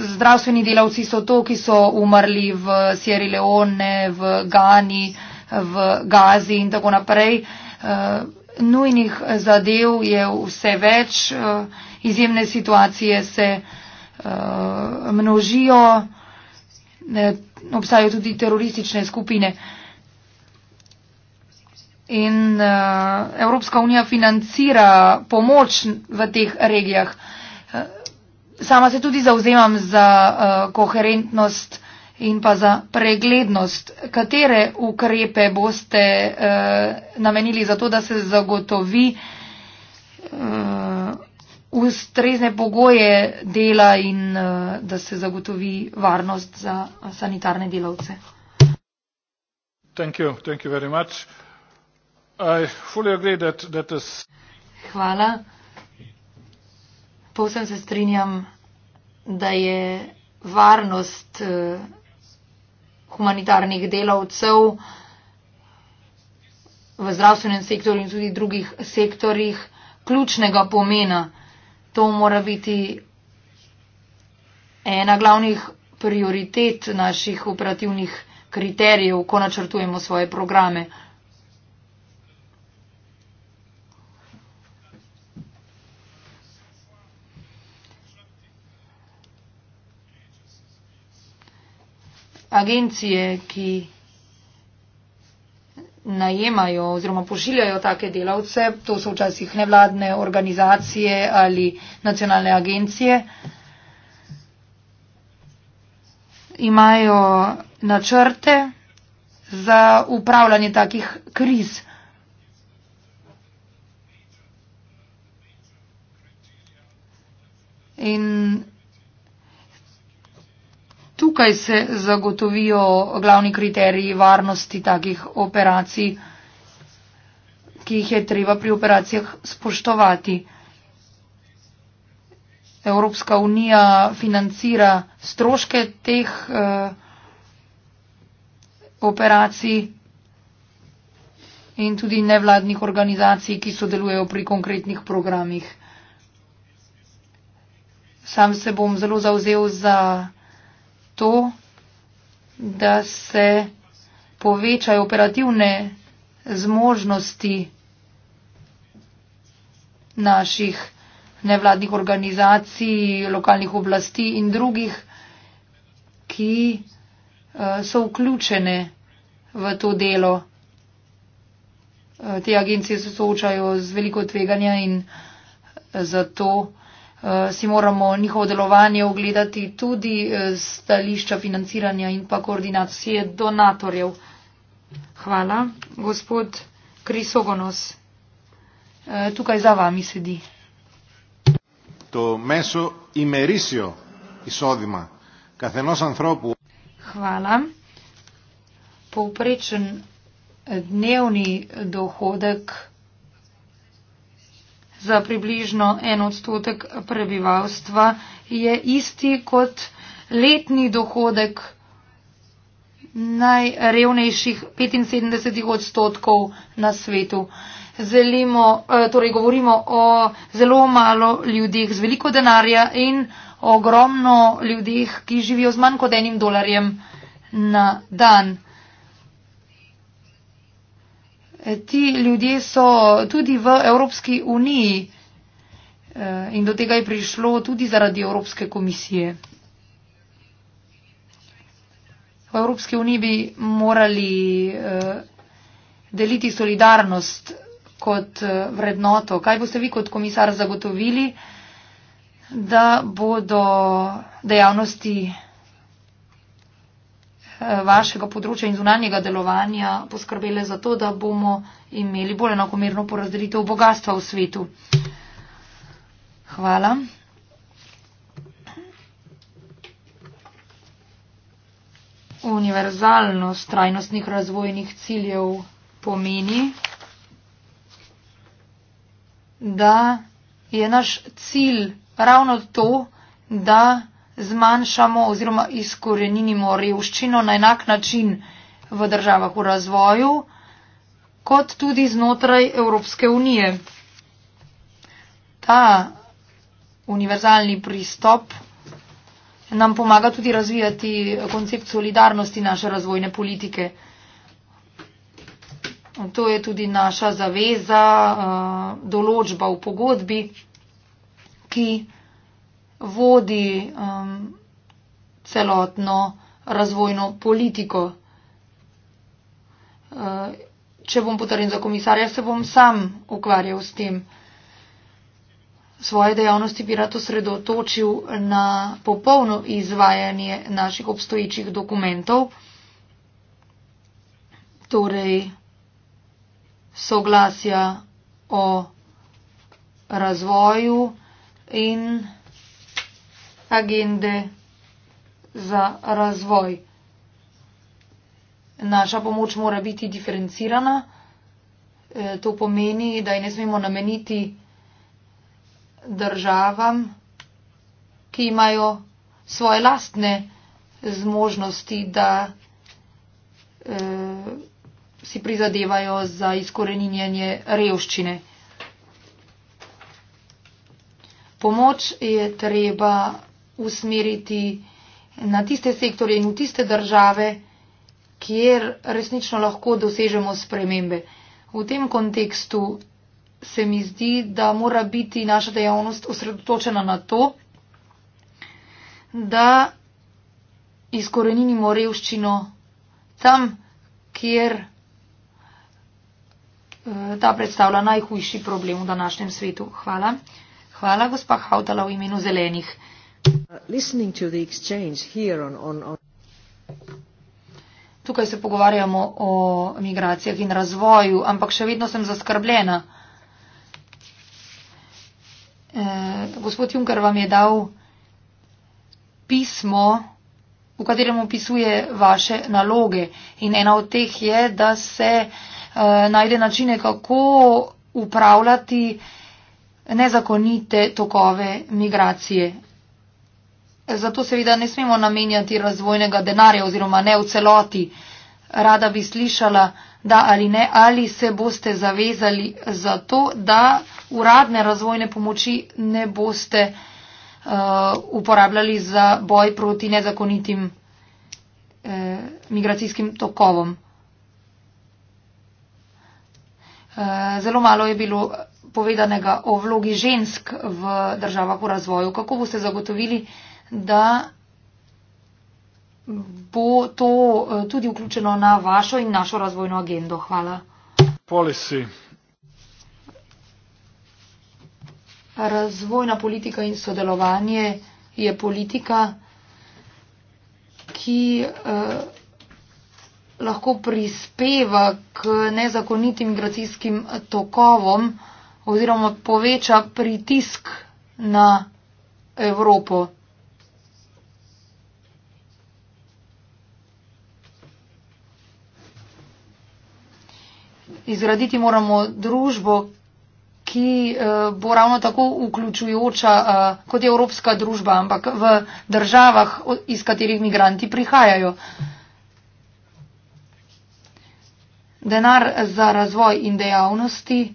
zdravstveni delavci so to, ki so umrli v Sierra Leone, v Gani, v Gazi in tako naprej. Eh, nujnih zadev je vse več, eh, izjemne situacije se eh, množijo, obstajajo tudi teroristične skupine. In Evropska unija financira pomoč v teh regijah sama se tudi zauzemam za uh, koherentnost in pa za preglednost. Katere ukrepe boste uh, namenili za to, da se zagotovi uh, ustrezne pogoje dela in uh, da se zagotovi varnost za sanitarne delavce? Thank you. Thank you very much. I fully agree that that is. Hvala. Povsem se strinjam, da je varnost eh, humanitarnih delavcev v zdravstvenem sektorju in tudi drugih sektorjih ključnega pomena. To mora biti ena glavnih prioritet naših operativnih kriterijev, ko načrtujemo svoje programe. agencije, ki najemajo oziroma pošiljajo take delavce, to so včasih nevladne organizacije ali nacionalne agencije, imajo načrte za upravljanje takih kriz. In tukaj se zagotovijo glavni kriteriji varnosti takih operacij, ki jih je treba pri operacijah spoštovati. Evropska unija financira stroške teh eh, operacij in tudi nevladnih organizacij, ki sodelujejo pri konkretnih programih. Sam se bom zelo zauzel za to, da se povečajo operativne zmožnosti naših nevladnih organizacij, lokalnih oblasti in drugih, ki eh, so vključene v to delo. Eh, te agencije se soočajo z veliko tveganja in eh, zato. Eh, si moramo njihovo delovanje ogledati tudi eh, stališča financiranja in pa koordinacije donatorjev. Hvala. Gospod Krisogonos, eh, tukaj za vami sedi. To meso imerisijo izodima, kathenos antropu. Hvala. Povprečen dnevni dohodek za približno en odstotek prebivalstva je isti kot letni dohodek najrevnejših 75 odstotkov na svetu. Zelimo, eh, torej govorimo o zelo malo ljudeh z veliko denarja in ogromno ljudeh, ki živijo z manj kot enim dolarjem na dan. Ti ljudje so tudi v Evropski uniji eh, in do tega je prišlo tudi zaradi Evropske komisije. V Evropski uniji bi morali eh, deliti solidarnost kot eh, vrednoto. Kaj boste vi kot komisar zagotovili, da bodo dejavnosti vašega področja in zunanjega delovanja poskrbele za to, da bomo imeli bolj enakomerno porazdelitev bogatstva v svetu. Hvala. Univerzalnost trajnostnih razvojnih ciljev pomeni, da je naš cilj ravno to, da zmanjšamo oziroma izkoreninimo revščino na enak način v državah v razvoju, kot tudi znotraj Evropske unije. Ta univerzalni pristop nam pomaga tudi razvijati koncept solidarnosti naše razvojne politike. To je tudi naša zaveza, eh, določba v pogodbi, ki vodi um, celotno razvojno politiko. Uh, če bom potrjen za komisarja, se bom sam ukvarjal s tem. Svoje dejavnosti bi rad osredotočil na popolno izvajanje naših obstoječih dokumentov, torej soglasja o razvoju in agende za razvoj. Naša pomoč mora biti diferencirana. E, to pomeni, da je ne smemo nameniti državam, ki imajo svoje lastne zmožnosti, da eh, si prizadevajo za izkoreninjanje revščine. Pomoč je treba usmeriti na tiste sektorje in v tiste države, kjer resnično lahko dosežemo spremembe. V tem kontekstu se mi zdi, da mora biti naša dejavnost osredotočena na to, da izkorenimo revščino tam, kjer eh, ta predstavlja najhujši problem v današnjem svetu. Hvala. Hvala, gospa Hautala, v imenu zelenih. Tukaj se pogovarjamo o migracijah in razvoju, ampak še vedno sem zaskrbljena. E, gospod Juncker vam je dal pismo, v katerem opisuje vaše naloge in ena od teh je, da se e, najde načine, kako upravljati nezakonite tokove migracije. Zato seveda ne smemo namenjati razvojnega denarja oziroma ne v celoti. Rada bi slišala, da ali ne, ali se boste zavezali za to, da uradne razvojne pomoči ne boste uh, uporabljali za boj proti nezakonitim eh, migracijskim tokovom. Eh, zelo malo je bilo povedanega o vlogi žensk v državah v razvoju. Kako boste zagotovili, da bo to eh, tudi vključeno na vašo in našo razvojno agendo. Hvala. Policy. Razvojna politika in sodelovanje je politika, ki eh, lahko prispeva k nezakonitim migracijskim tokovom oziroma poveča pritisk na Evropo. izgraditi moramo družbo, ki eh, bo ravno tako vključujoča eh, kot je evropska družba, ampak v državah, iz katerih migranti prihajajo. Denar za razvoj in dejavnosti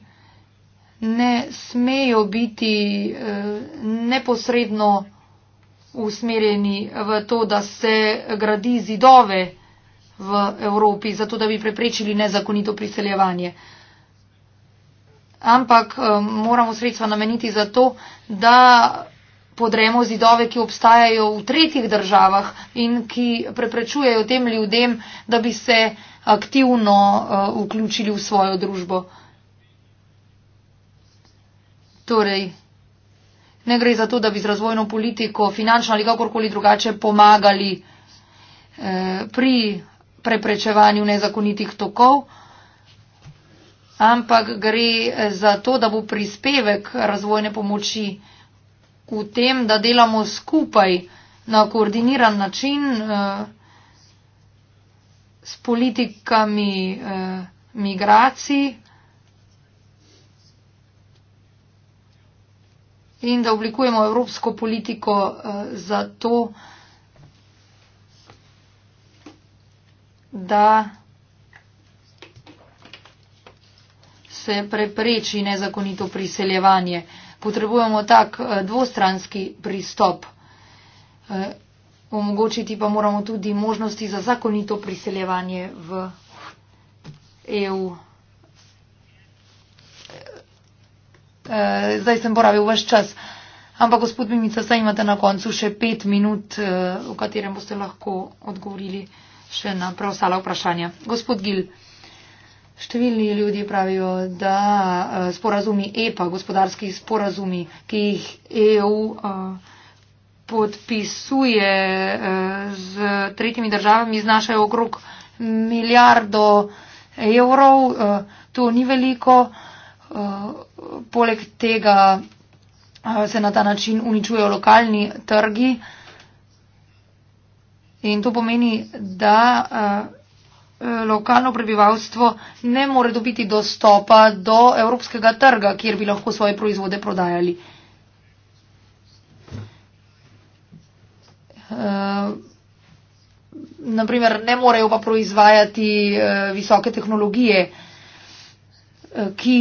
ne smejo biti eh, neposredno usmerjeni v to, da se gradi zidove v Evropi, zato da bi preprečili nezakonito priseljevanje. Ampak eh, moramo sredstva nameniti za to, da podremo zidove, ki obstajajo v tretjih državah in ki preprečujejo tem ljudem, da bi se aktivno eh, vključili v svojo družbo. Torej, ne gre za to, da bi z razvojno politiko, finančno ali kakorkoli drugače pomagali eh, pri preprečevanju nezakonitih tokov, ampak gre za to, da bo prispevek razvojne pomoči v tem, da delamo skupaj na koordiniran način eh, s politikami eh, migracij. In da oblikujemo evropsko politiko eh, za to, da da se prepreči nezakonito priseljevanje. Potrebujemo tak eh, dvostranski pristop. Eh, omogočiti pa moramo tudi možnosti za zakonito priseljevanje v EU. Eh, zdaj sem porabil vaš čas, ampak gospod Mimica, saj imate na koncu še pet minut, v katerem boste lahko odgovorili še na preostala vprašanja. Gospod Gil, številni ljudje pravijo, da eh, sporazumi EPA, gospodarski sporazumi, ki jih EU eh, podpisuje eh, z tretjimi državami, znašajo okrog milijardo evrov. To ni veliko. Poleg tega se na ta način uničujejo lokalni trgi. In to pomeni, da eh, lokalno prebivalstvo ne more dobiti dostopa do evropskega trga, kjer bi lahko svoje proizvode prodajali. Eh, Naprimer, ne morejo pa proizvajati eh, visoke tehnologije, ki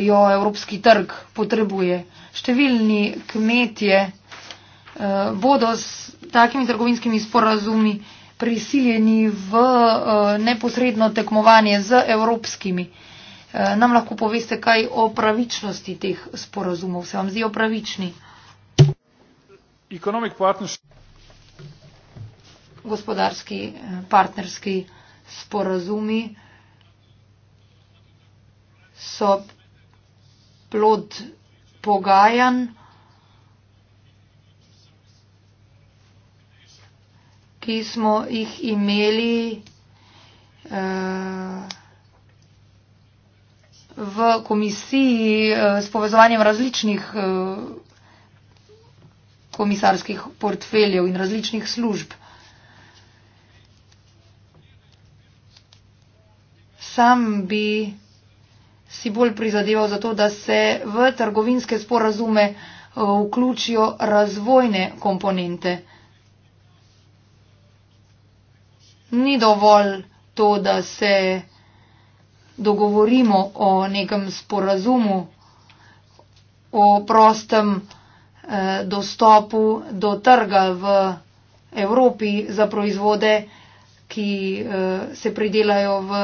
jo evropski trg potrebuje. Številni kmetje bodo takimi trgovinskimi sporazumi prisiljeni v uh, neposredno tekmovanje z evropskimi. Uh, nam lahko poveste kaj o pravičnosti teh sporazumov? Se vam zdijo pravični? Economic partnership. Gospodarski eh, partnerski sporazumi so plod pogajanj. ki smo jih imeli uh, v komisiji uh, s povezovanjem različnih uh, komisarskih portfeljev in različnih služb. Sam bi si bolj prizadeval za to, da se v trgovinske sporazume uh, vključijo razvojne komponente. ni dovolj to, da se dogovorimo o nekem sporazumu, o prostem eh, dostopu do trga v Evropi za proizvode, ki eh, se pridelajo v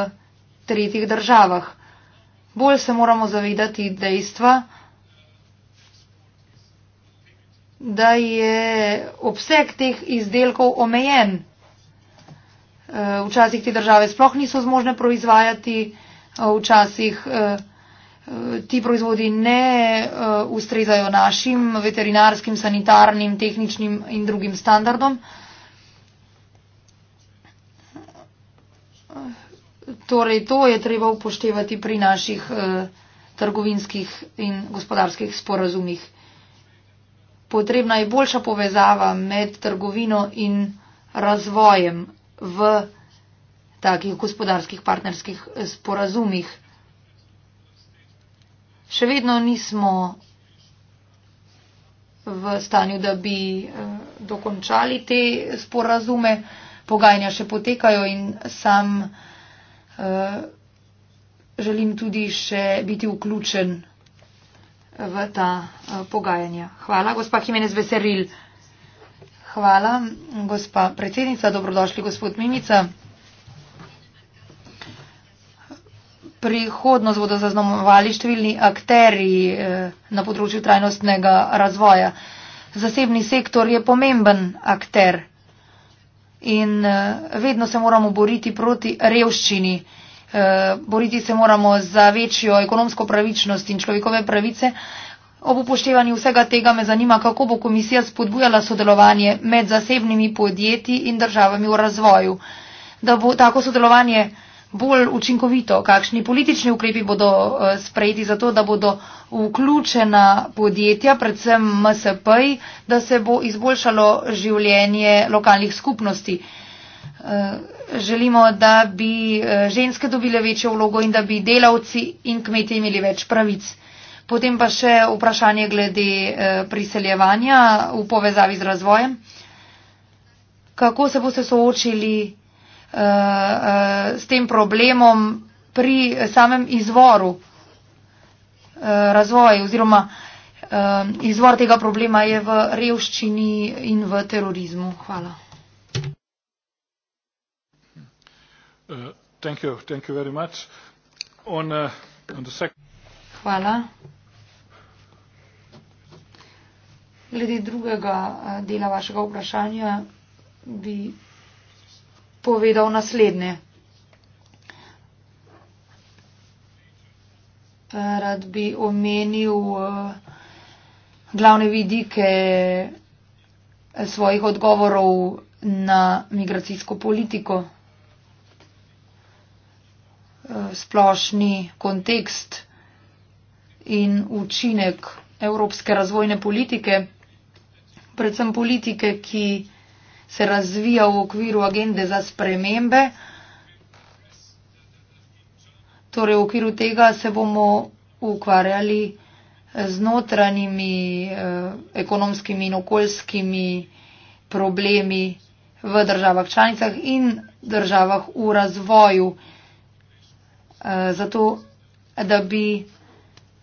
tretjih državah. Bolj se moramo zavedati dejstva, da je obseg teh izdelkov omejen. Eh, včasih te države sploh niso zmožne proizvajati, eh, včasih eh, ti proizvodi ne ustrezajo našim veterinarskim, sanitarnim, tehničnim in drugim standardom. Torej, to je treba upoštevati pri naših trgovinskih in gospodarskih sporazumih. Potrebna je boljša povezava med trgovino in razvojem v takih gospodarskih partnerskih eh, sporazumih. Še vedno nismo v stanju, da bi eh, dokončali te sporazume. Pogajanja še potekajo in sam eh, želim tudi še biti vključen v ta pogajanja. Hvala, gospa Jimenez Veseril. Hvala, gospa predsednica. Dobrodošli, gospod Mimica. Prihodnost bodo zaznamovali številni akteri eh, na področju trajnostnega razvoja. Zasebni sektor je pomemben akter in eh, vedno se moramo boriti proti revščini. Eh, boriti se moramo za večjo ekonomsko pravičnost in človekove pravice. Ob upoštevanju vsega tega me zanima, kako bo komisija spodbujala sodelovanje med zasebnimi podjetji in državami v razvoju, da bo tako sodelovanje bolj učinkovito, kakšni politični ukrepi bodo eh, sprejeti za to, da bodo vključena podjetja, predvsem MSP, da se bo izboljšalo življenje lokalnih skupnosti. Eh, želimo, da bi eh, ženske dobile večjo vlogo in da bi delavci in kmetje imeli več pravic. Potem pa še vprašanje glede eh, priseljevanja v povezavi z razvojem. Kako se boste soočili eh, eh, s tem problemom pri samem izvoru razvoja oziroma izvor tega problema je v revščini in v terorizmu? Hvala. Hvala. Glede drugega eh, dela vašega vprašanja bi povedal naslednje. Rad bi omenil eh, glavne vidike eh, svojih odgovorov na migracijsko politiko. Splošni kontekst in učinek evropske razvojne politike predvsem politike, ki se razvija v okviru agende za spremembe. Torej, v okviru tega se bomo ukvarjali z notranjimi eh, ekonomskimi in okoljskimi problemi v državah članicah in državah v razvoju. Eh, zato, da bi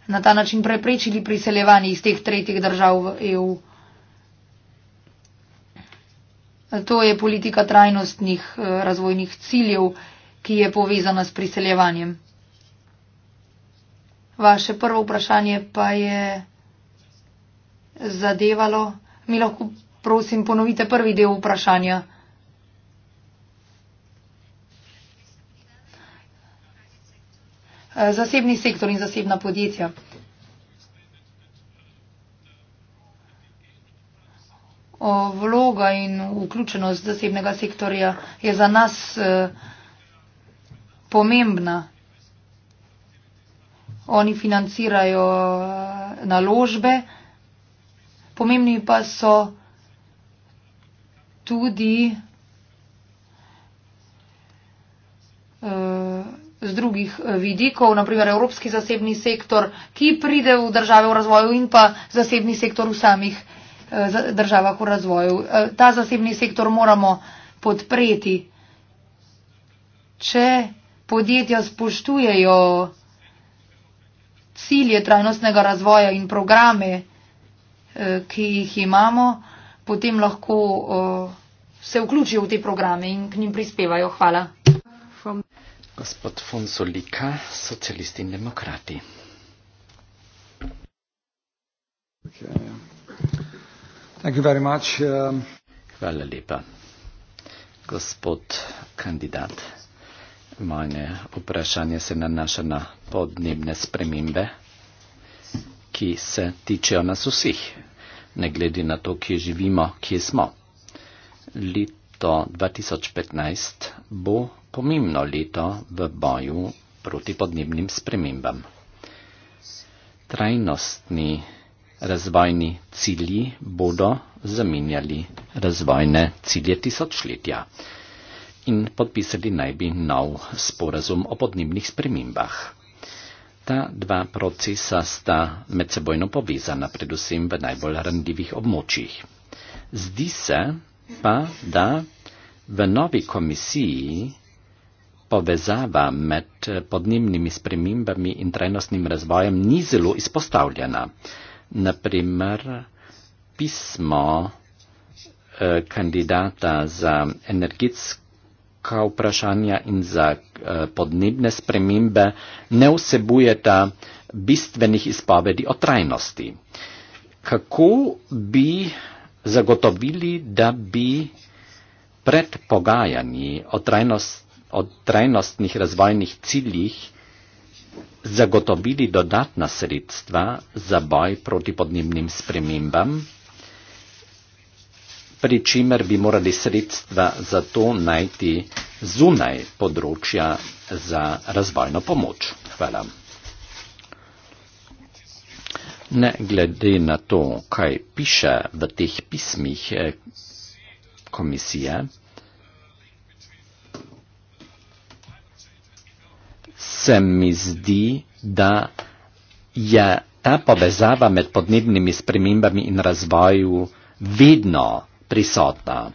na ta način preprečili priseljevanje iz teh tretjih držav v EU. To je politika trajnostnih eh, razvojnih ciljev, ki je povezana s priseljevanjem. Vaše prvo vprašanje pa je zadevalo. Mi lahko, prosim, ponovite prvi del vprašanja. Eh, zasebni sektor in zasebna podjetja. vloga in vključenost zasebnega sektorja je za nas e, pomembna. Oni financirajo e, naložbe, pomembni pa so tudi e, z drugih vidikov, naprimer Evropski zasebni sektor, ki pride v države v razvoju in pa zasebni sektor v samih Eh, državah v razvoju. Eh, ta zasebni sektor moramo podpreti. Če podjetja spoštujejo cilje trajnostnega razvoja in programe, eh, ki jih imamo, potem lahko se vključijo v te programe in k njim prispevajo. Hvala. Gospod Fonsolika, socialisti in demokrati. Okay. Uh, Hvala lepa. Gospod kandidat, moje vprašanje se nanaša na podnebne spremembe, ki se tičejo nas vseh, ne glede na to, kje živimo, kje smo. Leto 2015 bo pomembno leto v boju proti podnebnim spremembam. Trajnostni razvojni cilji bodo zamenjali razvojne cilje tisočletja in podpisali naj bi nov sporazum o podnebnih spremembah. Ta dva procesa sta medsebojno povezana, predvsem v najbolj randljivih območjih. Zdi se pa, da v novi komisiji povezava med podnebnimi spremembami in trajnostnim razvojem ni zelo izpostavljena naprimer pismo eh, kandidata za energetska vprašanja in za eh, podnebne spremembe ne vsebuje ta bistvenih izpovedi o trajnosti. Kako bi zagotovili, da bi pred pogajanji o, trajnost, o trajnostnih razvojnih ciljih zagotovili dodatna sredstva za boj proti podnebnim spremembam, pri čimer bi morali sredstva za to najti zunaj področja za razvojno pomoč. Hvala. Ne glede na to, kaj piše v teh pismih eh, komisije, se mi zdi, da je ta povezava med podnebnimi spremembami in razvoju vedno prisotna.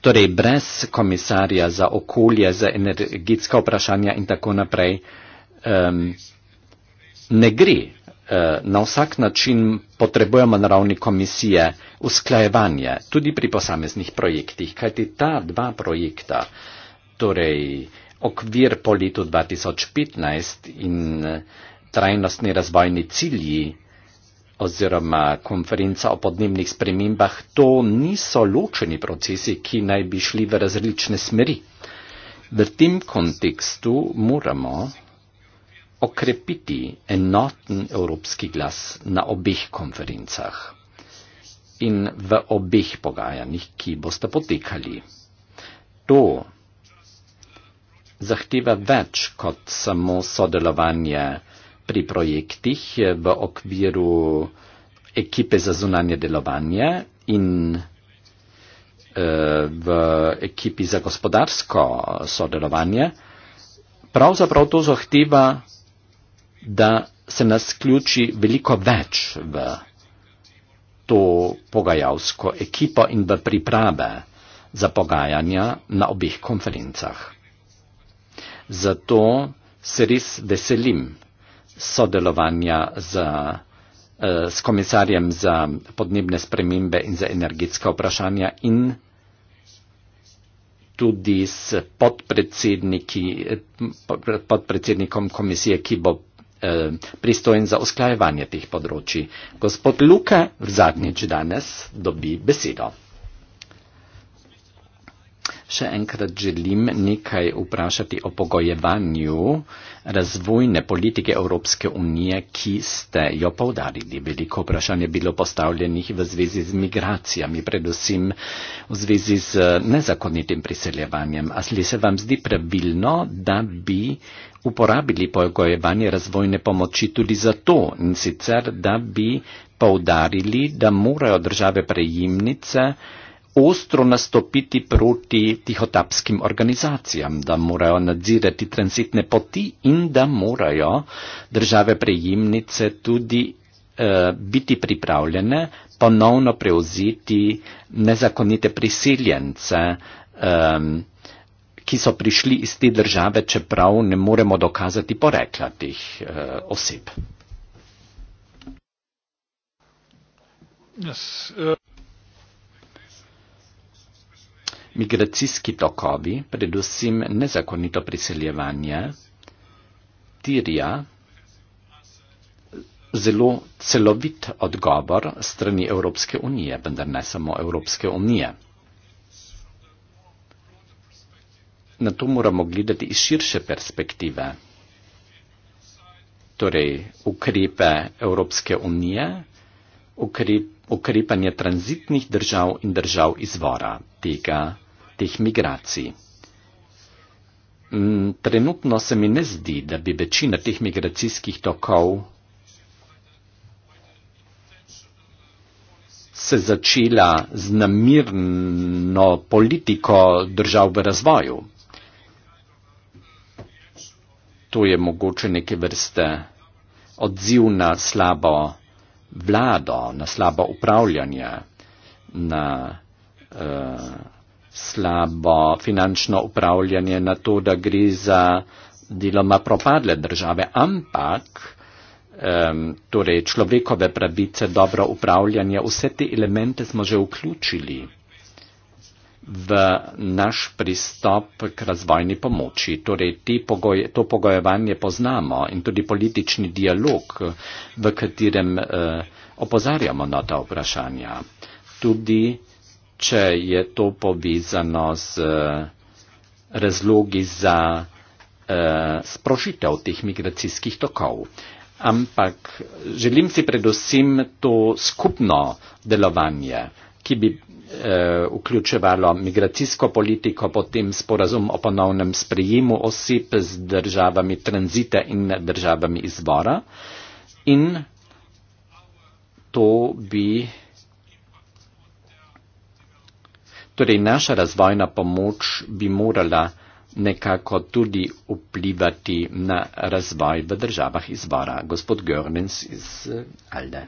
Torej, brez komisarja za okolje, za energetska vprašanja in tako naprej um, ne gre. Eh, na vsak način potrebujemo na ravni komisije usklajevanje tudi pri posameznih projektih, kajti ta dva projekta, torej okvir po letu 2015 in eh, trajnostni razvojni cilji oziroma konferenca o podnebnih spremembah, to niso ločeni procesi, ki naj bi šli v različne smeri. V tem kontekstu moramo okrepiti enoten evropski glas na obeh konferencah in v obeh pogajanjih, ki boste potekali. To zahteva več kot samo sodelovanje pri projektih v okviru ekipe za zunanje delovanje in eh, v ekipi za gospodarsko sodelovanje. Pravzaprav to zahteva, da se nas ključi veliko več v to pogajalsko ekipo in v priprave za pogajanja na obeh konferencah. Zato se res veselim sodelovanja z, z eh, komisarjem za podnebne spremembe in za energetska vprašanja in tudi s eh, podpredsednikom komisije, ki bo eh, pristojen za usklajevanje teh področji. Gospod Luka v zadnjič danes dobi besedo še enkrat želim nekaj vprašati o pogojevanju razvojne politike Evropske unije, ki ste jo povdarili. Veliko vprašanj je bilo postavljenih v zvezi z migracijami, predvsem v zvezi z eh, nezakonitim priseljevanjem. Ali se vam zdi pravilno, da bi uporabili pogojevanje razvojne pomoči tudi zato in sicer, da bi povdarili, da morajo države prejemnice ostro nastopiti proti tihotapskim organizacijam, da morajo nadzirati transitne poti in da morajo države prejemnice tudi eh, biti pripravljene ponovno prevzeti nezakonite priseljence, ki so prišli iz te države, čeprav ne moremo dokazati porekla tih eh, oseb. Yes, uh... migracijski tokovi, predvsem nezakonito priseljevanje, tirja zelo celovit odgovor strani Evropske unije, vendar ne samo Evropske unije. Na to moramo gledati iz širše perspektive, torej ukrepe Evropske unije, ukrep, ukrepanje tranzitnih držav in držav izvora tega teh migracij. Mm, trenutno se mi ne zdi, da bi večina teh migracijskih tokov se začela z namirno politiko držav v razvoju. To je mogoče neke vrste odziv na slabo vlado, na slabo upravljanje, na uh, slabo finančno upravljanje na to, da gre za deloma propadle države, ampak torej človekove pravice, dobro upravljanje, vse te elemente smo že vključili v naš pristop k razvojni pomoči. Torej, pogoj, to pogojevanje poznamo in tudi politični dialog, v katerem eh, opozarjamo na ta vprašanja. Tudi če je to povezano z eh, razlogi za eh, sprožitev teh migracijskih tokov. Ampak eh, želim si predvsem to skupno delovanje, ki bi vključevalo migracijsko politiko, potem sporazum o ponovnem sprejemu oseb z državami tranzita in državami izvora. In to bi Torej, naša razvojna pomoč bi morala nekako tudi vplivati na razvoj v državah izvora. Gospod Görnens iz eh, Alde.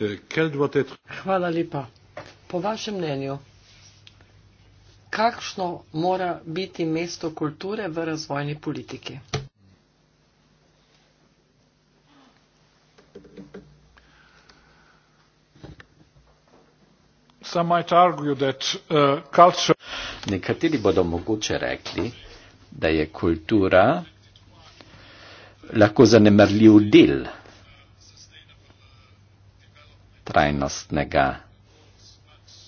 Eh, Hvala lepa. Po vašem mnenju, kakšno mora biti mesto kulture v razvojni politiki? Uh, Nekateri bodo mogoče rekli, da je kultura lahko zanemrljiv del trajnostnega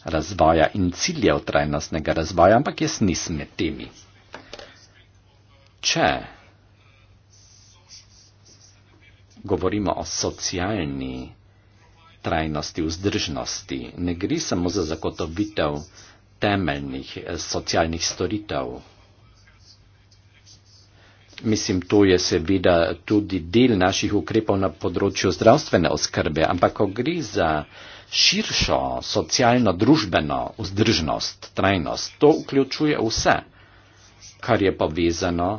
razvoja in ciljev trajnostnega razvoja, ampak jaz nisem med temi. Če govorimo o socialni trajnosti, vzdržnosti. Ne gre samo za zagotovitev temeljnih eh, socialnih storitev. Mislim, to je seveda tudi del naših ukrepov na področju zdravstvene oskrbe, ampak ko gre za širšo socialno-družbeno vzdržnost, trajnost, to vključuje vse, kar je povezano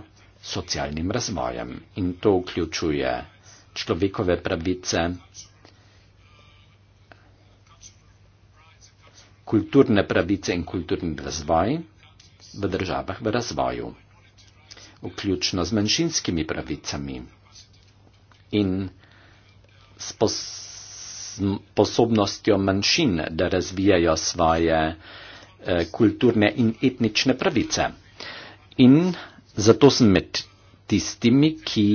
s socialnim razvojem in to vključuje človekove pravice, kulturne pravice in kulturni razvoj v državah v razvoju, vključno z manjšinskimi pravicami in s sposobnostjo manjšin, da razvijajo svoje eh, kulturne in etnične pravice. In zato sem med tistimi, ki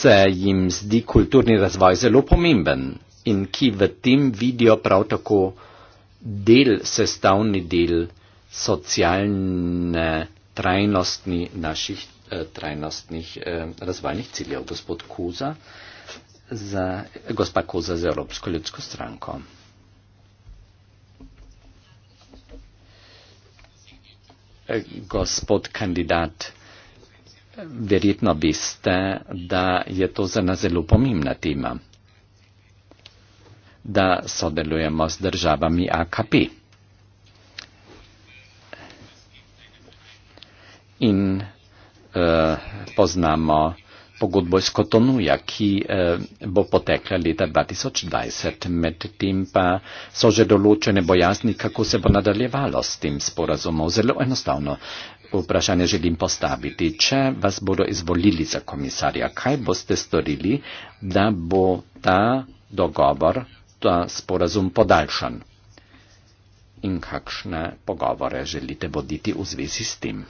se jim zdi kulturni razvoj zelo pomemben in ki v tem vidijo prav tako del, sestavni del socialne trajnostni naših eh, trajnostnih eh, razvojnih ciljev. Gospod Kuza, za, gospa Kuza za Evropsko ljudsko stranko. Eh, gospod kandidat verjetno veste, da je to za nas zelo pomembna tema, da sodelujemo z državami AKP. In uh, poznamo, pogodbo iz Kotonuja, ki eh, bo potekla leta 2020. Medtem pa so že določene bojazni, kako se bo nadaljevalo s tem sporazumom. Zelo enostavno vprašanje želim postaviti. Če vas bodo izvolili za komisarja, kaj boste storili, da bo ta dogovor, ta sporazum podaljšan? In kakšne pogovore želite voditi v zvezi s tem?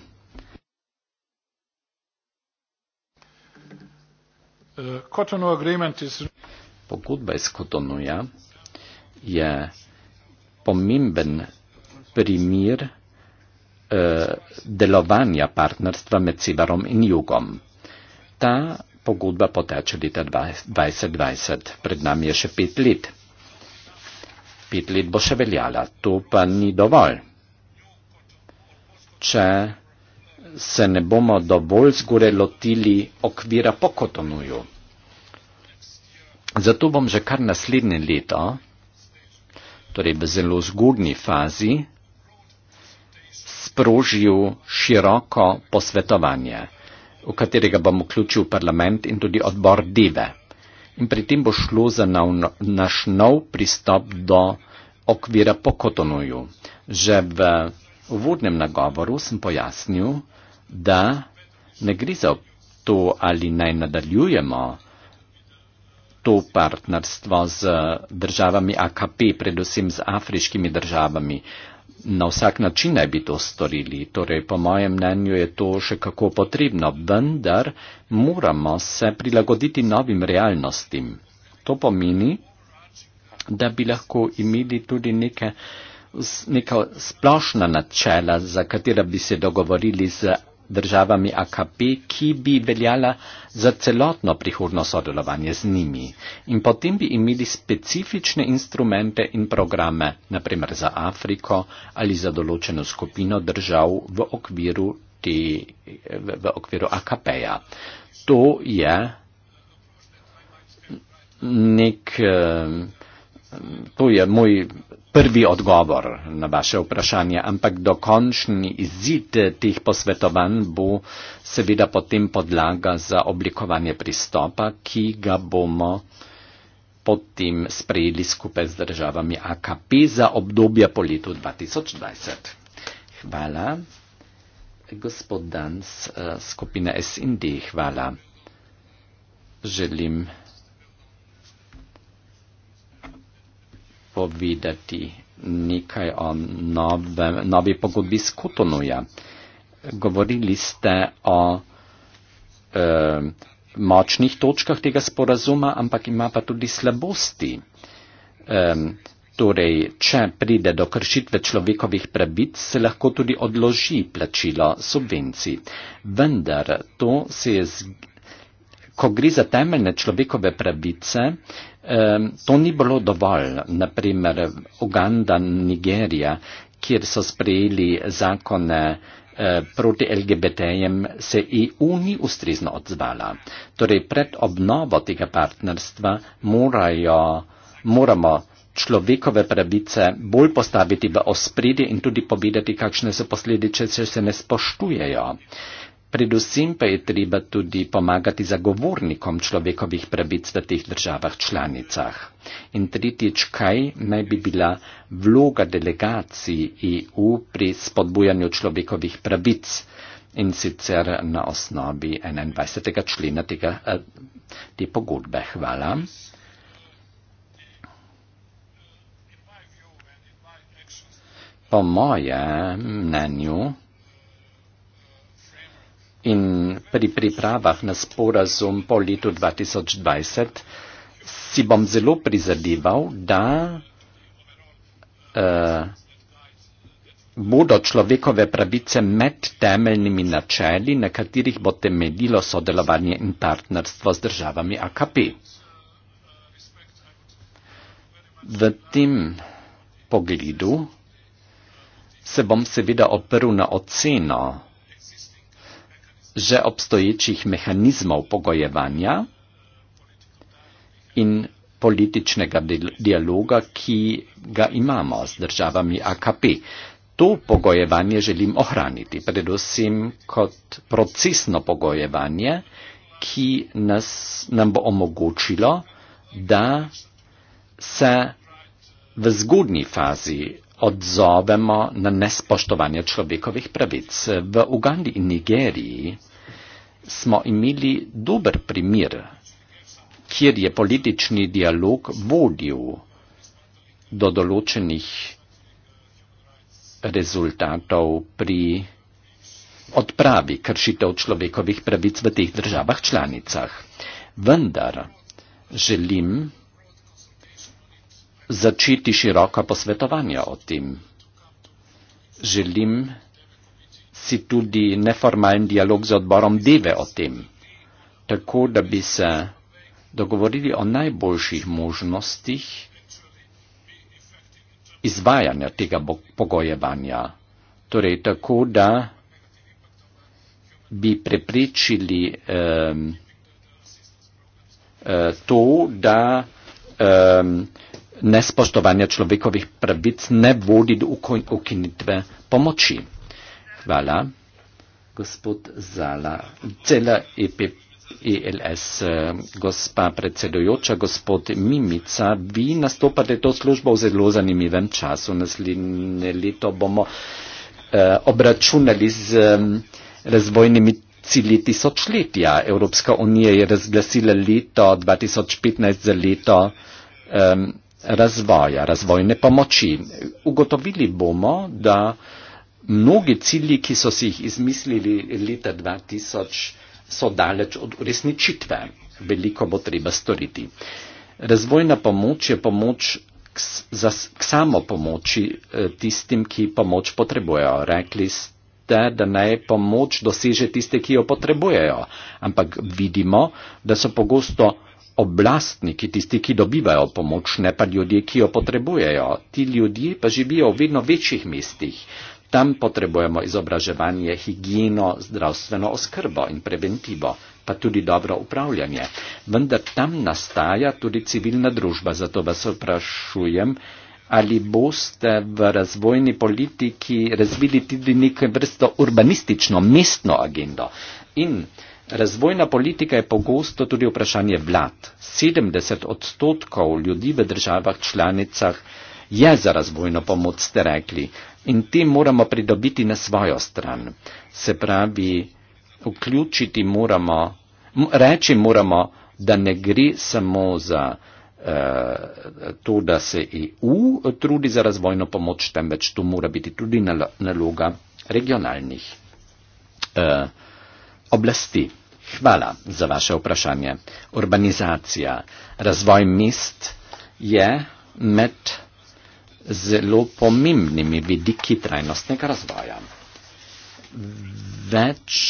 Pogodba iz Kotonuja je pomemben primir eh, delovanja partnerstva med severom in jugom. Ta pogodba poteče leta 2020, pred nami je še pet let. Pet let bo še veljala, to pa ni dovolj. Če se ne bomo dovolj zgore lotili okvira po kotonuju. Zato bom že kar naslednje leto, torej v zelo zgodni fazi, sprožil široko posvetovanje, v katerega bom vključil parlament in tudi odbor Deve. In pri tem bo šlo za nav, naš nov pristop do okvira po kotonuju. Že v uvodnem nagovoru sem pojasnil, da ne gre za to, ali naj nadaljujemo to partnerstvo z državami AKP, predvsem z afriškimi državami. Na vsak način naj bi to storili. Torej, po mojem mnenju je to še kako potrebno, vendar moramo se prilagoditi novim realnostim. To pomeni, da bi lahko imeli tudi neke, neka splošna načela, za katera bi se dogovorili z državami AKP, ki bi veljala za celotno prihodno sodelovanje z njimi. In potem bi imeli specifične instrumente in programe, naprimer za Afriko ali za določeno skupino držav v okviru, te, v, v okviru AKP-ja. To je nek. Eh, to je moj prvi odgovor na vaše vprašanje, ampak dokončni izid teh posvetovanj bo seveda potem podlaga za oblikovanje pristopa, ki ga bomo potem sprejeli skupaj z državami AKP za obdobje po letu 2020. Hvala. Gospod Dan z eh, skupine SND, hvala. Želim. opowiadati nikaj o nowej, nowej pogubie z Kutonuja. Mówiliście o e, eh, mocnych toczkach tego sporazuma, ampak ma pa tudi slabosti. E, torej, če pride do kršitve človekovih pravic, se lahko tudi odloži plačilo subvencij. Vendar to se je ko gre za temeljne človekove pravice, to ni bilo dovolj. Naprimer, Uganda, Nigerija, kjer so sprejeli zakone eh, proti LGBT-jem, se EU ni ustrezno odzvala. Torej, pred obnovo tega partnerstva morajo, moramo človekove pravice bolj postaviti v ospredje in tudi povedati, kakšne so posledice, če se ne spoštujejo. Predvsem pa je treba tudi pomagati zagovornikom človekovih pravic v teh državah članicah. In tretjič, kaj naj bi bila vloga delegacij EU pri spodbujanju človekovih pravic in sicer na osnovi 21. člena tega, eh, te pogodbe. Hvala. Po mojem mnenju, in pri pripravah na sporazum po letu 2020 si bom zelo prizadeval, da uh, bodo človekove pravice med temeljnimi načeli, na katerih bo temeljilo sodelovanje in partnerstvo z državami AKP. V tem pogledu se bom seveda oprl na oceno že obstoječih mehanizmov pogojevanja in političnega dialoga, ki ga imamo z državami AKP. To pogojevanje želim ohraniti, predvsem kot procesno pogojevanje, ki nas, nam bo omogočilo, da se v zgodni fazi odzovemo na nespoštovanje človekovih pravic. V Ugandi in Nigeriji smo imeli dober primer, kjer je politični dialog vodil do določenih rezultatov pri odpravi kršitev človekovih pravic v teh državah članicah. Vendar želim začeti široko posvetovanje o tem. Želim si tudi neformalen dialog z odborom Deve o tem, tako da bi se dogovorili o najboljših možnostih izvajanja tega pogojevanja. Torej, tako da bi preprečili um, to, da um, nespoštovanje človekovih pravic ne vodi do ukinitve pomoči hvala. Gospod Zala, cela EPP. ELS, eh, gospa predsedujoča, gospod Mimica, vi nastopate to službo v zelo zanimivem času. Naslednje leto bomo eh, obračunali z eh, razvojnimi cilji tisočletja. Evropska unija je razglasila leto 2015 za leto eh, razvoja, razvojne pomoči. Ugotovili bomo, da eh, mnogi cilji, ki so si jih izmislili leta 2000, so daleč od uresničitve. Veliko bo treba storiti. Razvojna pomoč je pomoč k, za, k samo pomoči eh, tistim, ki pomoč potrebujejo. Rekli ste, da naj pomoč doseže tiste, ki jo potrebujejo, ampak vidimo, da so pogosto oblastniki, tisti, ki dobivajo pomoč, ne pa ljudje, ki jo potrebujejo. Ti ljudje pa živijo v vedno večjih mestih, Tam potrebujemo izobraževanje, higieno, zdravstveno oskrbo in preventivo, pa tudi dobro upravljanje. Vendar tam nastaja tudi civilna družba, zato vas vprašujem, ali boste v razvojni politiki razvili tudi neke vrsto urbanistično, mestno agendo. In razvojna politika je pogosto tudi vprašanje vlad. 70 odstotkov ljudi v državah članicah je za razvojno pomoč, ste rekli. In te moramo pridobiti na svojo stran. Se pravi, vključiti moramo, reči moramo, da ne gre samo za eh, to, da se EU trudi za razvojno pomoč, temveč to mora biti tudi naloga regionalnih eh, oblasti. Hvala za vaše vprašanje. Urbanizacija, razvoj mest je med zelo pomembnimi vidiki trajnostnega razvoja. Več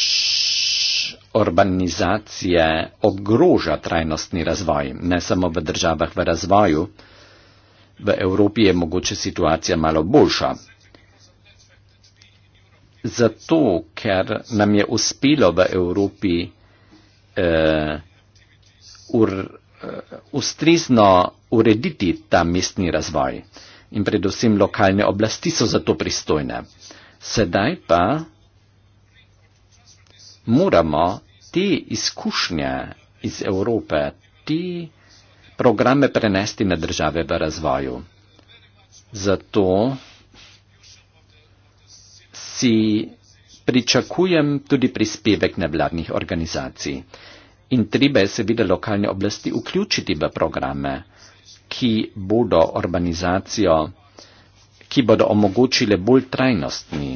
urbanizacije ogroža trajnostni razvoj, ne samo v državah v razvoju, v Evropi je mogoče situacija malo boljša. Zato, ker nam je uspelo v Evropi uh, ur, uh, ustrezno urediti ta mestni razvoj in predvsem lokalne oblasti so za to pristojne. Sedaj pa moramo te izkušnje iz Evrope, te programe prenesti na države v razvoju. Zato si pričakujem tudi prispevek nevladnih organizacij. In treba je seveda lokalne oblasti vključiti v programe ki bodo urbanizacijo, ki bodo omogočile bolj trajnostni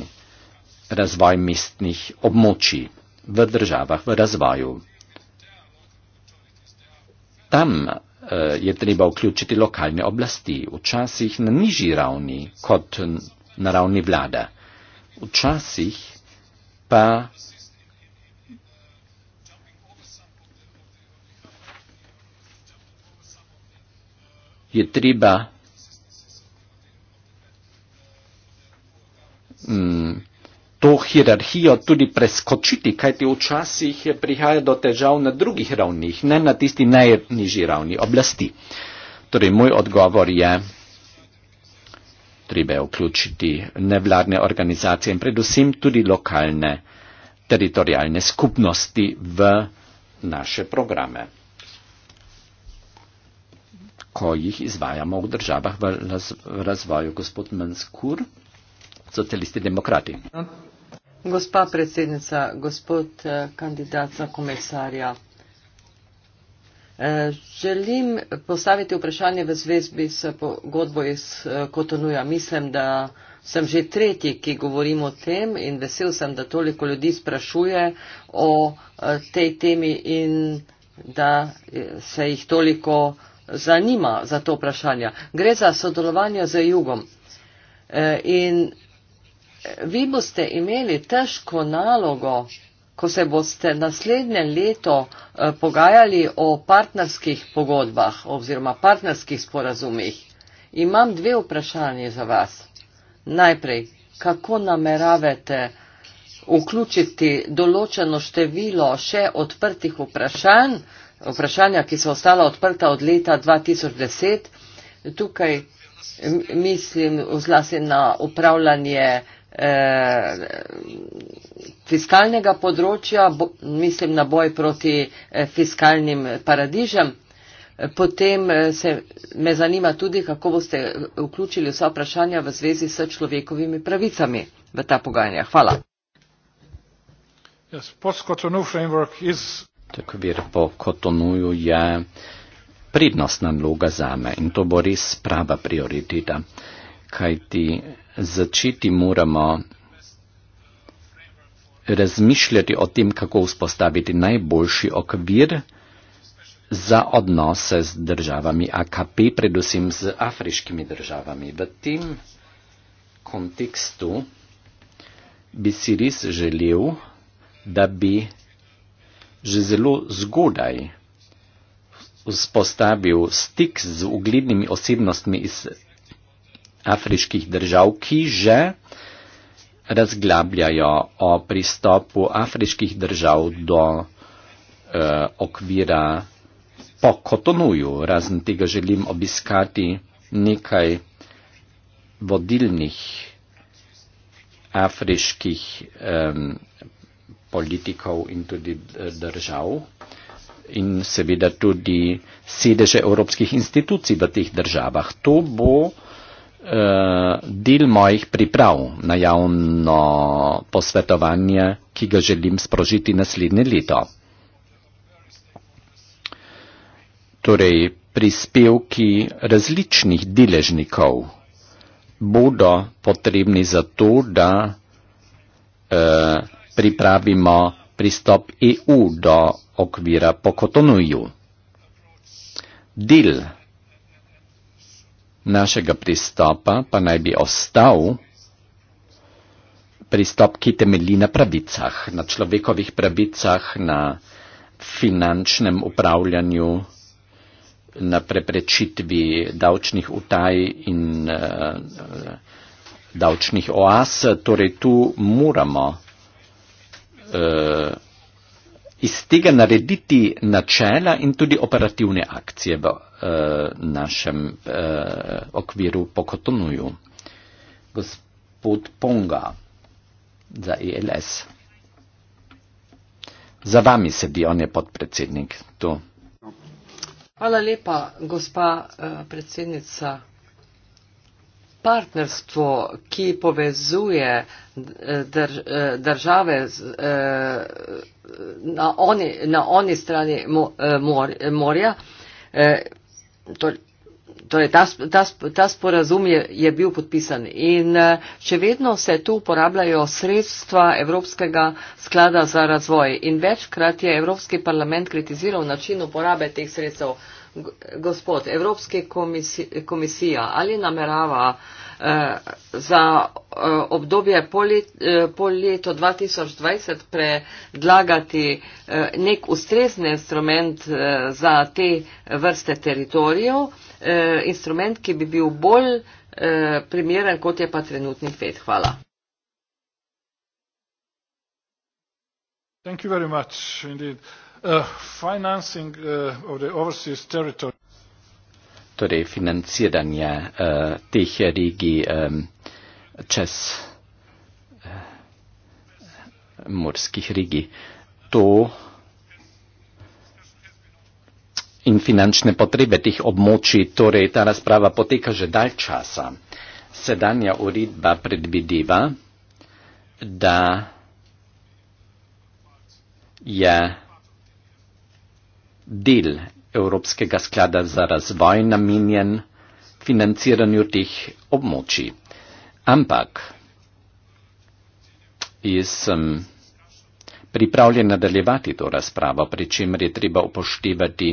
razvoj mestnih območij v državah v razvoju. Tam eh, je treba vključiti lokalne oblasti, včasih na nižji ravni kot na ravni vlada, včasih pa je treba um, to hierarhijo tudi preskočiti, kajti včasih prihaja do težav na drugih ravnih, ne na tisti najnižji ravni oblasti. Torej, moj odgovor je, treba je vključiti nevladne organizacije in predvsem tudi lokalne teritorijalne skupnosti v naše programe ko jih izvajamo v državah v razvoju. Gospod Manskur, socialisti demokrati. Gospa predsednica, gospod eh, kandidat za komisarja. Eh, želim postaviti vprašanje v zvezbi s pogodbo iz eh, Kotonuja. Mislim, da sem že tretji, ki govorim o tem in vesel sem, da toliko ljudi sprašuje o tej temi in da se jih toliko zanima za to vprašanje. Gre za sodelovanje z jugom. E, in vi boste imeli težko nalogo, ko se boste naslednje leto e, pogajali o partnerskih pogodbah oziroma partnerskih sporazumih. Imam dve vprašanje za vas. Najprej, kako nameravate vključiti določeno število še odprtih vprašanj, vprašanja, ki so ostala odprta od leta 2010. Tukaj mislim vzlasti na upravljanje eh, fiskalnega področja, mislim na boj proti eh, fiskalnim paradižem. Potem eh, se me zanima tudi, kako boste vključili vsa vprašanja v zvezi s človekovimi pravicami v ta pogajanja. Hvala. Yes, tako bi rekel, po kotonuju je pridnostna naloga zame in to bo res prava prioriteta, kajti začeti moramo razmišljati o tem, kako vzpostaviti najboljši okvir za odnose z državami AKP, predvsem z afriškimi državami. V tem kontekstu bi si res želel, da bi že zelo zgodaj vzpostavil stik z uglednimi osebnostmi iz afriških držav, ki že razglabljajo o pristopu afriških držav do eh, okvira po kotonuju. Razen tega želim obiskati nekaj vodilnih afriških eh, politikov in tudi eh, držav in seveda tudi sedeže evropskih institucij v teh državah. To bo uh, del mojih priprav na javno posvetovanje, ki ga želim sprožiti naslednje leto. Torej, prispevki različnih deležnikov bodo potrebni za to, da uh, pripravimo pristop EU do okvira po Kotonuju. Del našega pristopa pa naj bi ostal pristop, ki temelji na pravicah, na človekovih pravicah, na finančnem upravljanju, na preprečitvi davčnih utaj in uh, davčnih oas, torej tu moramo uh, iz tega narediti načela in tudi operativne akcije v uh, našem uh, okviru pokotonuju. Gospod Ponga za ILS. E za vami sedi, on je podpredsednik tu. Hvala lepa, gospa uh, predsednica partnerstvo, ki povezuje eh, eh, države eh, na oni, na oni strani morja, torej, torej ta, ta, ta sporazum je, je bil podpisan in še vedno se tu uporabljajo sredstva Evropskega sklada za razvoj in večkrat je Evropski parlament kritiziral način uporabe teh sredstev. Gospod, Evropske komisi, komisija ali namerava eh, za eh, obdobje po, let, eh, po leto 2020 predlagati eh, nek ustrezni instrument eh, za te vrste teritorijev, eh, instrument, ki bi bil bolj eh, primeren, kot je pa trenutni FED. Hvala. Thank you very much indeed. Uh, Uh, financing uh, of the overseas territory. Torej financiranje uh, teh regij um, čez uh, morskih regij. To in finančne potrebe teh območij, torej ta razprava poteka že dalj časa. Sedanja uredba predvideva, da je del Evropskega sklada za razvoj namenjen financiranju teh območij. Ampak jaz sem pripravljen nadaljevati to razpravo, pri čemer je treba upoštevati,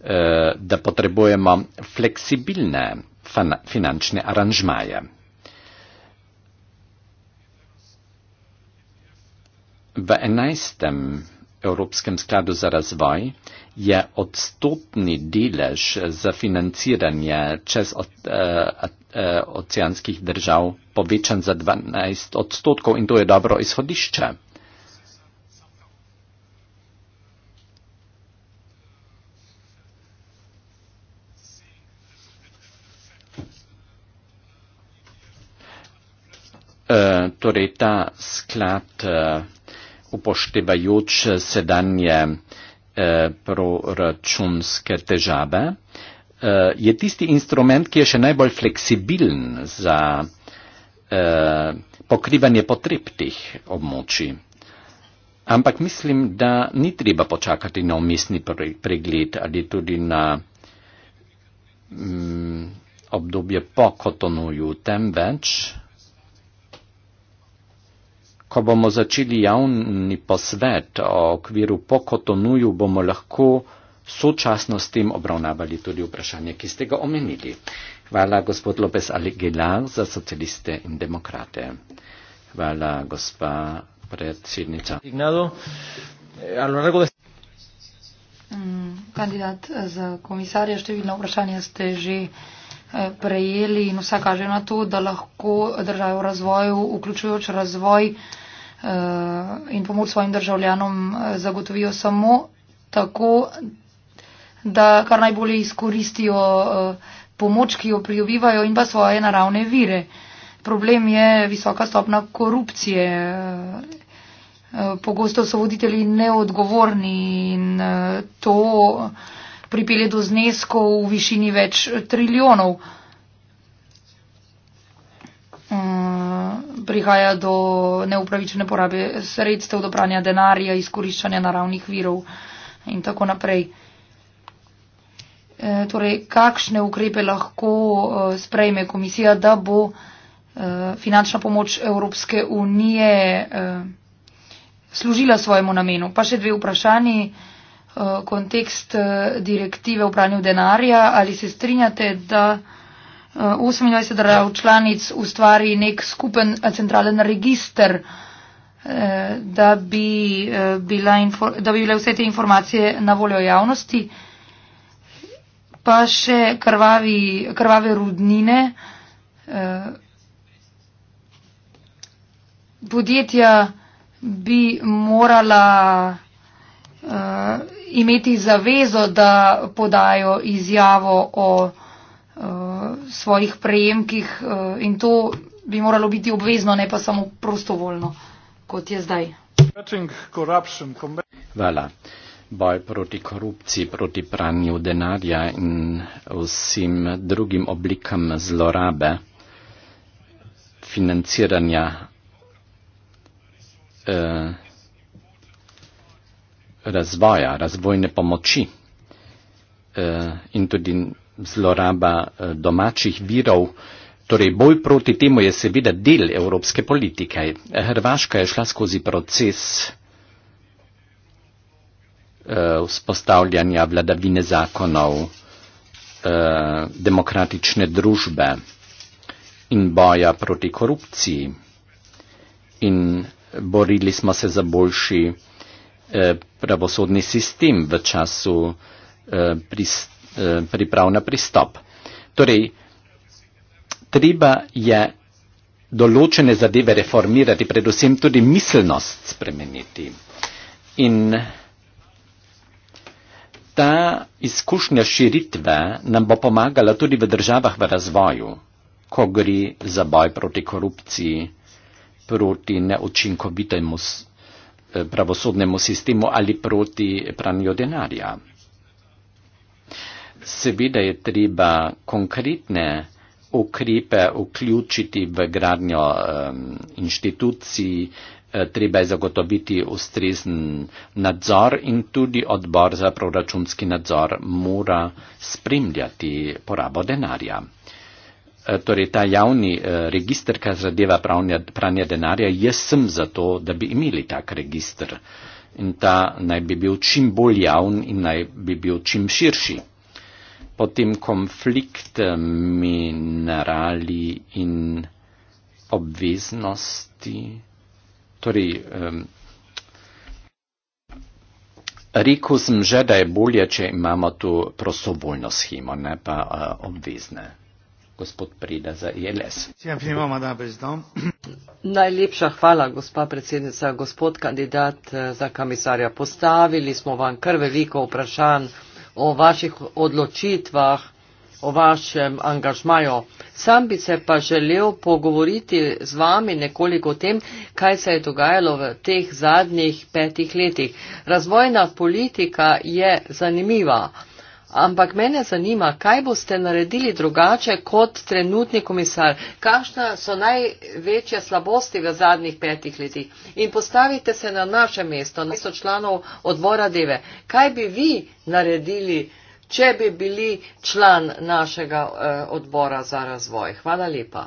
eh, da potrebujemo fleksibilne finančne aranžmaje. V enajstem Evropskem skladu za razvoj je odstotni delež za financiranje čez od, eh, e, oceanskih držav povečan za 12 odstotkov in to je dobro izhodišče. E, torej ta sklad e, upoštevajoč sedanje eh, proračunske težave, eh, je tisti instrument, ki je še najbolj fleksibilen za eh, pokrivanje potreb teh območij. Ampak mislim, da ni treba počakati na umestni pregled ali tudi na mm, obdobje po kotonuju, temveč Ko bomo začeli javni posvet o okviru pokotonuju, bomo lahko sočasno s tem obravnavali tudi vprašanje, ki ste ga omenili. Hvala gospod Lopez Aligilar za socialiste in demokrate. Hvala gospa predsednica. Mm, kandidat za komisarja, številna vprašanja ste že. Eh, prejeli in vsa kaže na to, da lahko države v razvoju, vključujoč razvoj eh, in pomoč svojim državljanom eh, zagotovijo samo tako, da kar najbolje izkoristijo pomoč, ki jo prijobivajo in pa svoje naravne vire. Problem je visoka stopna korupcije. Pogosto so voditelji neodgovorni in to pripelje do zneskov v višini več trilijonov. Mm, prihaja do neupravičene porabe sredstev, do pranja denarja, izkoriščanja naravnih virov in tako naprej. E, torej, kakšne ukrepe lahko e, sprejme komisija, da bo e, finančna pomoč Evropske unije služila svojemu namenu? Pa še dve vprašanje. Eh, kontekst eh, direktive upravljanju denarja. Ali se strinjate, da 28 eh, držav članic ustvari nek skupen centralen register, da bi, bila, da bi bile vse te informacije na voljo javnosti? Pa še krvavi, krvave rudnine. Podjetja bi morala imeti zavezo, da podajo izjavo o uh, svojih prejemkih uh, in to bi moralo biti obvezno, ne pa samo prostovoljno, kot je zdaj. Hvala. Boj proti korupciji, proti pranju denarja in vsem drugim oblikam zlorabe financiranja. Uh, razvoja, razvojne pomoči eh, in tudi zloraba eh, domačih virov. Torej, boj proti temu je seveda del evropske politike. Hrvaška je šla skozi proces eh, vzpostavljanja vladavine zakonov, demokratične družbe in boja proti korupciji. In borili smo se za boljši Eh, pravosodni sistem v času eh, eh, priprav na pristop. Torej, treba je določene zadeve reformirati, predvsem tudi miselnost spremeniti. In ta izkušnja širitve nam bo pomagala tudi v državah v razvoju, ko gre za boj proti korupciji, proti neučinkovitemu Eh, pravosodnemu sistemu ali proti pranju denarja. Seveda je treba konkretne ukrepe vključiti v gradnjo um, inštitucij, eh, treba je zagotoviti ustrezen nadzor in tudi odbor za proračunski nadzor mora spremljati porabo denarja. Eh, torej ta javni eh, registr, kar zadeva pravnja, pranja denarja, jaz sem za to, da bi imeli tak registr. In ta naj bi bil čim bolj javn in naj bi bil čim širši. Potem konflikt eh, minerali in obveznosti. Torej, um, rekel sem že, da je bolje, če imamo tu prostovoljno schemo, ne pa uh, obvezne gospod Preda za ILS. Najlepša hvala, gospa predsednica, gospod kandidat eh, za komisarja. Postavili smo vam kar veliko vprašanj o vaših odločitvah, o vašem angažmaju. Sam bi se pa želel pogovoriti z vami nekoliko o tem, kaj se je dogajalo v teh zadnjih petih letih. Razvojna politika je zanimiva. Ampak mene zanima, kaj boste naredili drugače kot trenutni komisar? Kakšna so največje slabosti v zadnjih petih letih? In postavite se na naše mesto, na mesto članov odbora Deve. Kaj bi vi naredili, če bi bili član našega uh, odbora za razvoj? Hvala lepa.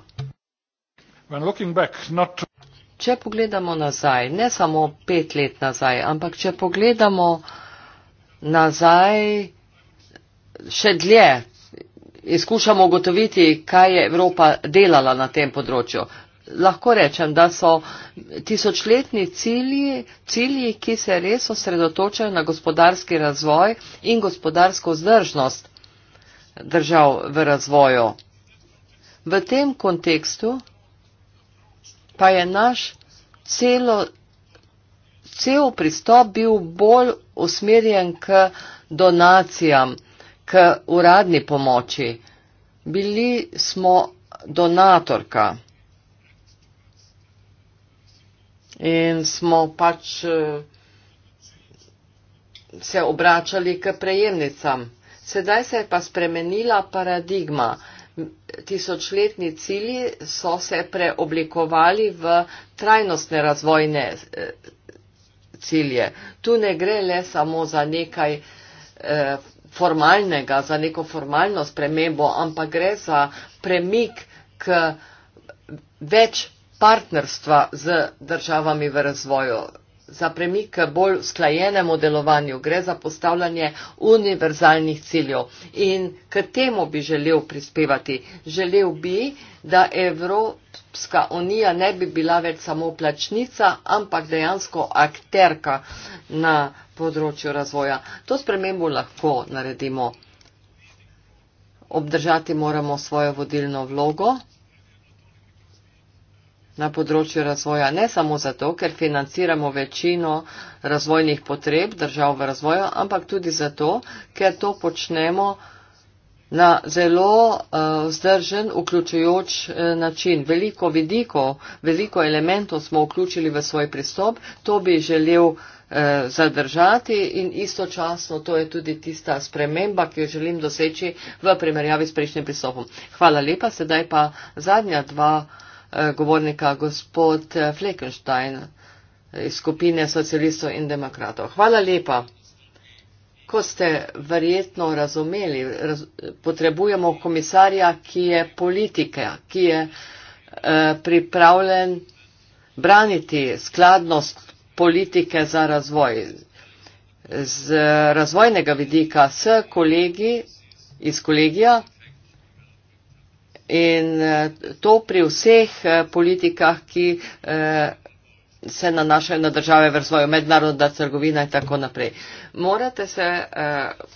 Če pogledamo nazaj, ne samo pet let nazaj, ampak če pogledamo nazaj, še dlje in skušamo ugotoviti, kaj je Evropa delala na tem področju. Lahko rečem, da so tisočletni cilji, cilji, ki se res osredotočajo na gospodarski razvoj in gospodarsko zdržnost držav v razvoju. V tem kontekstu pa je naš celo, cel pristop bil bolj usmerjen k donacijam k uradni pomoči. Bili smo donatorka in smo pač eh, se obračali k prejemnicam. Sedaj se je pa spremenila paradigma. Tisočletni cilji so se preoblikovali v trajnostne razvojne eh, cilje. Tu ne gre le samo za nekaj eh, formalnega, za neko formalno spremembo, ampak gre za premik k več partnerstva z državami v razvoju, za premik k bolj sklajenemu delovanju, gre za postavljanje univerzalnih ciljev. In k temu bi želel prispevati. Želel bi, da Evropska unija ne bi bila več samo plačnica, ampak dejansko akterka na področju razvoja. To spremembo lahko naredimo. Obdržati moramo svojo vodilno vlogo na področju razvoja, ne samo zato, ker financiramo večino razvojnih potreb držav v razvoju, ampak tudi zato, ker to počnemo na zelo uh, vzdržen, vključujoč uh, način. Veliko vidikov, veliko elementov smo vključili v svoj pristop, to bi želel uh, Eh, zadržati in istočasno to je tudi tista sprememba, ki jo želim doseči v primerjavi s prejšnjim pristopom. Hvala lepa, sedaj pa zadnja dva eh, govornika, gospod Fleckenstein iz skupine socialistov in demokratov. Hvala lepa. Ko ste verjetno razumeli, raz, potrebujemo komisarja, ki je politika, ki je eh, pripravljen braniti skladnost politike za razvoj. Z razvojnega vidika s kolegi iz kolegija in eh, to pri vseh eh, politikah, ki eh, se nanašajo na države v razvoju, mednarodna trgovina in tako naprej. Morate se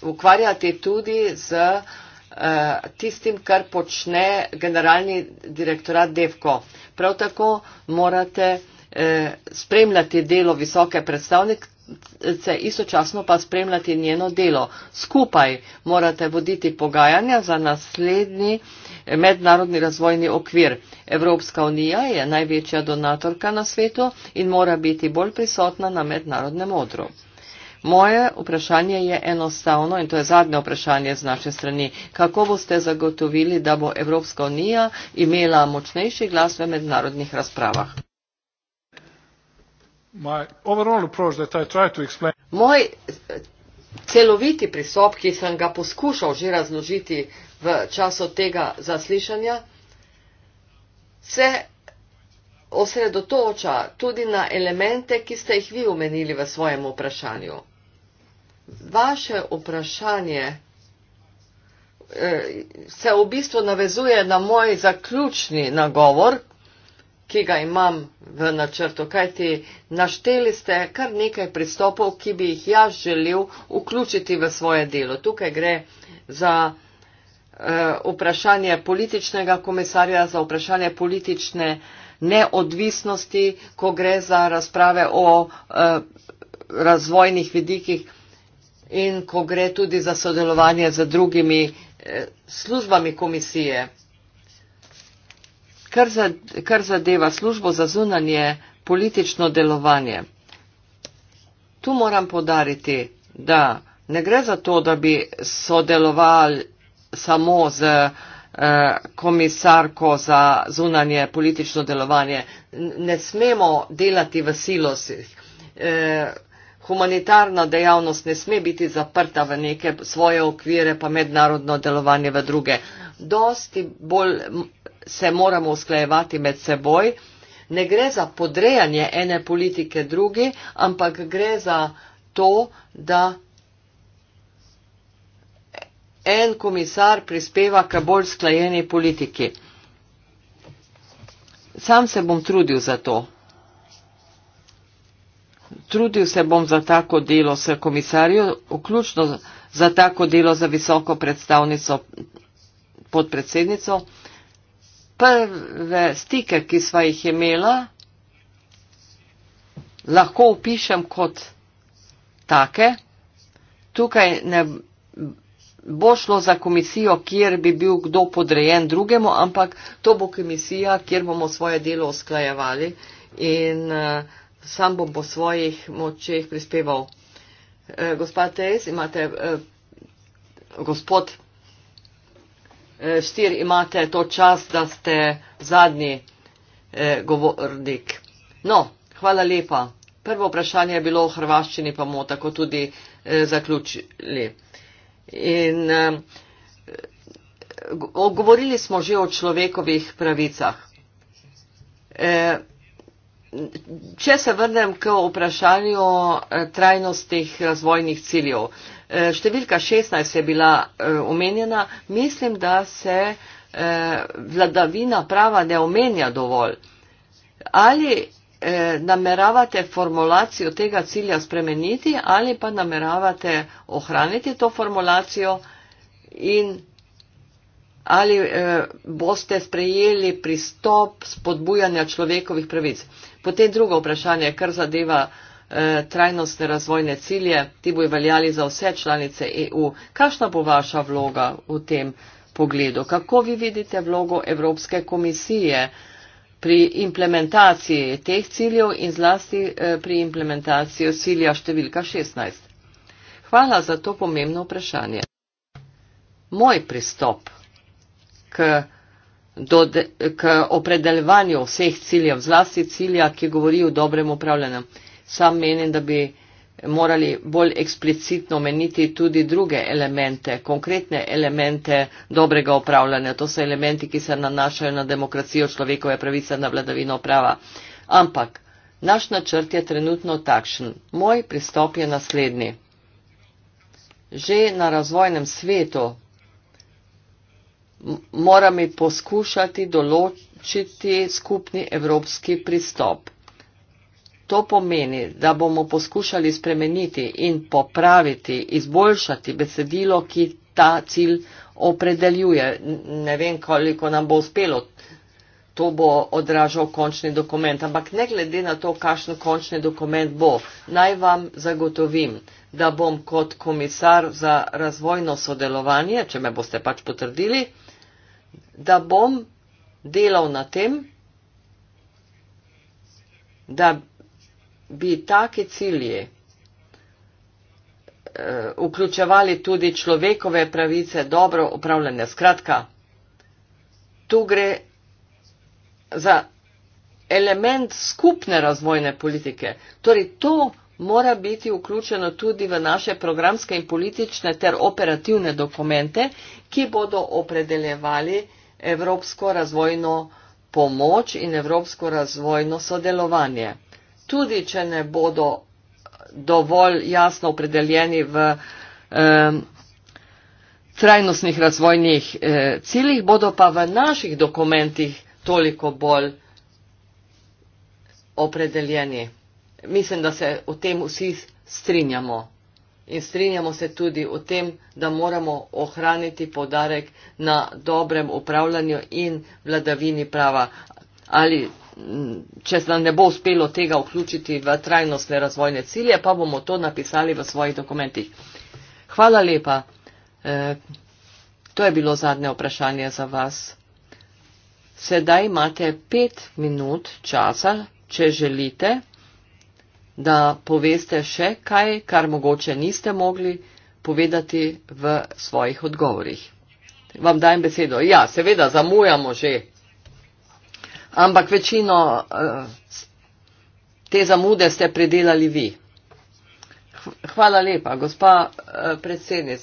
ukvarjati tudi z tistim, kar počne generalni direktorat DEVKO. Prav tako morate vsega, Eh, spremljati delo visoke predstavnice, istočasno pa spremljati njeno delo. Skupaj morate voditi pogajanja za naslednji eh, mednarodni razvojni okvir. Evropska unija je največja donatorka na svetu in mora biti bolj prisotna na mednarodnem odru. Moje vprašanje je enostavno in to je zadnje vprašanje z naše strani. Kako boste zagotovili, da bo Evropska unija imela močnejši glas v mednarodnih razpravah? my overall approach that I try to explain. Moj eh, celoviti pristop, ki sem ga poskušal že raznožiti v času tega zaslišanja, se osredotoča tudi na elemente, ki ste jih vi omenili v svojem vprašanju. Vaše vprašanje eh, se v bistvu navezuje na moj zaključni nagovor, ki ga imam v načrtu, kajti našteli ste kar nekaj pristopov, ki bi jih jaz želel vključiti v svoje delo. Tukaj gre za eh, vprašanje političnega komisarja, za vprašanje politične neodvisnosti, ko gre za razprave o eh, razvojnih vidikih in ko gre tudi za sodelovanje z drugimi eh, službami komisije kar, za, kar zadeva službo za zunanje politično delovanje. Tu moram podariti, da ne gre za to, da bi sodelovali samo z eh, komisarko za zunanje politično delovanje. Ne smemo delati v silosih. Eh, humanitarna dejavnost ne sme biti zaprta v neke svoje okvire, pa mednarodno delovanje v druge dosti bolj se moramo usklajevati med seboj. Ne gre za podrejanje ene politike drugi, ampak gre za to, da en komisar prispeva k bolj sklajeni politiki. Sam se bom trudil za to. Trudil se bom za tako delo s komisarjo, vključno za tako delo za visoko predstavnico podpredsednico, prve stike, ki sva jih imela, lahko upišem kot take. Tukaj ne bo šlo za komisijo, kjer bi bil kdo podrejen drugemu, ampak to bo komisija, kjer bomo svoje delo usklajevali in uh, sam bom po svojih močeh prispeval. Uh, gospod Tejs, imate. Uh, gospod Eh, štir imate to čas, da ste zadnji eh, govornik. No, hvala lepa. Prvo vprašanje je bilo o hrvaščini, pa bomo tako tudi eh, zaključili. In eh, govorili smo že o človekovih pravicah. Eh, če se vrnem k vprašanju eh, trajnostnih razvojnih ciljev. Eh, Eh, številka 16 je bila eh, omenjena. Mislim, da se eh, vladavina prava ne omenja dovolj. Ali nameravate formulacijo tega cilja spremeniti ali pa nameravate ohraniti to formulacijo in ali boste sprejeli pristop spodbujanja človekovih pravic. Potem drugo vprašanje, kar zadeva Eh, trajnostne razvojne cilje, ti bojo veljali za vse članice EU. Kakšna bo vaša vloga v tem pogledu? Kako vi vidite vlogo Evropske komisije pri implementaciji teh ciljev in zlasti eh, pri implementaciji cilja številka 16? Hvala za to pomembno vprašanje. Moj pristop k, do, k opredeljevanju vseh ciljev, zlasti cilja, ki govori o dobrem upravljanju. Sam menim, da bi morali bolj eksplicitno meniti tudi druge elemente, konkretne elemente dobrega upravljanja. To so elementi, ki se nanašajo na demokracijo, človekove pravice, na vladavino prava. Ampak naš načrt je trenutno takšen. Moj pristop je naslednji. Že na razvojnem svetu moramo poskušati določiti skupni evropski pristop. To pomeni, da bomo poskušali spremeniti in popraviti, izboljšati besedilo, ki ta cilj opredeljuje. Ne vem, koliko nam bo uspelo. To bo odražal končni dokument. Ampak ne glede na to, kakšen končni dokument bo, naj vam zagotovim, da bom kot komisar za razvojno sodelovanje, če me boste pač potrdili, da bom delal na tem, da bi taki cilji eh, vključevali tudi človekove pravice, dobro upravljanje. Skratka, tu gre za element skupne razvojne politike. Torej, to mora biti vključeno tudi v naše programske in politične ter operativne dokumente, ki bodo opredeljevali evropsko razvojno pomoč in evropsko razvojno sodelovanje tudi če ne bodo dovolj jasno opredeljeni v eh, trajnostnih razvojnih eh, ciljih, bodo pa v naših dokumentih toliko bolj opredeljeni. Mislim, da se o tem vsi strinjamo. In strinjamo se tudi o tem, da moramo ohraniti podarek na dobrem upravljanju in vladavini prava. Ali če se nam ne bo uspelo tega vključiti v trajnostne razvojne cilje, pa bomo to napisali v svojih dokumentih. Hvala lepa. E, to je bilo zadnje vprašanje za vas. Sedaj imate pet minut časa, če želite, da poveste še kaj, kar mogoče niste mogli povedati v svojih odgovorih. Vam dajem besedo. Ja, seveda, zamujamo že ampak večino eh, te zamude ste predelali vi. Hvala lepa, gospa eh, predsednica.